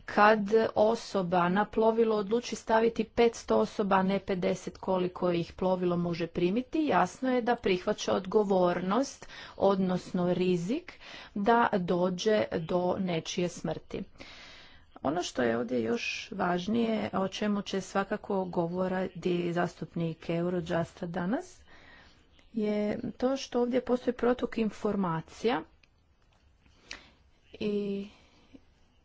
kad osoba na plovilo odluči staviti 500 osoba, a ne 50 koliko ih plovilo može primiti, jasno je da prihvaća odgovornost, odnosno rizik da dođe do nečije smrti. Ono što je ovdje još važnije, o čemu će svakako govoriti zastupnik Eurojusta danas, je to što ovdje postoji protok informacija i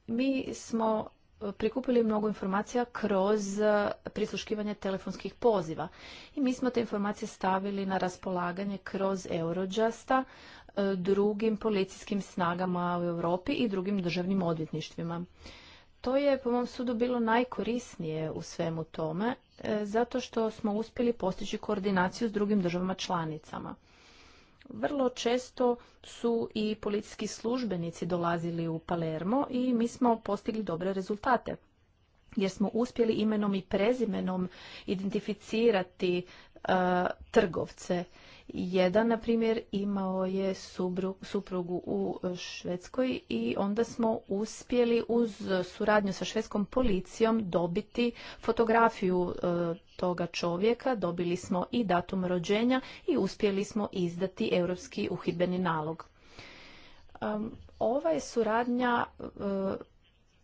mi smo e, prikupili mnogo informacija kroz e, prisluškivanje telefonskih poziva. I mi smo te informacije stavili na raspolaganje kroz Eurojusta e, drugim policijskim snagama u Europi i drugim državnim odvjetništvima. To je po mom sudu bilo najkorisnije u svemu tome zato što smo uspjeli postići koordinaciju s drugim državama članicama. Vrlo često su i policijski službenici dolazili u Palermo i mi smo postigli dobre rezultate jer smo uspjeli imenom i prezimenom identificirati e, trgovce jedan, na primjer, imao je suprugu u e, Švedskoj i onda smo uspjeli uz suradnju sa švedskom policijom dobiti fotografiju e, toga čovjeka, dobili smo i datum rođenja i uspjeli smo izdati europski uhidbeni nalog. Ova je suradnja e,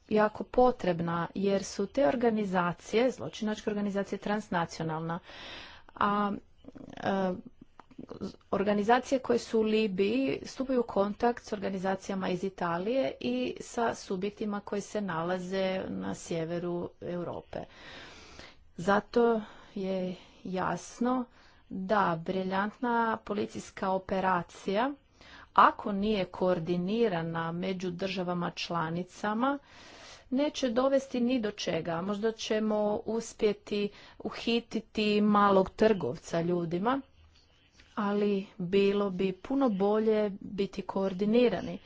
jako potrebna jer su te organizacije, zločinačke organizacije transnacionalna, a organizacije koje su u Libiji stupaju u kontakt s organizacijama iz Italije i sa subjektima koji se nalaze na sjeveru Europe. Zato je jasno da briljantna policijska operacija ako nije koordinirana među državama članicama neće dovesti ni do čega. Možda ćemo uspjeti uhititi malog trgovca ljudima ali bilo bi puno bolje biti koordinirani.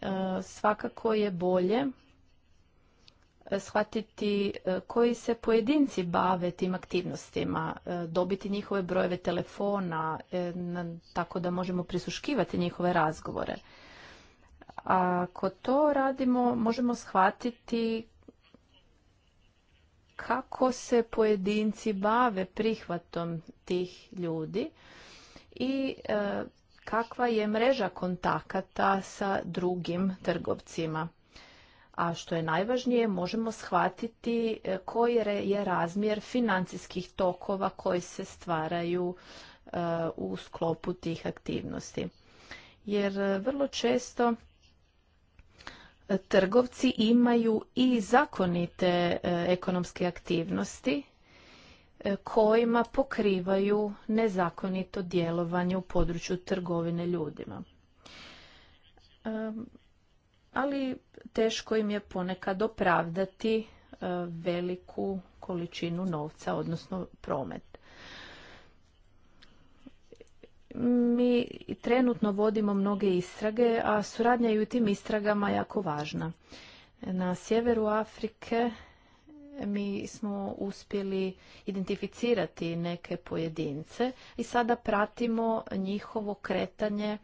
E, svakako je bolje e, shvatiti e, koji se pojedinci bave tim aktivnostima, dobiti njihove brojeve telefona, tako da možemo prisuškivati njihove razgovore. Ako to radimo, možemo shvatiti kako se pojedinci bave prihvatom tih ljudi i e, kakva je mreža kontakata sa drugim trgovcima. A što je najvažnije, možemo shvatiti e, koji je razmjer financijskih tokova koji se stvaraju e, u sklopu tih aktivnosti. Jer vrlo često trgovci imaju i zakonite ekonomske aktivnosti E, kojima pokrivaju nezakonito djelovanje u području trgovine ljudima. E, ali teško im je ponekad opravdati e, veliku količinu novca, odnosno promet. Mi trenutno vodimo mnoge istrage, a suradnja i u tim istragama jako važna. Na sjeveru Afrike mi smo uspjeli identificirati neke pojedince i sada pratimo njihovo kretanje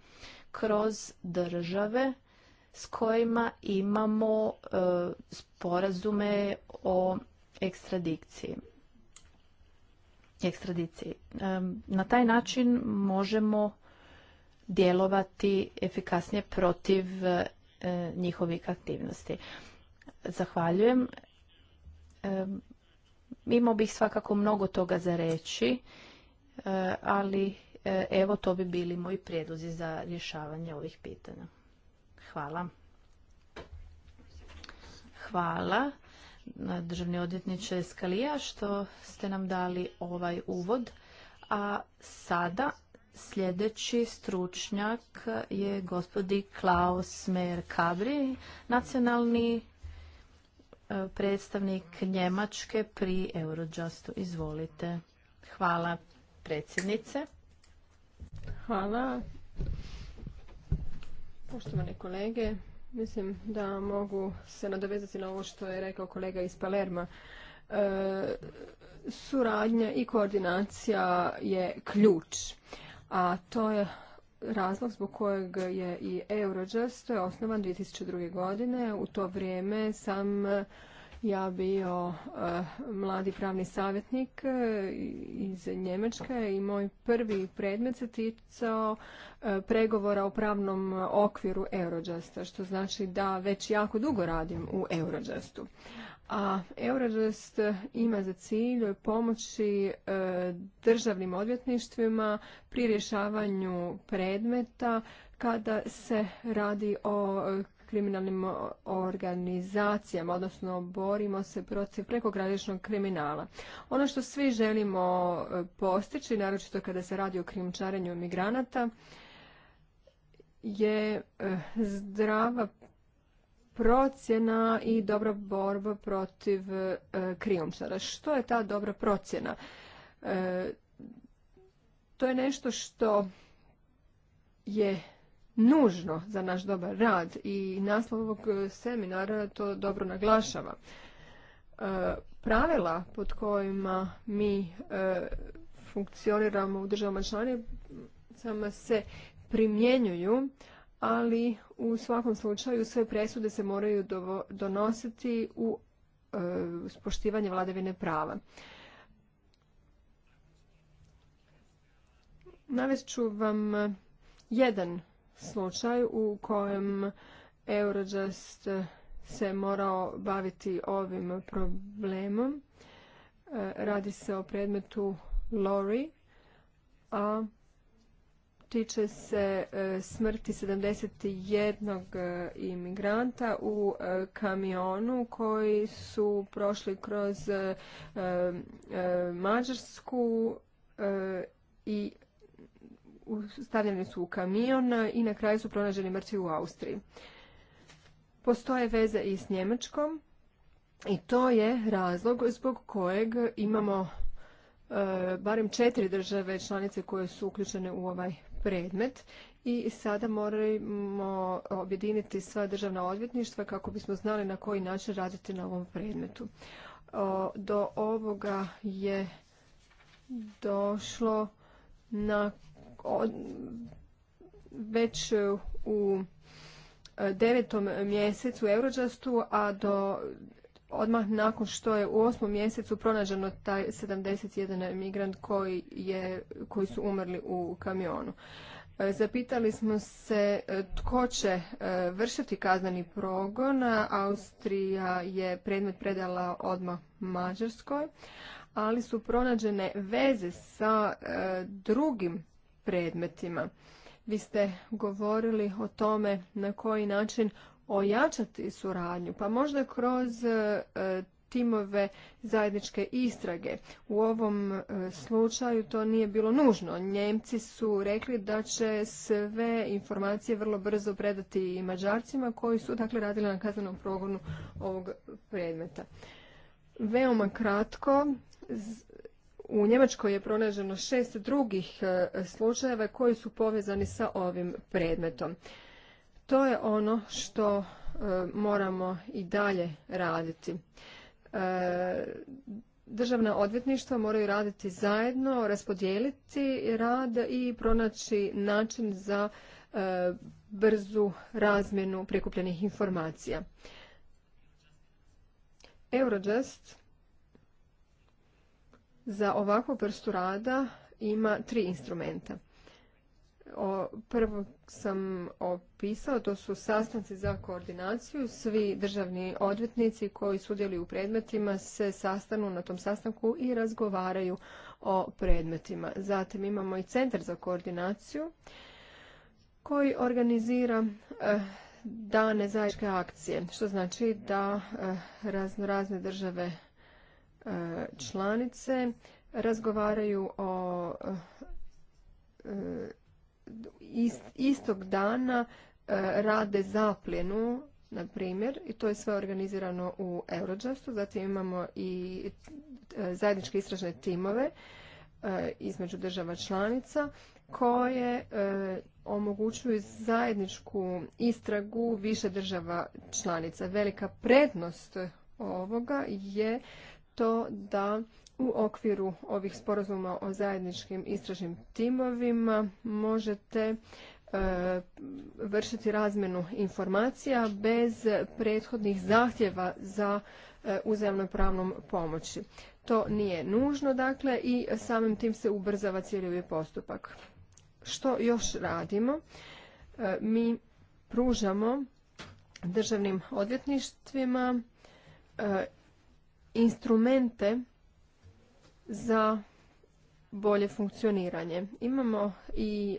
kroz države s kojima imamo e, sporazume o ekstradikciji. ekstradiciji. E, na taj način možemo djelovati efikasnije protiv e, njihovih aktivnosti. Zahvaljujem. Imao bih svakako mnogo toga za reći, e, ali e, evo to bi bili moji prijedlozi za rješavanje ovih pitanja. Hvala. Hvala državni odvjetniče Skalija što ste nam dali ovaj uvod. A sada sljedeći stručnjak je gospodi Klaus Merkabri, nacionalni predstavnik Njemačke pri Eurojustu. Izvolite. Hvala predsjednice. Hvala. Poštovane kolege, mislim da mogu se nadovezati na ovo što je rekao kolega iz Palerma. E, suradnja i koordinacija je ključ, a to je razlog zbog kojeg je i Eurojust osnovan 2002. godine. U to vrijeme sam eh, ja bio eh, mladi pravni savjetnik eh, iz Njemačke i moj prvi predmet se ticao pregovora o pravnom okviru Eurojusta, što znači da već jako dugo radim u Eurojustu a Eurojust ima za cilj pomoći e, državnim odvjetništvima pri rješavanju predmeta kada se radi o e, kriminalnim organizacijama, odnosno borimo se protiv prekograničnog kriminala. Ono što svi želimo e, postići, naročito kada se radi o krijumčarenju migranata, je zdrava procjena i dobra borba protiv e, krijumčara. Što je ta dobra procjena? E, to je nešto što je nužno za naš dobar rad i naslov ovog seminara to dobro naglašava. E, pravila pod kojima mi funkcioniramo u državama članicama se primjenjuju ali u svakom slučaju sve presude se moraju donositi u e, poštivanje vladavine prava. Navest ću vam jedan slučaj u kojem Eurojust se morao baviti ovim problemom. E, radi se o predmetu Lori, a tiče se e, smrti 71 e, imigranta u e, kamionu koji su prošli kroz Mađarsku i stavljeni su u kamion i na kraju su pronađeni mrtvi u Austriji. Postoje veze i s Njemačkom i to je razlog zbog kojeg imamo barem četiri države članice koje su uključene u ovaj predmet i sada moramo objediniti sva državna odvjetništva kako bismo znali na koji način raditi na ovom predmetu. Do ovoga je došlo na, već u e, devetom mjesecu Eurojustu, a do odmah nakon što je u osmom mjesecu pronađeno taj 71 migrant koji, je, koji su umrli u kamionu. E, zapitali smo se e, tko će e, vršiti kazneni progon. Austrija je predmet predala odmah Mađarskoj, ali su pronađene veze sa drugim predmetima. Vi ste govorili o tome na koji način ojačati suradnju, pa možda kroz e, timove zajedničke istrage. U ovom e, slučaju to nije bilo nužno. Njemci su rekli da će sve informacije vrlo brzo predati i mađarcima koji su dakle radili na kaznenom progonu ovog predmeta. Veoma kratko, u Njemačkoj je pronađeno šest drugih e, slučajeva koji su povezani sa ovim predmetom. To je ono što e, moramo i dalje raditi. E, državna odvjetništva moraju raditi zajedno, raspodijeliti rad i pronaći način za e, brzu razmjenu prikupljenih informacija. Eurojust za ovakvu vrstu rada ima tri instrumenta o, prvo sam opisao, to su sastanci za koordinaciju. Svi državni odvjetnici koji sudjeluju u predmetima se sastanu na tom sastanku i razgovaraju o predmetima. Zatim imamo i centar za koordinaciju koji organizira eh, dane zajedničke akcije, što znači da eh, razno razne države eh, članice razgovaraju o istog dana e, rade zapljenu, na primjer, i to je sve organizirano u Eurojustu. Zatim imamo i e, zajedničke istražne timove e, između država članica koje omogućuju zajedničku istragu više država članica. Velika prednost ovoga je to da u okviru ovih sporazuma o zajedničkim istražnim timovima možete e, vršiti razmjenu informacija bez prethodnih zahtjeva za e, uzajamnom pravnom pomoći. To nije nužno, dakle, i samim tim se ubrzava cijeli ovaj postupak. Što još radimo? E, mi pružamo državnim odvjetništvima instrumente za bolje funkcioniranje. Imamo i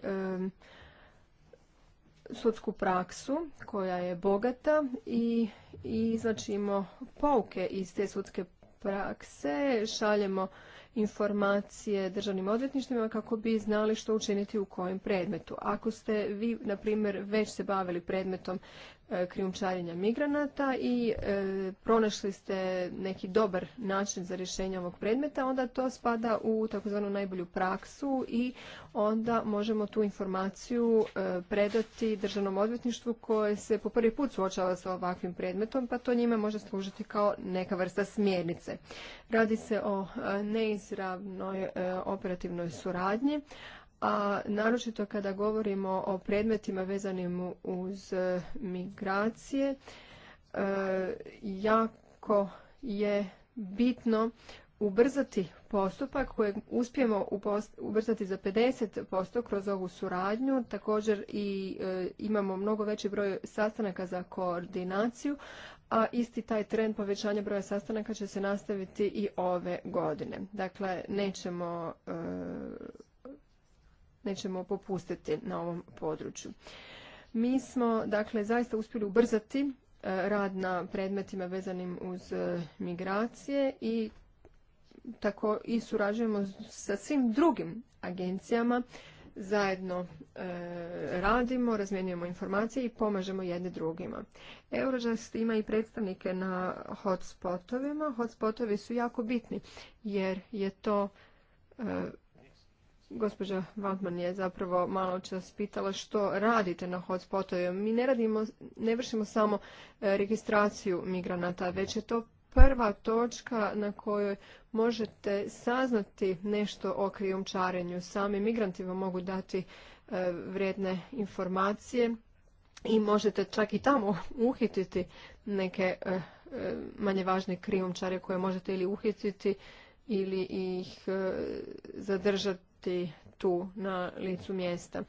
sudsku praksu koja je bogata i izlačimo pouke iz te sudske prakse, šaljemo informacije državnim odvjetništvima kako bi znali što učiniti u kojem predmetu. Ako ste vi, na primjer, već se bavili predmetom E, krijumčarenja migranata i e, pronašli ste neki dobar način za rješenje ovog predmeta, onda to spada u takozvanu najbolju praksu i onda možemo tu informaciju e, predati državnom odvjetništvu koje se po prvi put suočava sa ovakvim predmetom, pa to njima može služiti kao neka vrsta smjernice. Radi se o neizravnoj operativnoj suradnji, a naročito kada govorimo o predmetima vezanim uz e, migracije, e, jako je bitno ubrzati postupak kojeg uspijemo ubrzati za 50% kroz ovu suradnju. Također i e, imamo mnogo veći broj sastanaka za koordinaciju, a isti taj trend povećanja broja sastanaka će se nastaviti i ove godine. Dakle, nećemo nećemo popustiti na ovom području. Mi smo dakle zaista uspjeli ubrzati e, rad na predmetima vezanim uz e, migracije i tako i surađujemo sa svim drugim agencijama zajedno e, radimo, razmjenjujemo informacije i pomažemo jedne drugima. Eurojust ima i predstavnike na hotspotovima. Hotspotovi su jako bitni jer je to Gospođa Vatman je zapravo malo čas pitala što radite na hotspotu. Mi ne, radimo, ne vršimo samo e, registraciju migranata, već je to prva točka na kojoj možete saznati nešto o krijumčarenju. Sami migranti vam mogu dati e, vrijedne informacije i možete čak i tamo uhititi neke e, manje važne krijumčare koje možete ili uhititi ili ih zadržati tu na licu mjesta.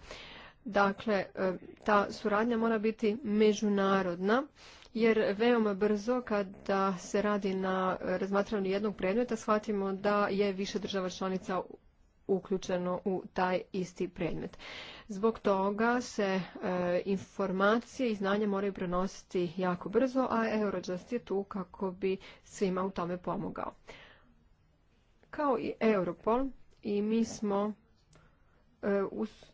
Dakle, e, ta suradnja mora biti međunarodna, jer veoma brzo kada se radi na razmatranju jednog predmeta shvatimo da je više država članica uključeno u taj isti predmet. Zbog toga se e, informacije i znanje moraju prenositi jako brzo, a Eurojust je tu kako bi svima u tome pomogao. Kao i Europol, i mi smo e,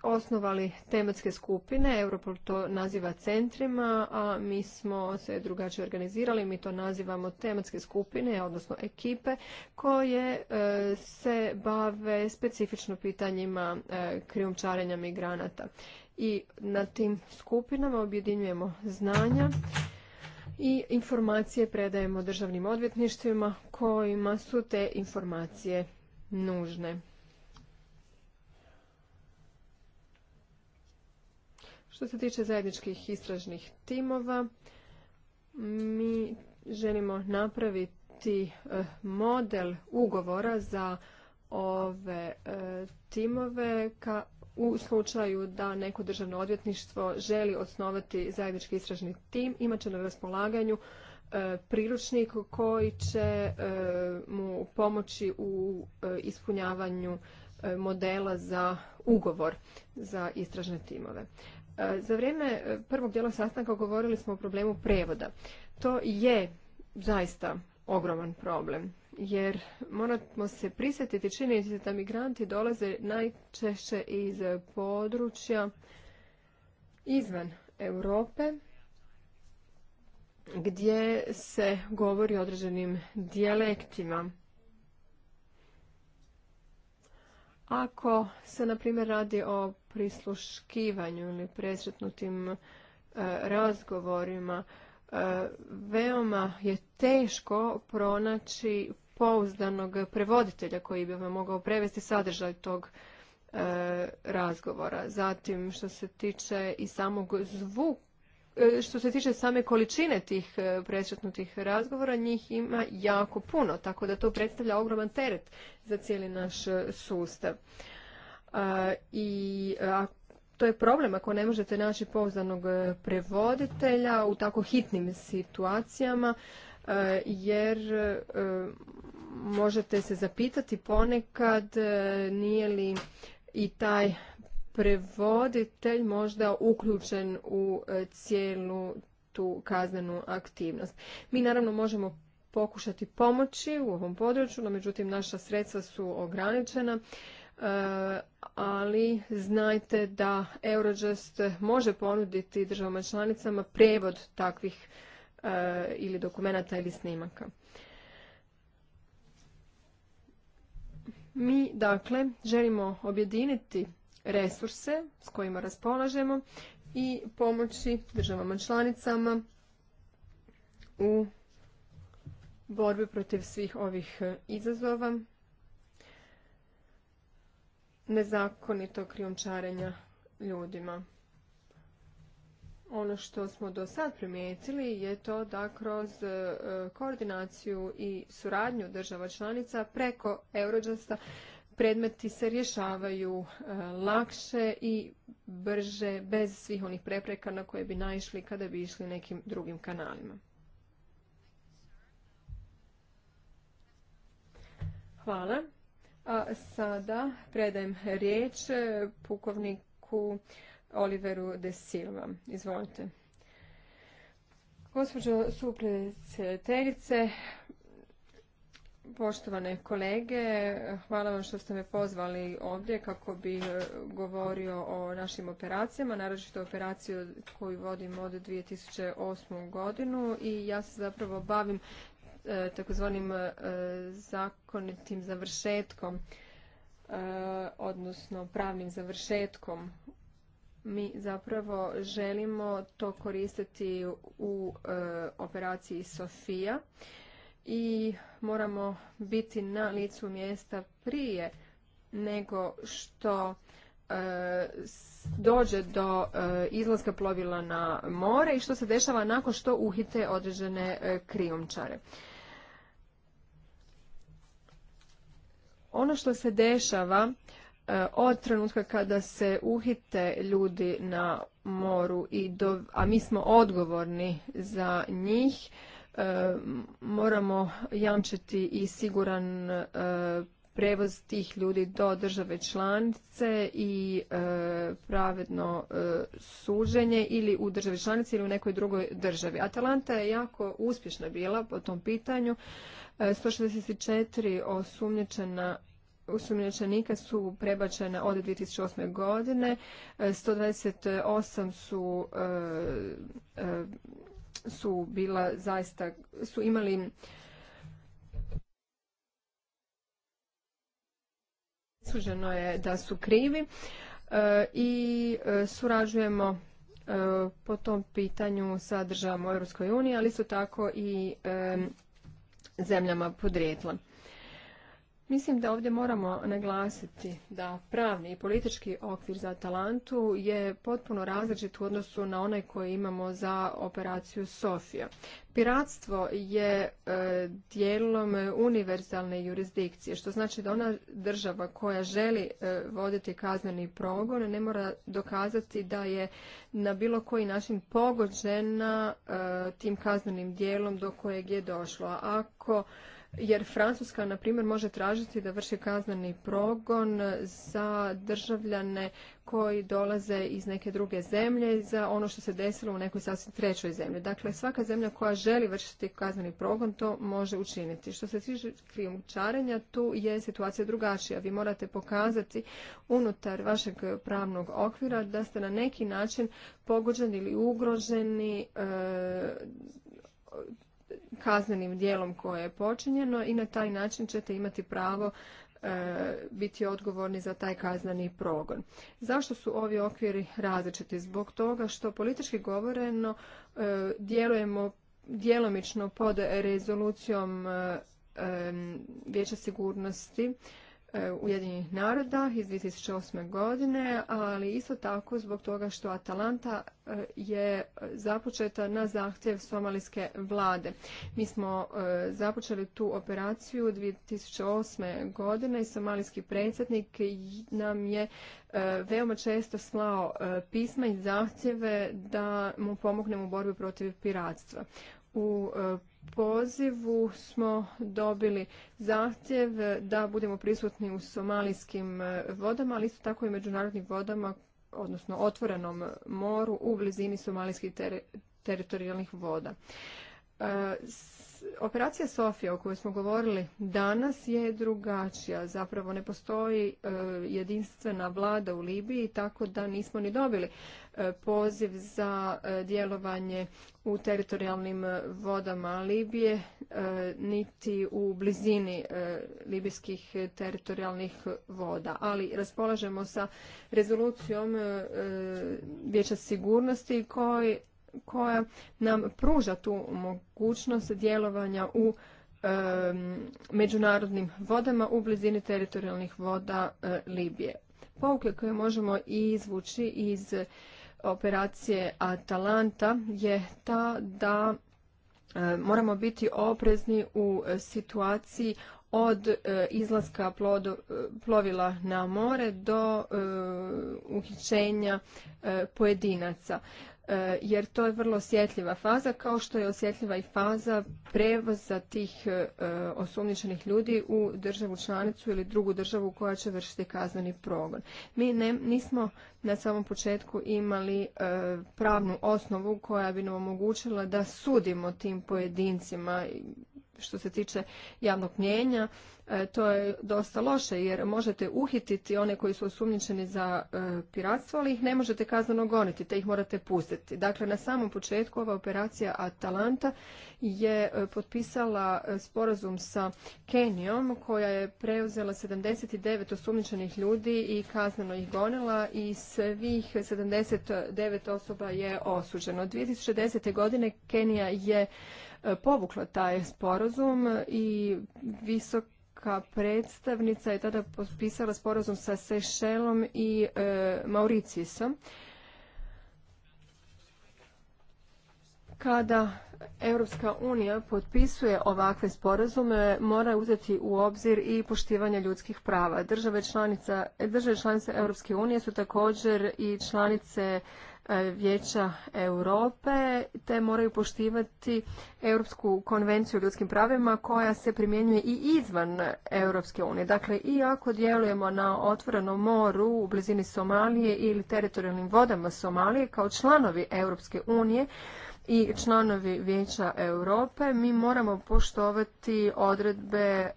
osnovali tematske skupine, Europol to naziva centrima, a mi smo se drugačije organizirali, mi to nazivamo tematske skupine, odnosno ekipe, koje e, se bave specifično pitanjima e, krijumčarenja migranata. I na tim skupinama objedinjujemo znanja i informacije predajemo državnim odvjetništvima kojima su te informacije nužne. Što se tiče zajedničkih istražnih timova, mi želimo napraviti eh, model ugovora za ove eh, timove u slučaju da neko državno odvjetništvo želi osnovati zajednički istražni tim, imat će na raspolaganju eh, priručnik koji će mu pomoći u ispunjavanju modela za ugovor za istražne timove. E, za vrijeme e, prvog dijela sastanka govorili smo o problemu prevoda. To je zaista ogroman problem, jer moramo se prisjetiti činjenice da migranti dolaze najčešće iz područja izvan Europe, gdje se govori o određenim dijalektima Ako se, na primjer, radi o prisluškivanju ili presretnutim e, razgovorima, e, veoma je teško pronaći pouzdanog prevoditelja koji bi vam mogao prevesti sadržaj tog e, razgovora. Zatim, što se tiče i samog zvuka, E, što se tiče same količine tih e, presretnutih razgovora, njih ima jako puno, tako da to predstavlja ogroman teret za cijeli naš e, sustav. I to je problem ako ne možete naći pouzdanog prevoditelja u tako hitnim situacijama, jer možete se zapitati ponekad nije li i taj prevoditelj možda uključen u e, cijelu tu kaznenu aktivnost. Mi naravno možemo pokušati pomoći u ovom području, no međutim naša sredstva su ograničena, e, ali znajte da Eurojust može ponuditi državama članicama prevod takvih e, ili dokumenata ili snimaka. Mi, dakle, želimo objediniti resurse s kojima raspolažemo i pomoći državama članicama u borbi protiv svih ovih e, izazova, nezakonitog krijumčarenja ljudima. Ono što smo do sad primijetili je to da kroz e, e, koordinaciju i suradnju država članica preko Eurojusta predmeti se rješavaju e, lakše i brže bez svih onih prepreka na koje bi naišli kada bi išli nekim drugim kanalima. Hvala. A sada predajem riječ e, pukovniku Oliveru de Silva. Izvolite. Gospođo supredsjedateljice, Poštovane kolege, hvala vam što ste me pozvali ovdje kako bi e, govorio o našim operacijama, naročito operaciju koju vodim od 2008. godinu i ja se zapravo bavim e, takozvanim e, zakonitim završetkom, odnosno pravnim završetkom mi zapravo želimo to koristiti u operaciji Sofia i moramo biti na licu mjesta prije nego što e, dođe do e, izlaska plovila na more i što se dešava nakon što uhite određene e, Ono što se dešava e, od trenutka kada se uhite ljudi na moru, i a mi smo odgovorni za njih, E, moramo jamčiti i siguran e, prevoz tih ljudi do države članice i e, pravedno suđenje ili u državi članice ili u nekoj drugoj državi. Atalanta je jako uspješna bila po tom pitanju. 164 osumnječena osumnjičenika su prebačena od 2008. godine, 128 su su bila zaista, su imali suženo je da su krivi e, i e, surađujemo e, po tom pitanju sa državama u EU, ali su tako i zemljama podrijetla. Mislim da ovdje moramo naglasiti da pravni i politički okvir za Atalantu je potpuno različit u odnosu na onaj koji imamo za operaciju Sofija. Piratstvo je e, dijelom univerzalne jurisdikcije, što znači da ona država koja želi e, voditi kazneni progon ne mora dokazati da je na bilo koji način pogođena e, tim kaznenim dijelom do kojeg je došlo. Ako jer Francuska, na primjer, može tražiti da vrši kazneni progon za državljane koji dolaze iz neke druge zemlje za ono što se desilo u nekoj sasvim trećoj zemlji. Dakle, svaka zemlja koja želi vršiti kazneni progon to može učiniti. Što se tiče krijumčarenja, tu je situacija drugačija. Vi morate pokazati unutar vašeg pravnog okvira da ste na neki način pogođeni ili ugroženi e, kaznenim dijelom koje je počinjeno i na taj način ćete imati pravo e, biti odgovorni za taj kaznani progon. Zašto su ovi okviri različiti? Zbog toga što politički govoreno e, djelujemo djelomično pod rezolucijom e, Vijeća sigurnosti E, Ujedinjenih naroda iz 2008. godine, ali isto tako zbog toga što Atalanta e, je započeta na zahtjev somalijske vlade. Mi smo e, započeli tu operaciju 2008. godine i somalijski predsjednik nam je veoma često slao pisma i zahtjeve da mu pomognemo u borbi protiv piratstva. U pozivu smo dobili zahtjev da budemo prisutni u somalijskim e, vodama, ali isto tako i međunarodnim vodama, odnosno otvorenom moru u blizini somalijskih teritorijalnih voda. E, Operacija Sofija o kojoj smo govorili danas je drugačija. Zapravo ne postoji e, jedinstvena vlada u Libiji, tako da nismo ni dobili e, poziv za e, djelovanje u teritorijalnim vodama Libije, niti u blizini libijskih teritorijalnih voda. Ali raspolažemo sa rezolucijom Vijeća sigurnosti koji koja nam pruža tu mogućnost djelovanja u međunarodnim vodama u blizini teritorijalnih voda e, Libije. Pouke koje možemo izvući iz operacije Atalanta je ta da e, moramo biti oprezni u situaciji od e, izlaska plovila na more do uhićenja pojedinaca. E, jer to je vrlo osjetljiva faza, kao što je osjetljiva i faza prevoza tih e, e, osumnjičenih ljudi u državu članicu ili drugu državu koja će vršiti kazneni progon. Mi ne, nismo na samom početku imali pravnu osnovu koja bi nam omogućila da sudimo tim pojedincima što se tiče javnog mnjenja e, to je dosta loše jer možete uhititi one koji su osumnjičeni za e, piratstvo, ali ih ne možete kazneno goniti, te ih morate pustiti. Dakle, na samom početku ova operacija Atalanta je e, potpisala sporazum sa Kenijom koja je preuzela 79 osumnjičenih ljudi i kazneno ih gonila i svih 79 osoba je osuđeno. 2010. godine Kenija je povukla taj sporazum i visoka predstavnica je tada potpisala sporazum sa Sešelom i e, Kada Europska unija potpisuje ovakve sporazume, mora uzeti u obzir i poštivanje ljudskih prava. Države, članica, države članice Europske unije su također i članice E, Vijeća Europe, te moraju poštivati Europsku konvenciju o ljudskim pravima koja se primjenjuje i izvan Europske unije. Dakle, i ako djelujemo na otvorenom moru u blizini Somalije ili teritorijalnim vodama Somalije kao članovi Europske unije, i članovi Vijeća Europe, mi moramo poštovati odredbe e,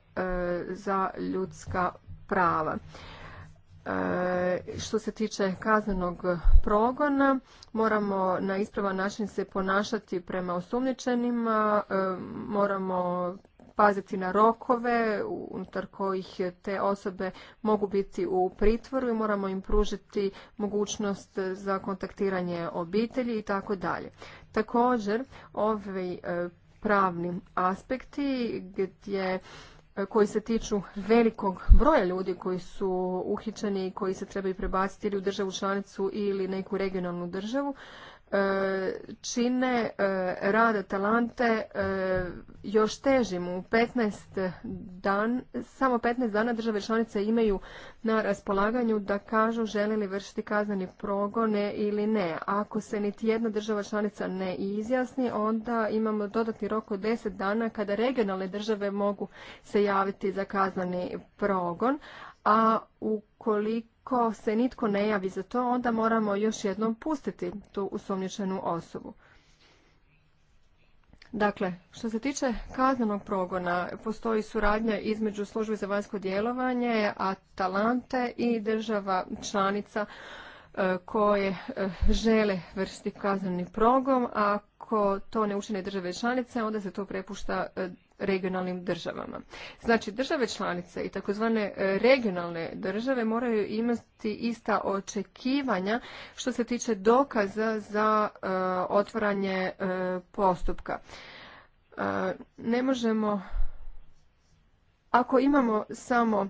za ljudska prava što se tiče kaznenog progona, moramo na ispravan način se ponašati prema osumnjičenima, e, moramo paziti na rokove unutar kojih te osobe mogu biti u pritvoru i moramo im pružiti mogućnost za kontaktiranje obitelji i tako dalje. Također, ovi e, pravni aspekti gdje koji se tiču velikog broja ljudi koji su uhićeni i koji se trebaju prebaciti ili u državu članicu ili neku regionalnu državu E, čine e, rada Talante e, još težim. U 15 dan, samo 15 dana države članice imaju na raspolaganju da kažu žele li vršiti kazneni progone ili ne. Ako se niti jedna država članica ne izjasni, onda imamo dodatni rok od 10 dana kada regionalne države mogu se javiti za kazneni progon, a ukoliko ako se nitko ne javi za to, onda moramo još jednom pustiti tu osumnjičenu osobu. Dakle, što se tiče kaznenog progona, postoji suradnja između službe za vanjsko djelovanje, a talante i država članica e, koje e, žele vršiti kazneni progon. Ako to ne učine države članice, onda se to prepušta e, regionalnim državama. Znači države članice i takozvane regionalne države moraju imati ista očekivanja što se tiče dokaza za e, otvaranje e, postupka. E, ne možemo ako imamo samo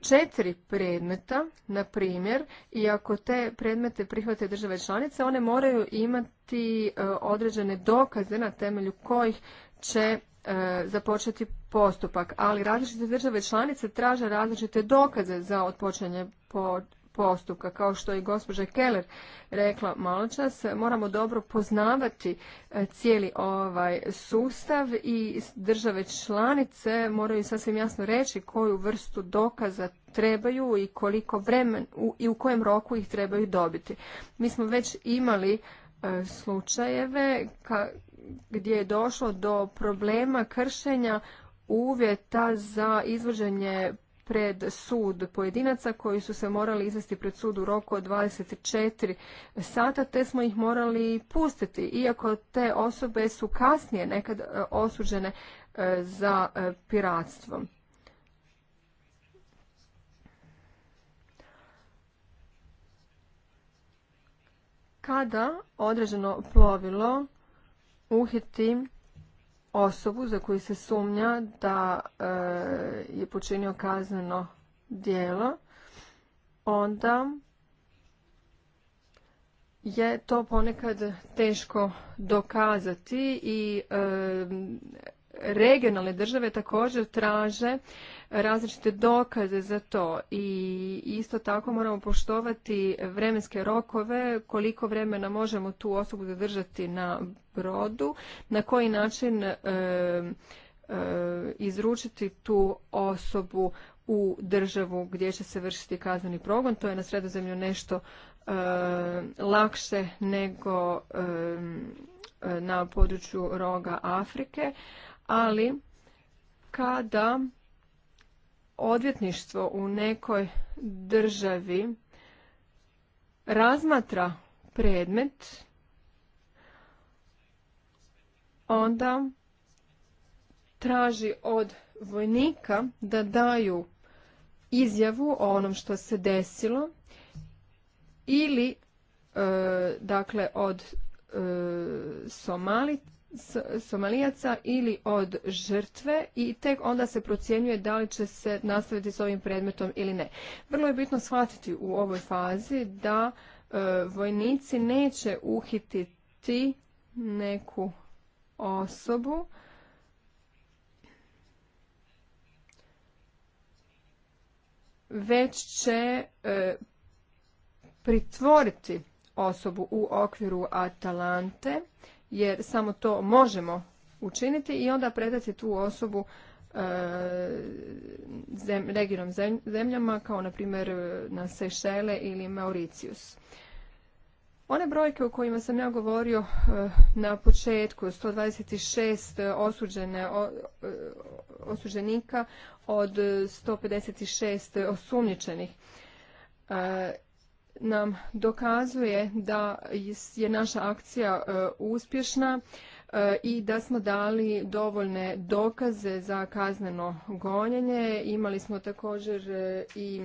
četiri predmeta, na primjer, i ako te predmete prihvate države članice, one moraju imati određene dokaze na temelju kojih će E, započeti postupak, ali različite države članice traže različite dokaze za otpočenje postupka. Kao što je gospođa Keller rekla malo čas, moramo dobro poznavati e, cijeli ovaj sustav i države članice moraju sasvim jasno reći koju vrstu dokaza trebaju i koliko vremen i u kojem roku ih trebaju dobiti. Mi smo već imali e, slučajeve ka, gdje je došlo do problema kršenja uvjeta za izvođenje pred sud pojedinaca koji su se morali izvesti pred sud u roku od 24 sata, te smo ih morali pustiti. Iako te osobe su kasnije nekad e, osuđene e, za e, piratstvo. Kada određeno plovilo uhiti osobu za koju se sumnja da e, je počinio kazneno djelo, onda je to ponekad teško dokazati i e, regionalne države također traže različite dokaze za to i isto tako moramo poštovati vremenske rokove, koliko vremena možemo tu osobu zadržati na brodu, na koji način e, e, izručiti tu osobu u državu gdje će se vršiti kazneni progon. To je na sredozemlju nešto e, lakše nego na području roga Afrike, ali kada odvjetništvo u nekoj državi razmatra predmet, onda traži od vojnika da daju izjavu o onom što se desilo ili e, dakle od e, Somalijaca ili od žrtve i tek onda se procjenjuje da li će se nastaviti s ovim predmetom ili ne. Vrlo je bitno shvatiti u ovoj fazi da e, vojnici neće uhititi neku osobu već će e, pritvoriti osobu u okviru Atalante jer samo to možemo učiniti i onda predati tu osobu e, zem, regionom zemljama kao na primjer e, na Sešele ili Mauritius. One brojke o kojima sam ja govorio e, na početku, 126 osuđene, osuđenika od 156 osumnjičenih nam dokazuje da je naša akcija e, uspješna e, i da smo dali dovoljne dokaze za kazneno gonjenje. Imali smo također e, i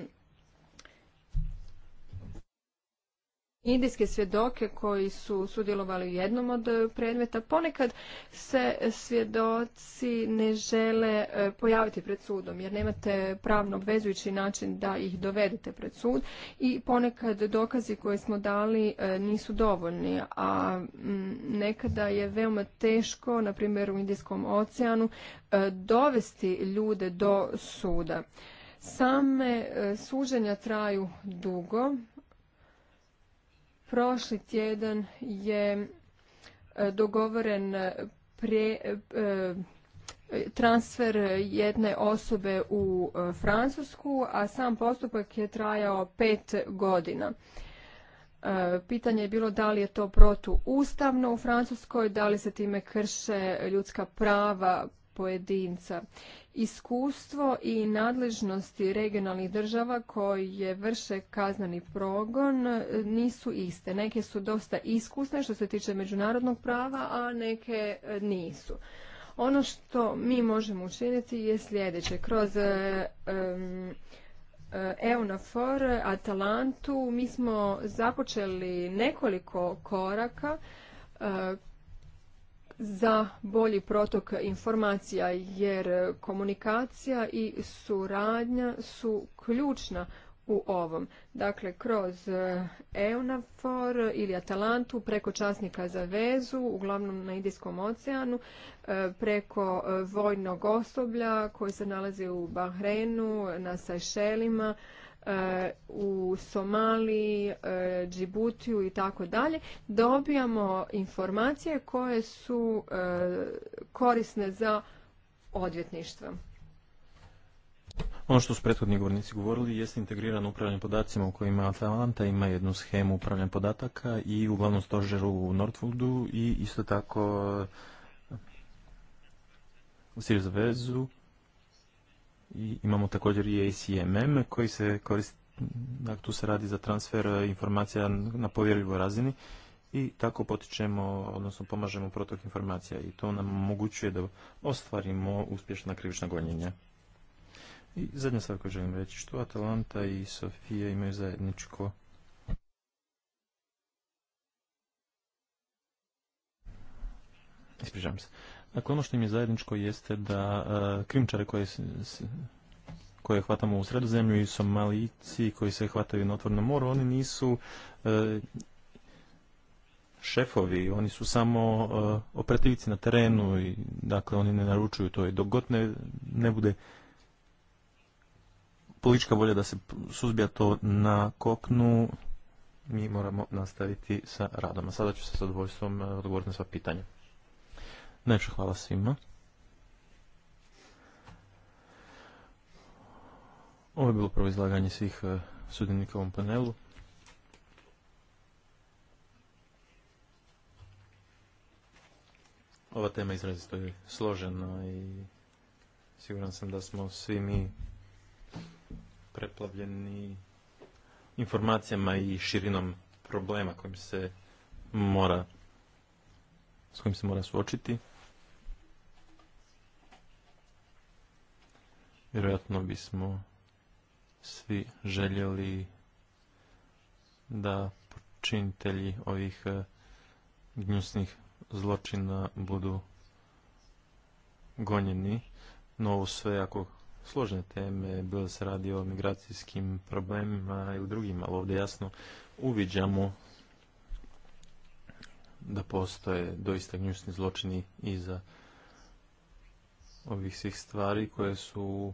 indijske svjedoke koji su sudjelovali u jednom od e, predmeta. Ponekad se svjedoci ne žele e, pojaviti pred sudom jer nemate pravno obvezujući način da ih dovedete pred sud i ponekad dokazi koje smo dali e, nisu dovoljni, a nekada je veoma teško, na primjer u Indijskom oceanu, dovesti ljude do suda. Same suženja traju dugo, Prošli tjedan je e, dogovoren e, pre, e, transfer jedne osobe u Francusku, a sam postupak je trajao pet godina. Pitanje je bilo da li je to protuustavno u Francuskoj, da li se time krše ljudska prava pojedinca. Iskustvo i nadležnosti regionalnih država koje vrše kaznani progon e, nisu iste. Neke su dosta iskusne što se tiče međunarodnog prava, a neke e, nisu. Ono što mi možemo učiniti je sljedeće. Kroz EUNAFOR, e, Atalantu, mi smo započeli nekoliko koraka za bolji protok informacija jer komunikacija i suradnja su ključna u ovom. Dakle, kroz e, EUNAFOR ili Atalantu, preko časnika za vezu, uglavnom na Indijskom oceanu, e, preko e, vojnog osoblja koji se nalazi u Bahrenu, na Sajšelima, u Somaliji, e, Džibutiju i tako dalje, dobijamo informacije koje su e, korisne za odvjetništvo. Ono što su prethodni govornici govorili jest integrirano upravljanje podacima u kojima Atalanta ima jednu schemu upravljanja podataka i uglavnom glavnom stožeru u Northwoodu i isto tako u Sirzavezu i imamo također i ACMM koji se koristi, dakle tu se radi za transfer informacija na povjerljivoj razini i tako potičemo, odnosno pomažemo protok informacija i to nam omogućuje da ostvarimo uspješna krivična gonjenja. I zadnja stvar koju želim reći, što Atalanta i Sofija imaju zajedničko Ispričavam se. Dakle, ono što im je zajedničko jeste da e, krimčare koje koje hvatamo u sredozemlju i somalici koji se hvataju na otvornom moru, oni nisu e, šefovi, oni su samo uh, e, operativci na terenu i dakle oni ne naručuju to i dok god ne, bude politička volja da se suzbija to na kopnu, mi moramo nastaviti sa radom. A sada ću se sa zadovoljstvom odgovoriti na sva pitanja hvala svima. Ovo je bilo prvo izlaganje svih e, sudionika u ovom panelu. Ova tema izrazito je složena i siguran sam da smo svi mi preplavljeni informacijama i širinom problema kojim se mora, s kojim se mora suočiti. Vjerojatno bismo svi željeli da počinitelji ovih e, gnjusnih zločina budu gonjeni. No ovo sve jako složne teme, bilo se radi o migracijskim problemima i u drugim, ali ovdje jasno uviđamo da postoje doista gnjusni zločini iza ovih svih stvari koje su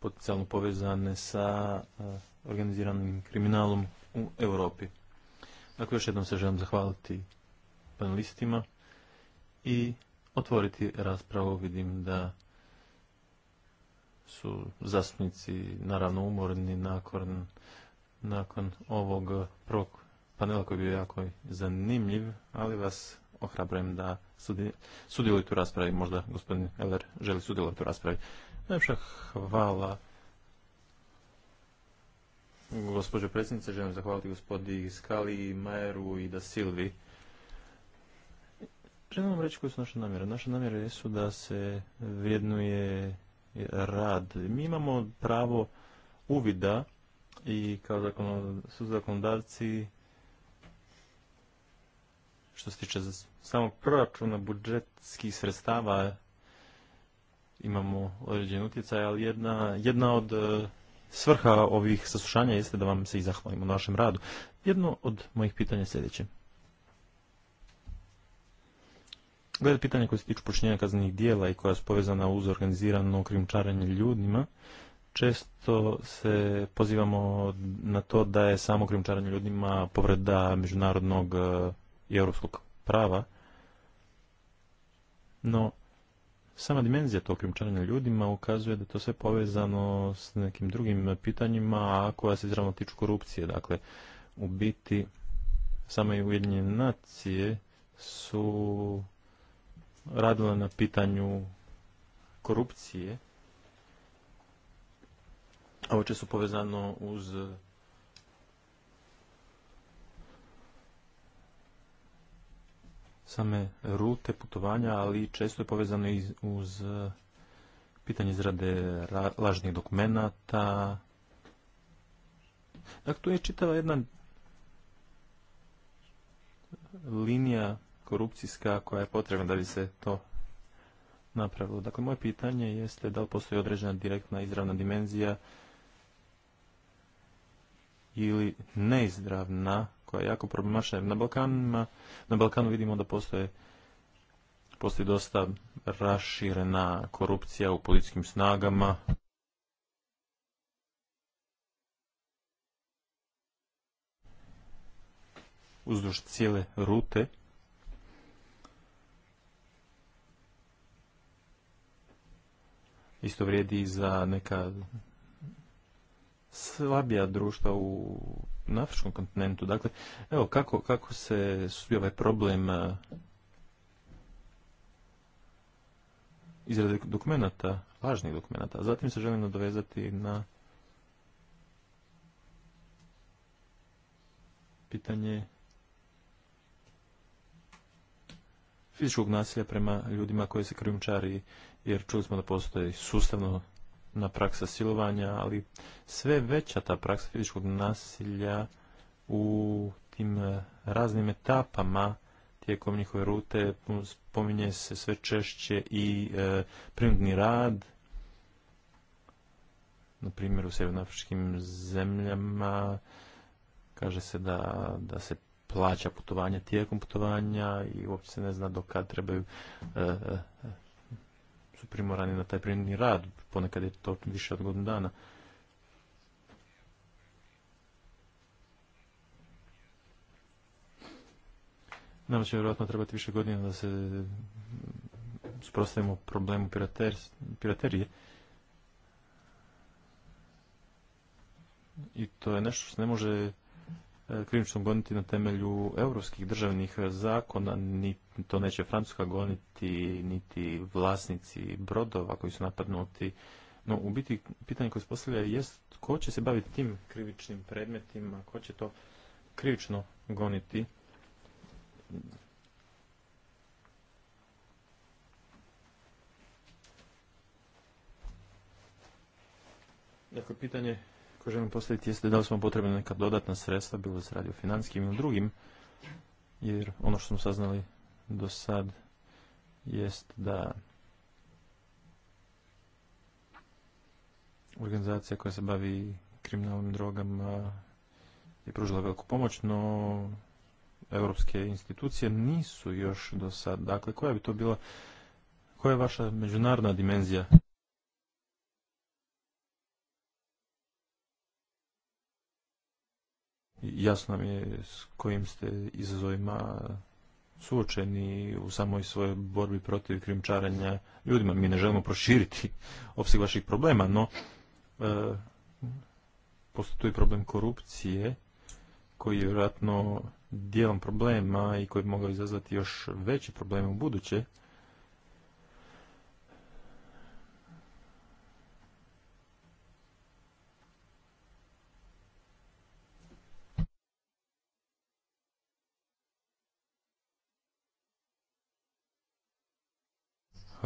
potencijalno povezane sa e, organiziranim kriminalom u Europi. Dakle, još jednom se želim zahvaliti panelistima i otvoriti raspravu. Vidim da su zastupnici naravno umorni nakon, nakon ovog prvog panela koji je bio jako zanimljiv, ali vas ohrabrujem da sudjeliti u raspravi. Možda gospodin Eller želi sudjelovati u raspravi. Najpša hvala gospođo predsjednice. Želim zahvaliti gospodi Skali, Majeru i da Silvi. Želim vam reći koje su naše namjere. Naše namjere su da se vrijednuje rad. Mi imamo pravo uvida i kao zakonodavci što se tiče samog proračuna budžetskih sredstava imamo određen utjecaj, ali jedna, jedna od e, svrha ovih saslušanja jeste da vam se i zahvalimo na vašem radu. Jedno od mojih pitanja je sljedeće. Glede pitanja koje se tiču počinjenja kaznenih dijela i koja je povezana uz organizirano krimčaranje ljudima, često se pozivamo na to da je samo krimčaranje ljudima povreda međunarodnog e, i europskog prava, no sama dimenzija tog krimčanja ljudima ukazuje da je to sve povezano s nekim drugim pitanjima, a koja se izravno tiču korupcije. Dakle, u biti same Ujedinjene nacije su radile na pitanju korupcije, a će su povezano uz same rute putovanja, ali često je povezano i uz e, pitanje izrade lažnih dokumenata. Dakle, tu je čitava jedna linija korupcijska koja je potrebna da bi se to napravilo. Dakle, moje pitanje jeste da li postoji određena direktna izravna dimenzija ili neizravna koja je jako problematična. Na, na Balkanu vidimo da postoje postoji dosta raširena korupcija u političkim snagama. Uzduž cijele rute. Isto vrijedi i za neka slabija društva u na afričkom kontinentu. Dakle, evo kako, kako se suzbija ovaj problem e, izrade dokumenata, važnih dokumenata. Zatim se želim nadovezati na pitanje fizičkog nasilja prema ljudima koji se krijumčari, jer čuli smo da postoji sustavno na praksa silovanja, ali sve veća ta praksa fizičkog nasilja u tim e, raznim etapama tijekom njihove rute spominje se sve češće i e, rad. Na primjer, u sjevernoafričkim zemljama kaže se da, da se plaća putovanja tijekom putovanja i uopće se ne zna do kad trebaju e, e, su primorani na taj primjerni rad, ponekad je to više od godinu dana. Nama će vjerojatno trebati više godina da se sprostavimo problemu pirater, piraterije. I to je nešto što se ne može e, krivično goniti na temelju europskih državnih zakona, niti to neće Francuska goniti, niti vlasnici brodova koji su napadnuti. No, u biti, pitanje koje se postavlja je ko će se baviti tim krivičnim predmetima, ko će to krivično goniti. Dakle, pitanje koje želim postaviti jeste da li smo potrebni neka dodatna sredstva, bilo se radi o financijskim ili drugim, jer ono što smo saznali do sad jest da organizacija koja se bavi kriminalnim drogama je pružila veliku pomoć, no europske institucije nisu još do sad. Dakle, koja bi to bila, koja je vaša međunarodna dimenzija? Jasno mi je s kojim ste izazovima suočeni u samoj svojoj borbi protiv krimčaranja ljudima. Mi ne želimo proširiti opseg vaših problema, no e, postoji problem korupcije koji je vjerojatno dijelom problema i koji bi mogao izazvati još veće probleme u buduće.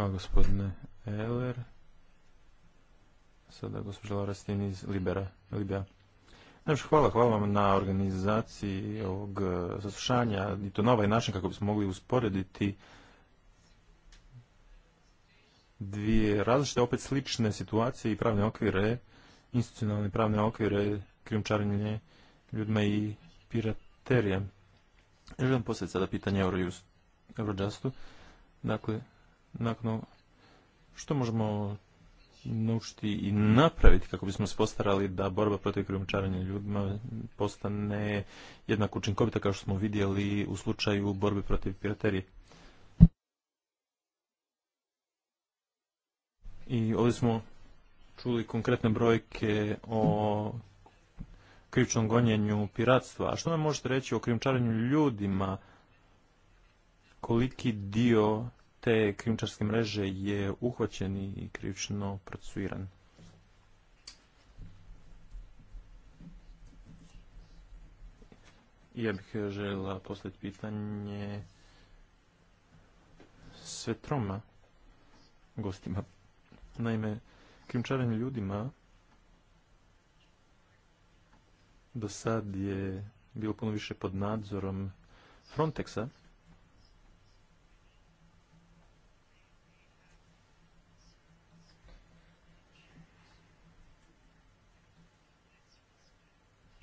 Hvala gospodine Eler. Sada gospođa Stini iz Libera, Libija. Znači, hvala, hvala vam na organizaciji ovog e, saslušanja i to na ovaj način kako bismo mogli usporediti dvije različite, opet slične situacije i pravne okvire, institucionalne pravne okvire, krijumčarenje ljudima i piraterije. Želim postaviti sada pitanje Eurojustu. Eurojustu. Dakle, nakon što možemo naučiti i napraviti kako bismo se postarali da borba protiv krijumčarenja ljudima postane jednako učinkovita kao što smo vidjeli u slučaju borbe protiv piraterije. I ovdje smo čuli konkretne brojke o krivičnom gonjenju piratstva. A što nam možete reći o krijumčarenju ljudima? Koliki dio te krijumčarske mreže je uhvaćen i krivično procesuiran. Ja bih željela postaviti pitanje svetroma gostima. Naime, krijumčarenje ljudima do sad je bilo puno više pod nadzorom Frontexa,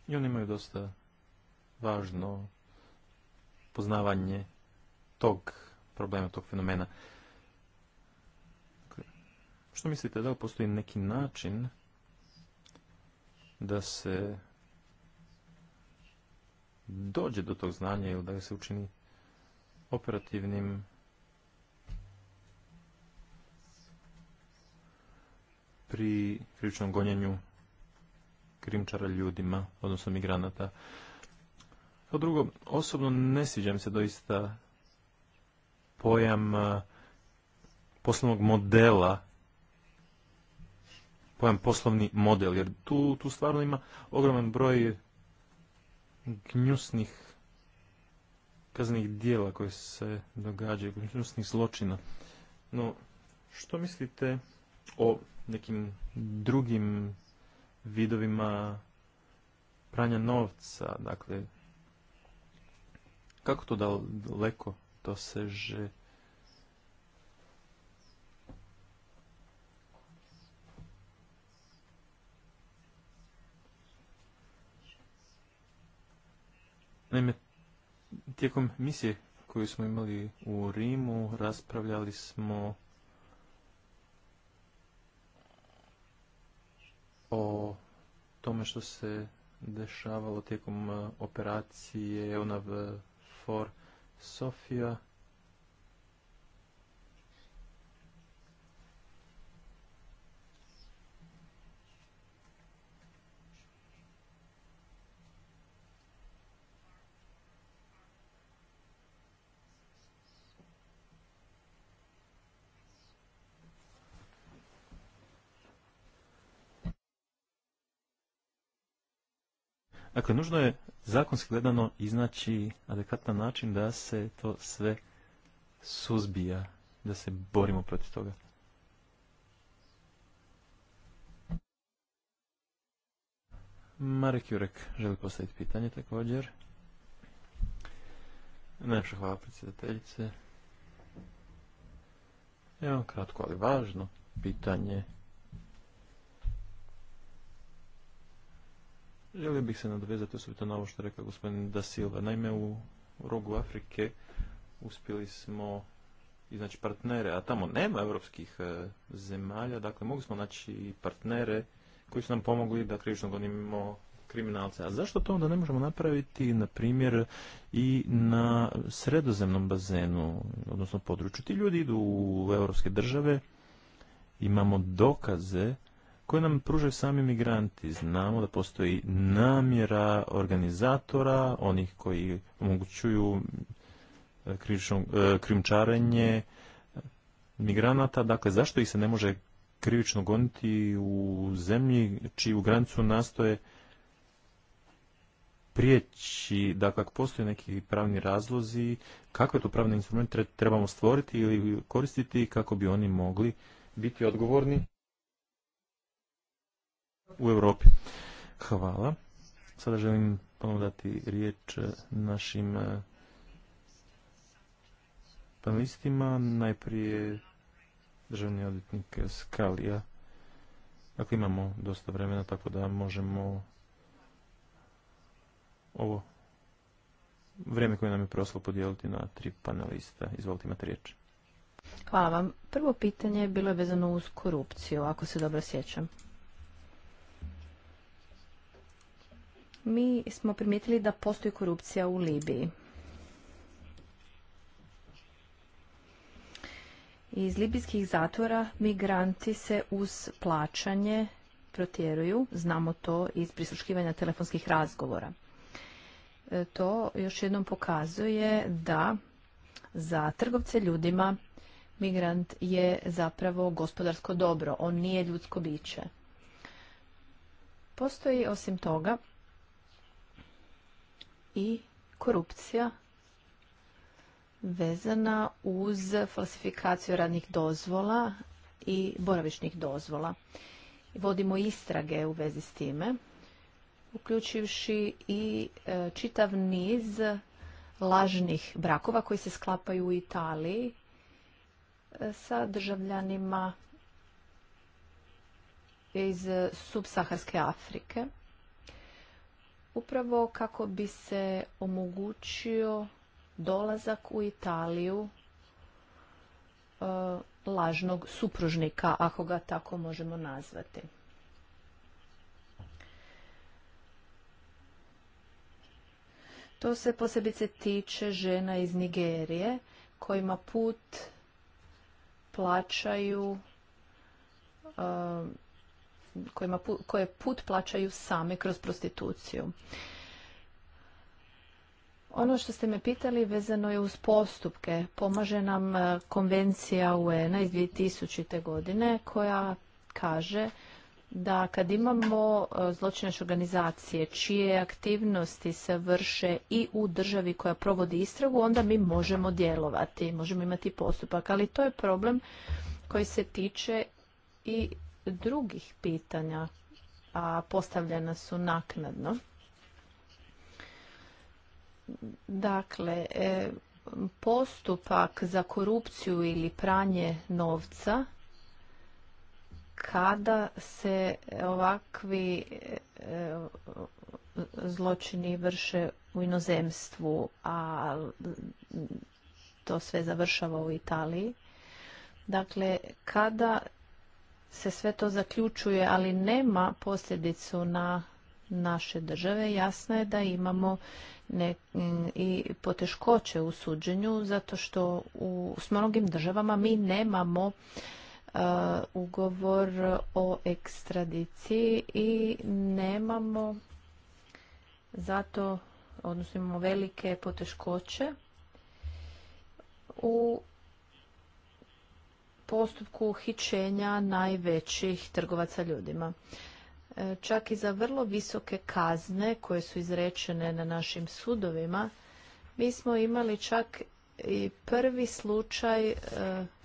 i oni imaju dosta važno poznavanje tog problema, tog fenomena. Što mislite, da li postoji neki način da se dođe do tog znanja ili da ga se učini operativnim pri krivičnom gonjenju krimčara ljudima, odnosno migranata. Kao drugo, osobno ne sviđam se doista pojam poslovnog modela pojam poslovni model, jer tu, tu stvarno ima ogroman broj gnjusnih kaznih dijela koje se događaju, gnjusnih zločina. No, što mislite o nekim drugim vidovima pranja novca, dakle, kako to daleko to seže? Naime, tijekom misije koju smo imali u Rimu raspravljali smo o tome što se dešavalo tijekom eh, operacije EUNAV eh, for Sofia Dakle, nužno je zakonski gledano iznaći adekvatan način da se to sve suzbija, da se borimo protiv toga. Marek Jurek želi postaviti pitanje također. Najpša hvala predsjedateljice. Evo, kratko, ali važno pitanje Želio bih se nadvezati osobito na ovo što rekao gospodin Da Silva. Naime, u rogu Afrike uspjeli smo iznaći partnere, a tamo nema europskih e, zemalja, dakle mogli smo naći partnere koji su nam pomogli da krivično gonimo kriminalce. A zašto to onda ne možemo napraviti, na primjer, i na sredozemnom bazenu, odnosno području? Ti ljudi idu u europske države, imamo dokaze koje nam pružaju sami migranti. Znamo da postoji namjera organizatora, onih koji omogućuju e, e, krijumčarenje migranata. Dakle, zašto ih se ne može krivično goniti u zemlji čiju granicu nastoje prijeći, dakle ako postoje neki pravni razlozi, kakve to pravne instrumente trebamo stvoriti ili koristiti kako bi oni mogli biti odgovorni u Europi. Hvala. Sada želim ponudati riječ eh, našim eh, panelistima. Najprije državni odvjetnik Skalija. Dakle, imamo dosta vremena, tako da možemo ovo vrijeme koje nam je proslo podijeliti na tri panelista. Izvolite, imate riječ. Hvala vam. Prvo pitanje je bilo je vezano uz korupciju, ako se dobro sjećam. mi smo primijetili da postoji korupcija u Libiji. Iz libijskih zatvora migranti se uz plaćanje protjeruju, znamo to iz prisluškivanja telefonskih razgovora. E, to još jednom pokazuje da za trgovce ljudima migrant je zapravo gospodarsko dobro, on nije ljudsko biće. Postoji osim toga i korupcija vezana uz falsifikaciju radnih dozvola i boravišnih dozvola. Vodimo istrage u vezi s time, uključivši i e, čitav niz lažnih brakova koji se sklapaju u Italiji e, sa državljanima iz subsaharske Afrike upravo kako bi se omogućio dolazak u Italiju e, lažnog supružnika, ako ga tako možemo nazvati. To se posebice tiče žena iz Nigerije kojima put plaćaju e, kojima, koje put plaćaju same kroz prostituciju. Ono što ste me pitali vezano je uz postupke. Pomaže nam e, konvencija UN-a iz 2000. godine koja kaže da kad imamo e, zločinačke organizacije čije aktivnosti se vrše i u državi koja provodi istragu, onda mi možemo djelovati, možemo imati postupak. Ali to je problem koji se tiče i drugih pitanja, a postavljena su naknadno. Dakle, e, postupak za korupciju ili pranje novca kada se ovakvi e, zločini vrše u inozemstvu, a to sve završava u Italiji. Dakle, kada se sve to zaključuje, ali nema posljedicu na naše države, jasno je da imamo ne, i poteškoće u suđenju, zato što u, s mnogim državama mi nemamo e, ugovor o ekstradiciji i nemamo zato, odnosno imamo velike poteškoće u postupku uhićenja najvećih trgovaca ljudima. E, čak i za vrlo visoke kazne koje su izrečene na našim sudovima, mi smo imali čak i prvi slučaj e,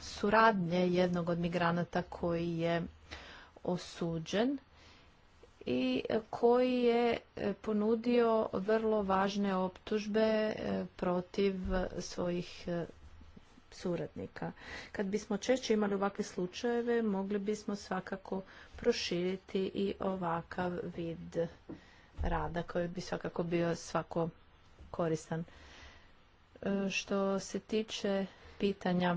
suradnje jednog od migranata koji je osuđen i koji je e, ponudio vrlo važne optužbe protiv svojih suradnika. Kad bismo češće imali ovakve slučajeve, mogli bismo svakako proširiti i ovakav vid rada koji bi svakako bio svako koristan. E, što se tiče pitanja,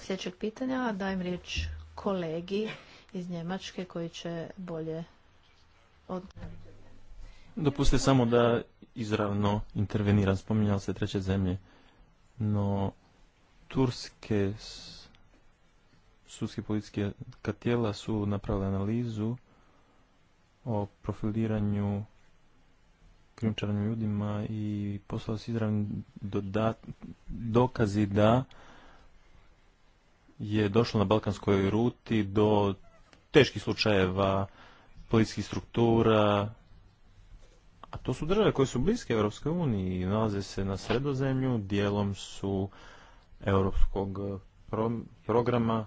sljedećeg pitanja, dajem riječ kolegi iz Njemačke koji će bolje od Dopustite samo da izravno interveniram. Spominjala se treće zemlje, no Turske sudske politiske kartijela su napravili analizu o profiliranju krimčarnim ljudima i poslali se izravni dokazi da je došlo na balkanskoj ruti do teških slučajeva policijskih struktura, a to su države koje su bliske Europskoj uniji i nalaze se na sredozemlju, dijelom su europskog eh, programa.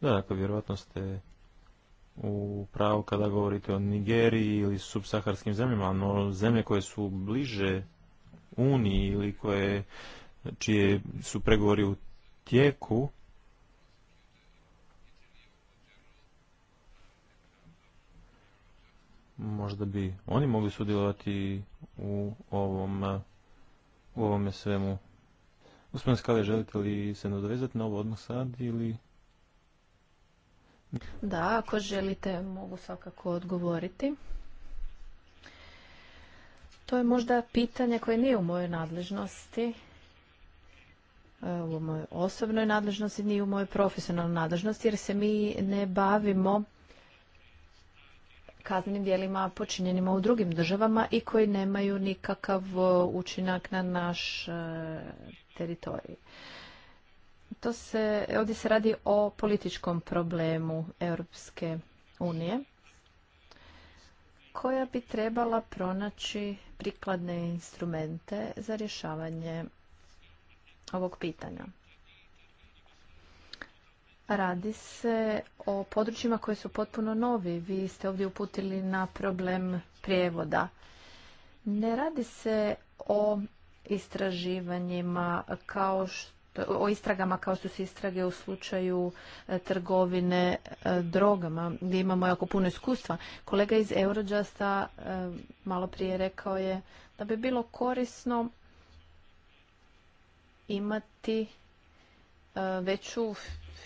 Da, dakle, vjerojatno ste u pravu kada govorite o Nigeriji ili subsaharskim zemljama, no zemlje koje su bliže Uniji ili koje čije su pregovori u tijeku, možda bi oni mogli sudjelovati u ovom u ovome svemu. Gospodin Skale, želite li se nadovezati na ovo odmah sad ili... Da, ako želite mogu svakako odgovoriti. To je možda pitanje koje nije u mojoj nadležnosti, e, u mojoj osobnoj nadležnosti, ni u mojoj profesionalnoj nadležnosti, jer se mi ne bavimo kaznenim dijelima počinjenima u drugim državama i koji nemaju nikakav e, učinak na naš e, teritorij. To se, ovdje se radi o političkom problemu Europske unije koja bi trebala pronaći prikladne instrumente za rješavanje ovog pitanja. Radi se o područjima koje su potpuno novi. Vi ste ovdje uputili na problem prijevoda. Ne radi se o istraživanjima kao što, o istragama kao što su istrage u slučaju e, trgovine e, drogama gdje imamo jako puno iskustva. Kolega iz Eurojusta e, malo prije rekao je da bi bilo korisno imati E, veću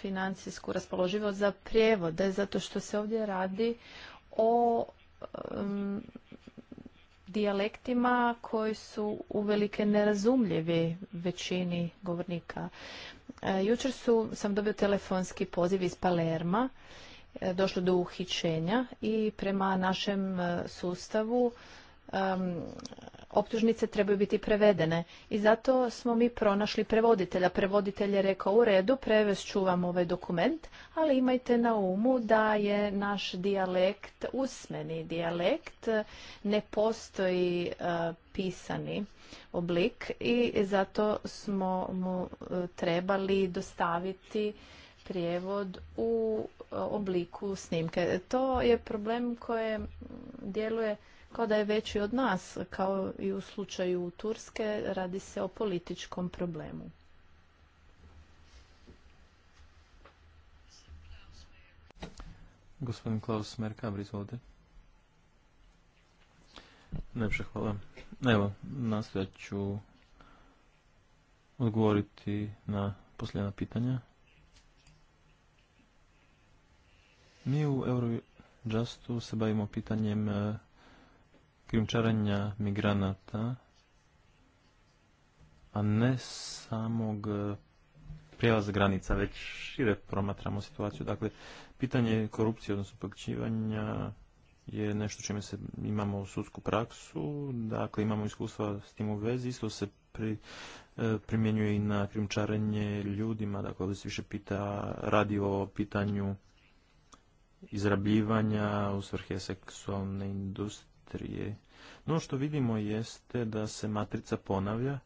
financijsku raspoloživost za prijevode, zato što se ovdje radi o dijalektima koji su uvelike nerazumljivi većini govornika. E, jučer su, sam dobio telefonski poziv iz Palerma, e, došlo do uhićenja i prema našem sustavu optužnice trebaju biti prevedene. I zato smo mi pronašli prevoditelja. Prevoditelj je rekao u redu, prevest ću vam ovaj dokument, ali imajte na umu da je naš dijalekt usmeni dijalekt, ne postoji e, pisani oblik i zato smo mu e, trebali dostaviti prijevod u e, obliku snimke. To je problem koje djeluje kao da je veći od nas, kao i u slučaju Turske, radi se o političkom problemu. Gospodin Klaus Merkabr, izvode. Najpša hvala. Evo, nastojat ću odgovoriti na posljedna pitanja. Mi u Eurojustu se bavimo pitanjem eh, Krimčaranja migranata, a ne samog e, prijelaza granica, već šire promatramo situaciju. Dakle, pitanje korupcije, odnosno pakćivanja je nešto čime se imamo u sudsku praksu, dakle imamo iskustva s tim u vezi, isto se e, primjenjuje i na krimčarenje ljudima, dakle ovdje se više pita, radi o pitanju izrabljivanja u svrhe seksualne industrije, no što vidimo jeste da se matrica ponavlja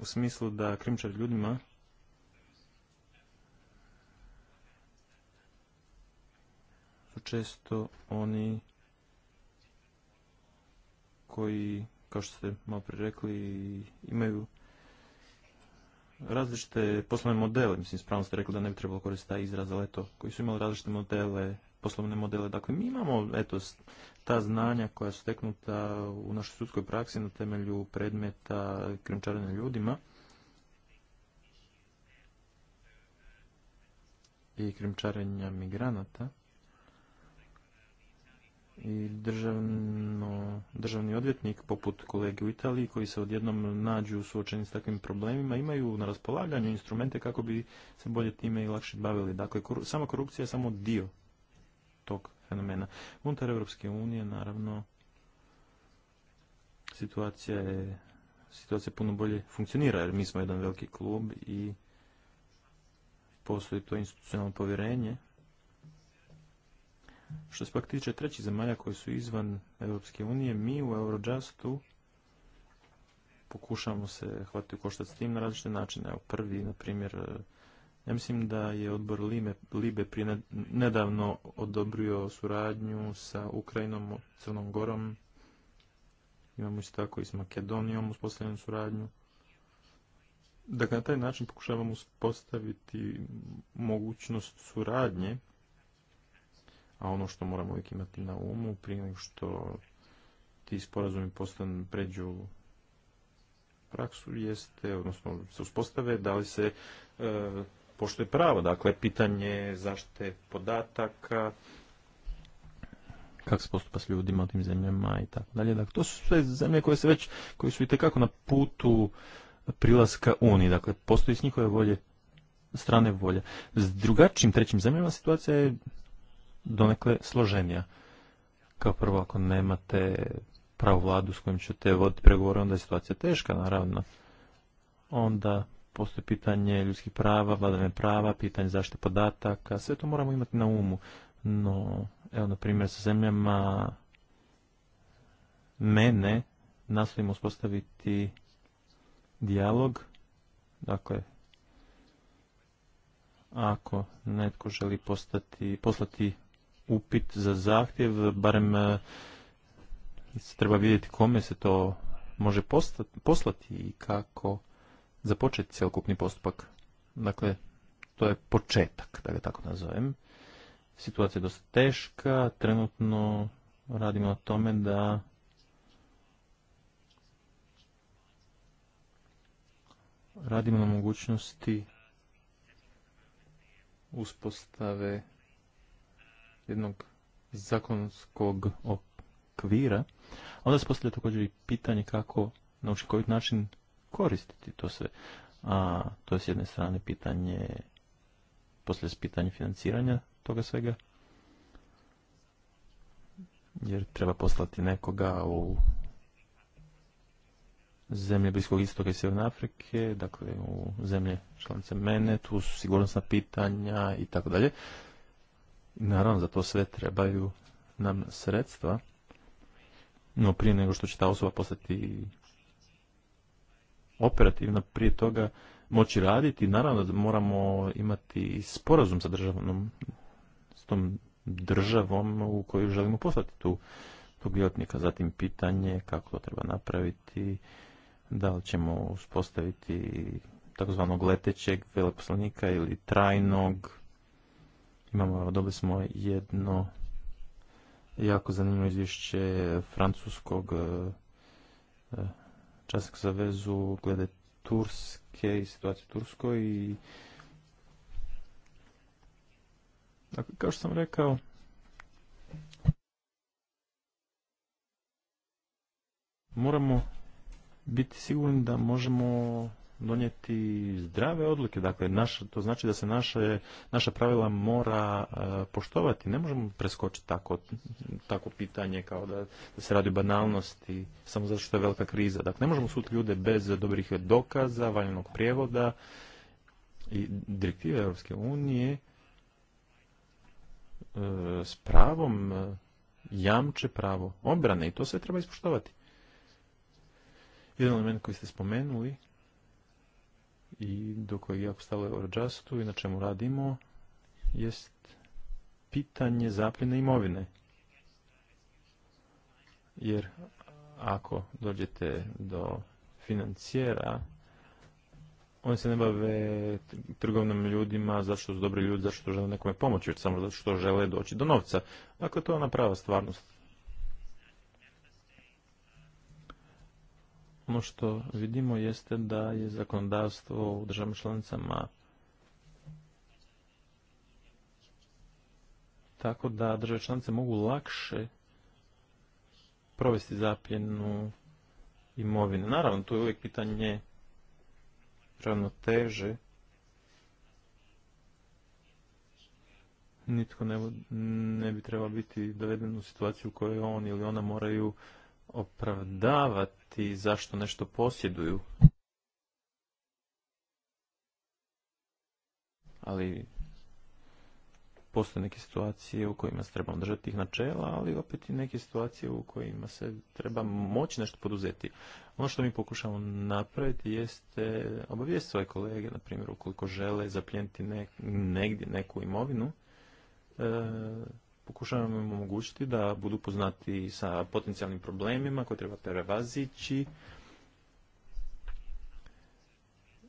u smislu da krimčar ljudima su često oni koji, kao što ste malo prije rekli, imaju različite poslovne modele, mislim, spravno ste rekli da ne bi trebalo koristiti taj izraz, ali eto, koji su imali različite modele poslovne modele. Dakle, mi imamo eto, ta znanja koja su steknuta u našoj sudskoj praksi na temelju predmeta krimčarene ljudima i krimčarenja migranata i državno, državni odvjetnik poput kolege u Italiji koji se odjednom nađu suočeni s takvim problemima imaju na raspolaganju instrumente kako bi se bolje time i lakše bavili. Dakle, samo sama korupcija je samo dio tog fenomena. Unutar Europske unije, naravno, situacija je situacija puno bolje funkcionira, jer mi smo jedan veliki klub i postoji to institucionalno povjerenje. Što se pak tiče trećih zemalja koji su izvan Europske unije, mi u Eurojustu pokušamo se hvatiti u koštac s tim na različite načine. Evo prvi, na primjer, ja mislim da je odbor Lime, Libe prije nedavno odobrio suradnju sa Ukrajinom, Crnom Gorom. Imamo isto tako i s Makedonijom uspostavljenu suradnju. Dakle, na taj način pokušavamo uspostaviti mogućnost suradnje, a ono što moramo uvijek imati na umu prije nego što ti sporazumi postanu pređu praksu jeste, odnosno se uspostave, da li se e, pošto je pravo. Dakle, pitanje zaštite podataka, kako se postupa s ljudima u tim zemljama i tako dalje. Dakle, to su sve zemlje koje se već, koji su i na putu prilaska Uniji. Dakle, postoji s njihove volje, strane volje. S drugačijim trećim zemljama situacija je donekle složenija. Kao prvo, ako nemate pravu vladu s kojim ćete voditi pregovore, onda je situacija teška, naravno. Onda postoji pitanje ljudskih prava, vladavine prava, pitanje zaštite podataka, sve to moramo imati na umu. No, evo, na primjer, sa zemljama mene nastojimo uspostaviti dijalog, dakle, ako netko želi postati, poslati upit za zahtjev, barem e, se treba vidjeti kome se to može poslati i kako započeti cjelokupni postupak. Dakle, to je početak, da ga tako nazovem. Situacija je dosta teška, trenutno radimo o tome da radimo na mogućnosti uspostave jednog zakonskog okvira. Onda se postavlja također i pitanje kako na učinkovit način koristiti to sve. A to je s jedne strane pitanje, poslije pitanje financiranja toga svega, jer treba poslati nekoga u zemlje Bliskog istoka i Sjeverne Afrike, dakle u zemlje članice mene, tu su sigurnosna pitanja i tako dalje. Naravno, za to sve trebaju nam sredstva, no prije nego što će ta osoba postati operativno prije toga moći raditi. Naravno da moramo imati sporazum sa državnom, s tom državom u kojoj želimo poslati tu tog djelatnika. Zatim pitanje kako to treba napraviti, da li ćemo uspostaviti takozvanog letećeg veleposlanika ili trajnog. Imamo, dobili smo jedno jako zanimljivo izvješće francuskog eh, časak za vezu glede Turske i situacije u Turskoj i dakle, kao što sam rekao moramo biti sigurni da možemo donijeti zdrave odluke. Dakle, naš, to znači da se naše, naša pravila mora e, poštovati. Ne možemo preskočiti tako, tako pitanje kao da, da se radi o banalnosti samo zato što je velika kriza. Dakle, ne možemo sut ljude bez dobrih dokaza, valjanog prijevoda i direktive Europske unije e, s pravom e, jamče pravo obrane i to sve treba ispoštovati. Jedan element koji ste spomenuli i do kojeg ja u Eurojustu i na čemu radimo jest pitanje zapljene imovine. Jer ako dođete do financijera, oni se ne bave trgovnim ljudima, zašto su dobri ljudi, zašto žele nekome pomoći, već samo zato što žele doći do novca. Dakle, to je ona prava stvarnost Ono što vidimo jeste da je zakonodavstvo u državnim članicama tako da države članice mogu lakše provesti zapljenu imovine. Naravno, tu je uvijek pitanje ravnoteže. Nitko ne, ne bi trebao biti doveden u situaciju u kojoj on ili ona moraju opravdavati zašto nešto posjeduju. Ali postoje neke situacije u kojima se trebamo držati tih načela, ali opet i neke situacije u kojima se treba moći nešto poduzeti. Ono što mi pokušamo napraviti jeste obavijesti svoje kolege, na primjer, ukoliko žele zapljeniti negdje neku imovinu, e, pokušavamo im omogućiti da budu poznati sa potencijalnim problemima koje treba prevazići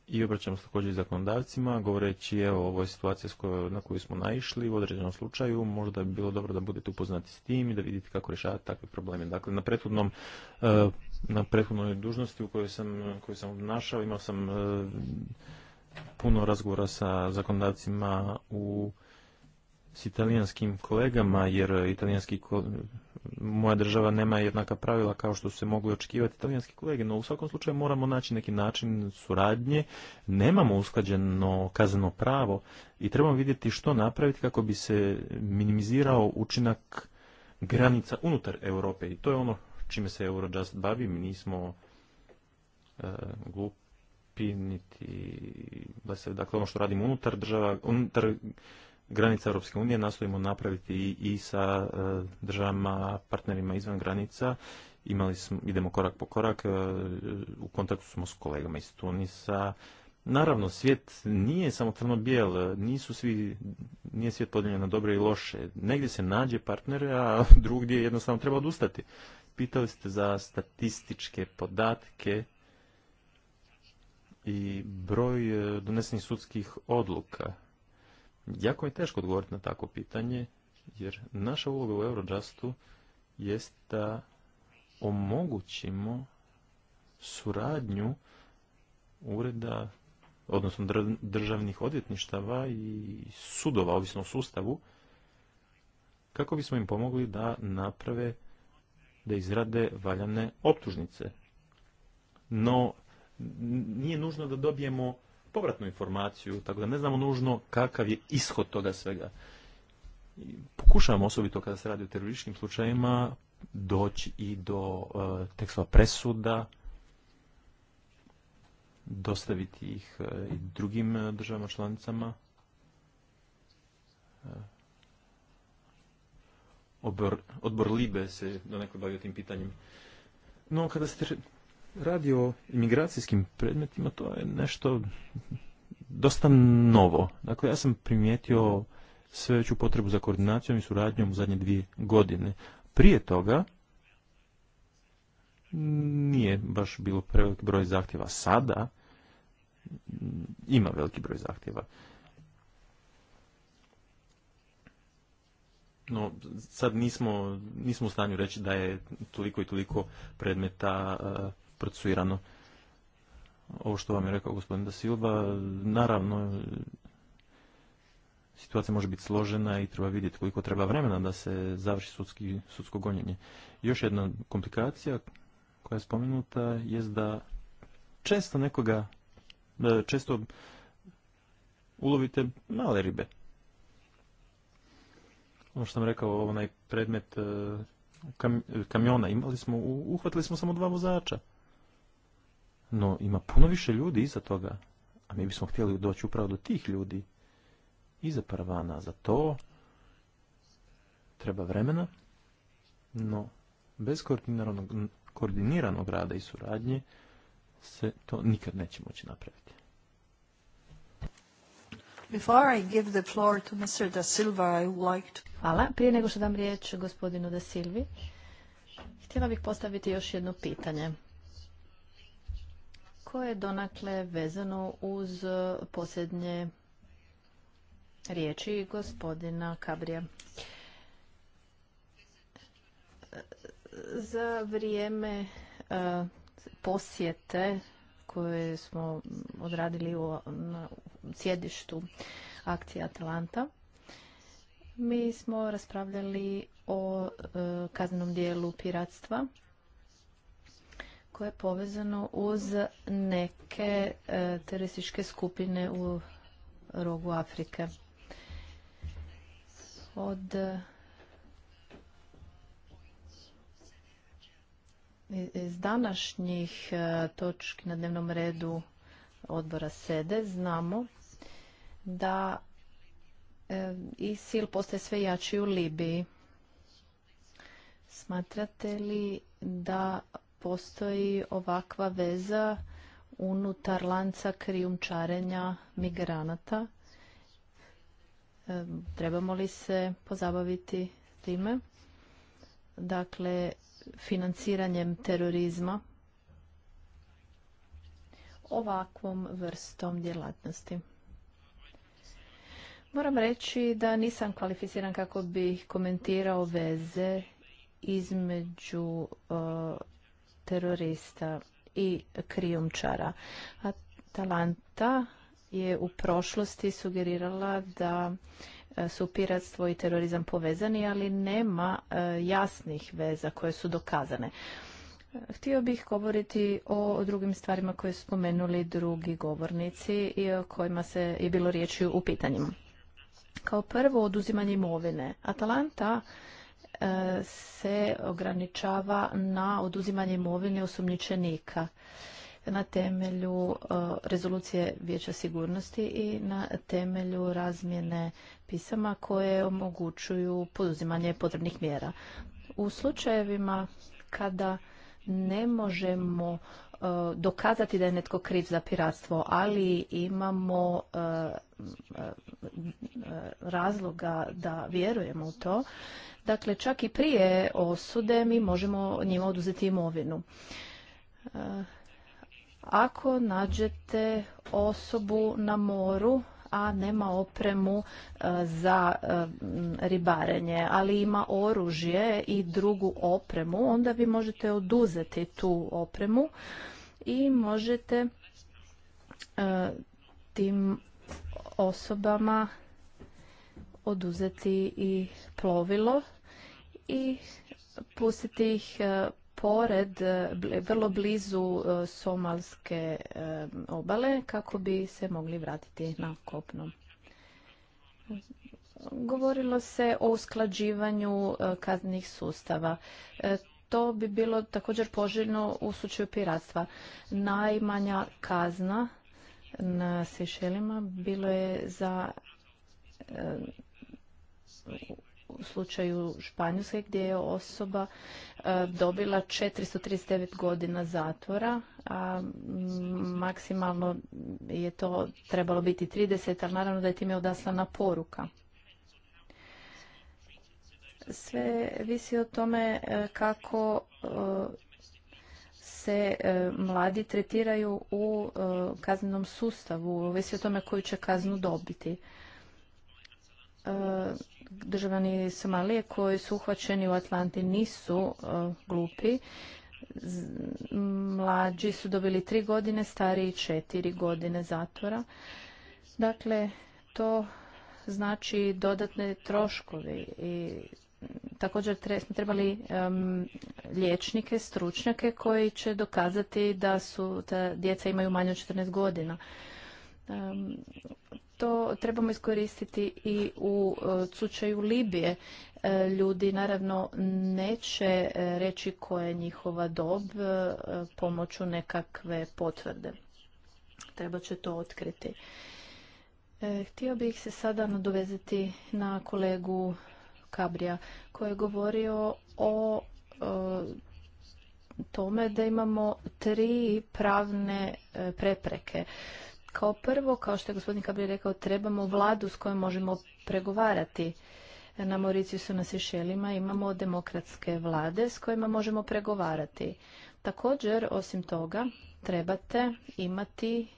i obraćamo se također i zakonodavcima, govoreći evo ovoj situaciji na koju smo naišli u određenom slučaju, možda bi bilo dobro da budete upoznati s tim i da vidite kako rješavati takve probleme. Dakle, na prethodnom e, na prethodnoj dužnosti u kojoj sam, koju sam obnašao imao sam e, puno razgovora sa zakonodavcima u s italijanskim kolegama, jer italijanski moja država nema jednaka pravila kao što se mogu očekivati italijanski kolege, no u svakom slučaju moramo naći neki način suradnje, nemamo usklađeno kazneno pravo i trebamo vidjeti što napraviti kako bi se minimizirao učinak granica unutar Europe i to je ono čime se Eurojust bavi, mi nismo e, glupi niti, dakle ono što radimo unutar država, unutar granica Europske unije nastojimo napraviti i, i sa e, državama, partnerima izvan granica. Imali smo, idemo korak po korak, e, u kontaktu smo s kolegama iz Tunisa. Naravno, svijet nije samo crno-bijel, nisu svi, nije svijet podijeljen na dobre i loše. Negdje se nađe partnere, a drugdje jednostavno treba odustati. Pitali ste za statističke podatke i broj e, donesenih sudskih odluka. Jako je teško odgovoriti na takvo pitanje, jer naša uloga u Eurojustu jest da omogućimo suradnju ureda, odnosno državnih odvjetništava i sudova, ovisno o sustavu, kako bismo im pomogli da naprave, da izrade valjane optužnice. No, nije nužno da dobijemo povratnu informaciju, tako da ne znamo nužno kakav je ishod toga svega. Pokušavamo osobito kada se radi o terorističkim slučajevima doći i do e, tekstova presuda, dostaviti ih e, i drugim e, državama članicama. E, odbor Libe se do nekoj bavio tim pitanjem. No, kada se radi o imigracijskim predmetima, to je nešto dosta novo. Dakle, ja sam primijetio sve veću potrebu za koordinacijom i suradnjom u zadnje dvije godine. Prije toga nije baš bilo preveliki broj zahtjeva. Sada ima veliki broj zahtjeva. No, sad nismo, nismo u stanju reći da je toliko i toliko predmeta eh, procesuirano. Ovo što vam je rekao gospodin Da Silva, naravno, situacija može biti složena i treba vidjeti koliko treba vremena da se završi sudski, sudsko gonjenje. Još jedna komplikacija koja je spomenuta je da često nekoga, često ulovite male ribe. Ono što sam rekao, onaj predmet eh, kamiona, imali smo, uhvatili smo samo dva vozača. No, ima puno više ljudi iza toga. A mi bismo htjeli doći upravo do tih ljudi. Iza paravana. Za to treba vremena. No, bez koordiniranog, koordiniranog rada i suradnje se to nikad neće moći napraviti. I Hvala. Prije nego što dam riječ gospodinu Da Silvi, htjela bih postaviti još jedno pitanje koje je donakle vezano uz posljednje riječi gospodina Kabrija. Za vrijeme e, posjete koje smo odradili u sjedištu akcije Atalanta, mi smo raspravljali o e, kaznenom dijelu piratstva koje je povezano uz neke e, terorističke skupine u rogu Afrike. Od e, iz današnjih e, točki na dnevnom redu odbora SEDE znamo da ISIL postaje sve jači u Libiji. Smatrate li da postoji ovakva veza unutar lanca krijumčarenja migranata. E, trebamo li se pozabaviti time? Dakle, financiranjem terorizma ovakvom vrstom djelatnosti. Moram reći da nisam kvalificiran kako bih komentirao veze između e, terorista i krijumčara. Atalanta je u prošlosti sugerirala da e, su piratstvo i terorizam povezani, ali nema e, jasnih veza koje su dokazane. Htio bih govoriti o drugim stvarima koje su spomenuli drugi govornici i o kojima se je bilo riječi u pitanjima. Kao prvo, oduzimanje imovine. Atalanta E, se ograničava na oduzimanje imovine osumnjičenika na temelju e, rezolucije Vijeća sigurnosti i na temelju razmjene pisama koje omogućuju poduzimanje potrebnih mjera. U slučajevima kada ne možemo E, dokazati da je netko kriv za piratstvo, ali imamo e, e, razloga da vjerujemo u to. Dakle, čak i prije osude mi možemo njima oduzeti imovinu. Ako nađete osobu na moru a nema opremu e, za e, ribarenje, ali ima oružje i drugu opremu, onda vi možete oduzeti tu opremu i možete e, tim osobama oduzeti i plovilo i pustiti ih pored, e, vrlo blizu e, somalske e, obale kako bi se mogli vratiti na kopno. Govorilo se o usklađivanju kaznih sustava. To bi bilo također poželjno u slučaju piratstva. Najmanja kazna na Sešelima bilo je za u slučaju Španjolske gdje je osoba e, dobila 439 godina zatvora, a mm, maksimalno je to trebalo biti 30, ali naravno da je time odaslana poruka. Sve visi o tome e, kako e, se mladi tretiraju u kaznenom sustavu, visi o tome koju će kaznu dobiti. E, državljani Somalije koji su uhvaćeni u Atlanti nisu e, glupi. Mlađi su dobili tri godine, stariji četiri godine zatvora. Dakle, to znači dodatne troškovi i također smo trebali liječnike, stručnjake koji će dokazati da su ta djeca imaju manje od 14 godina to trebamo iskoristiti i u e, slučaju Libije. E, ljudi naravno neće e, reći koja je njihova dob pomoću nekakve potvrde. Treba će to otkriti. Htio bih se sada nadovezati na kolegu Kabrija koji je govorio o tome da imamo tri pravne prepreke kao prvo, kao što je gospodin Kabri rekao, trebamo vladu s kojom možemo pregovarati. Na su na Sešelima imamo demokratske vlade s kojima možemo pregovarati. Također, osim toga, trebate imati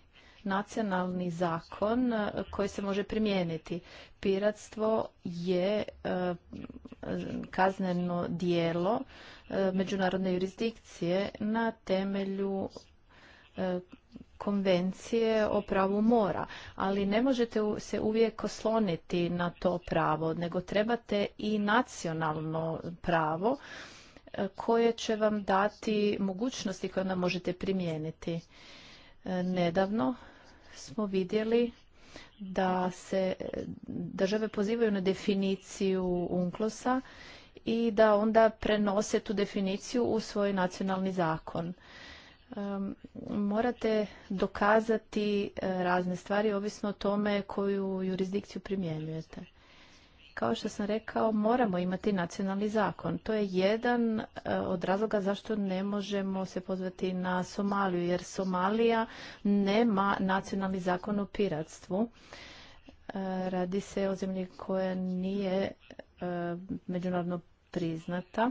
nacionalni zakon e, koji se može primijeniti. Piratstvo je e, kazneno dijelo e, međunarodne jurisdikcije na temelju konvencije o pravu mora, ali ne možete se uvijek osloniti na to pravo, nego trebate i nacionalno pravo e, koje će vam dati mogućnosti koje onda možete primijeniti. E, nedavno smo vidjeli da se e, države pozivaju na definiciju UNCLOS-a i da onda prenose tu definiciju u svoj nacionalni zakon morate dokazati e, razne stvari ovisno o tome koju jurisdikciju primjenjujete. Kao što sam rekao, moramo imati nacionalni zakon. To je jedan e, od razloga zašto ne možemo se pozvati na Somaliju, jer Somalija nema nacionalni zakon o piratstvu. E, radi se o zemlji koja nije međunarodno priznata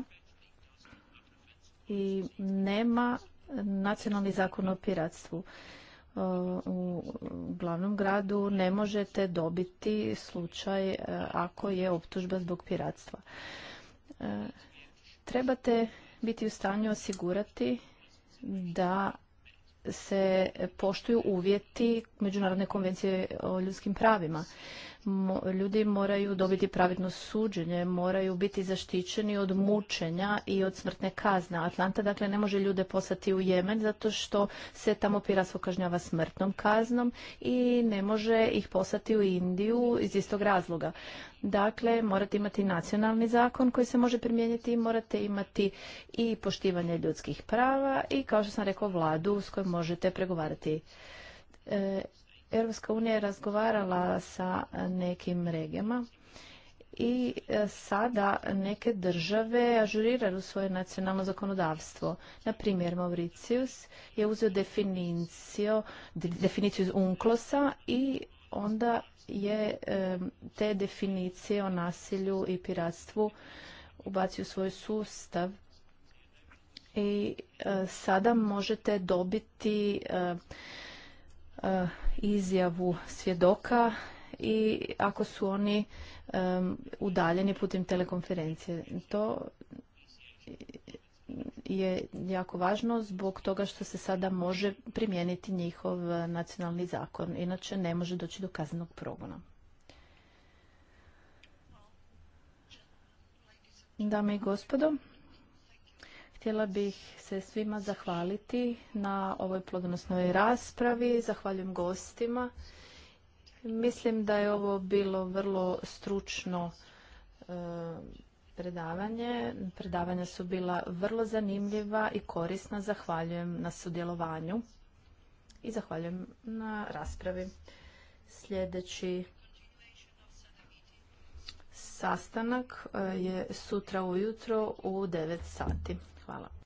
i nema nacionalni zakon o piratstvu. E, u glavnom gradu ne možete dobiti slučaj e, ako je optužba zbog piratstva. E, trebate biti u stanju osigurati da se poštuju uvjeti Međunarodne konvencije o ljudskim pravima ljudi moraju dobiti pravedno suđenje, moraju biti zaštićeni od mučenja i od smrtne kazne. Atlanta dakle ne može ljude poslati u Jemen zato što se tamo piratstvo kažnjava smrtnom kaznom i ne može ih poslati u Indiju iz istog razloga. Dakle, morate imati nacionalni zakon koji se može primijeniti i morate imati i poštivanje ljudskih prava i kao što sam rekao vladu s kojom možete pregovarati. E, Europska unija je razgovarala sa nekim regijama i e, sada neke države ažuriraju svoje nacionalno zakonodavstvo. Na primjer, Mauricius je uzeo definiciju, definiciju unklosa i onda je e, te definicije o nasilju i piratstvu ubacio u svoj sustav i e, sada možete dobiti E, izjavu svjedoka i ako su oni e, udaljeni putem telekonferencije. To je jako važno zbog toga što se sada može primijeniti njihov nacionalni zakon. Inače ne može doći do kaznenog progona. Dame i gospodo, Htjela bih se svima zahvaliti na ovoj plodonosnoj raspravi. Zahvaljujem gostima. Mislim da je ovo bilo vrlo stručno e, predavanje. Predavanja su bila vrlo zanimljiva i korisna. Zahvaljujem na sudjelovanju i zahvaljujem na raspravi. Sljedeći sastanak e, je sutra ujutro u 9 sati. Hvala.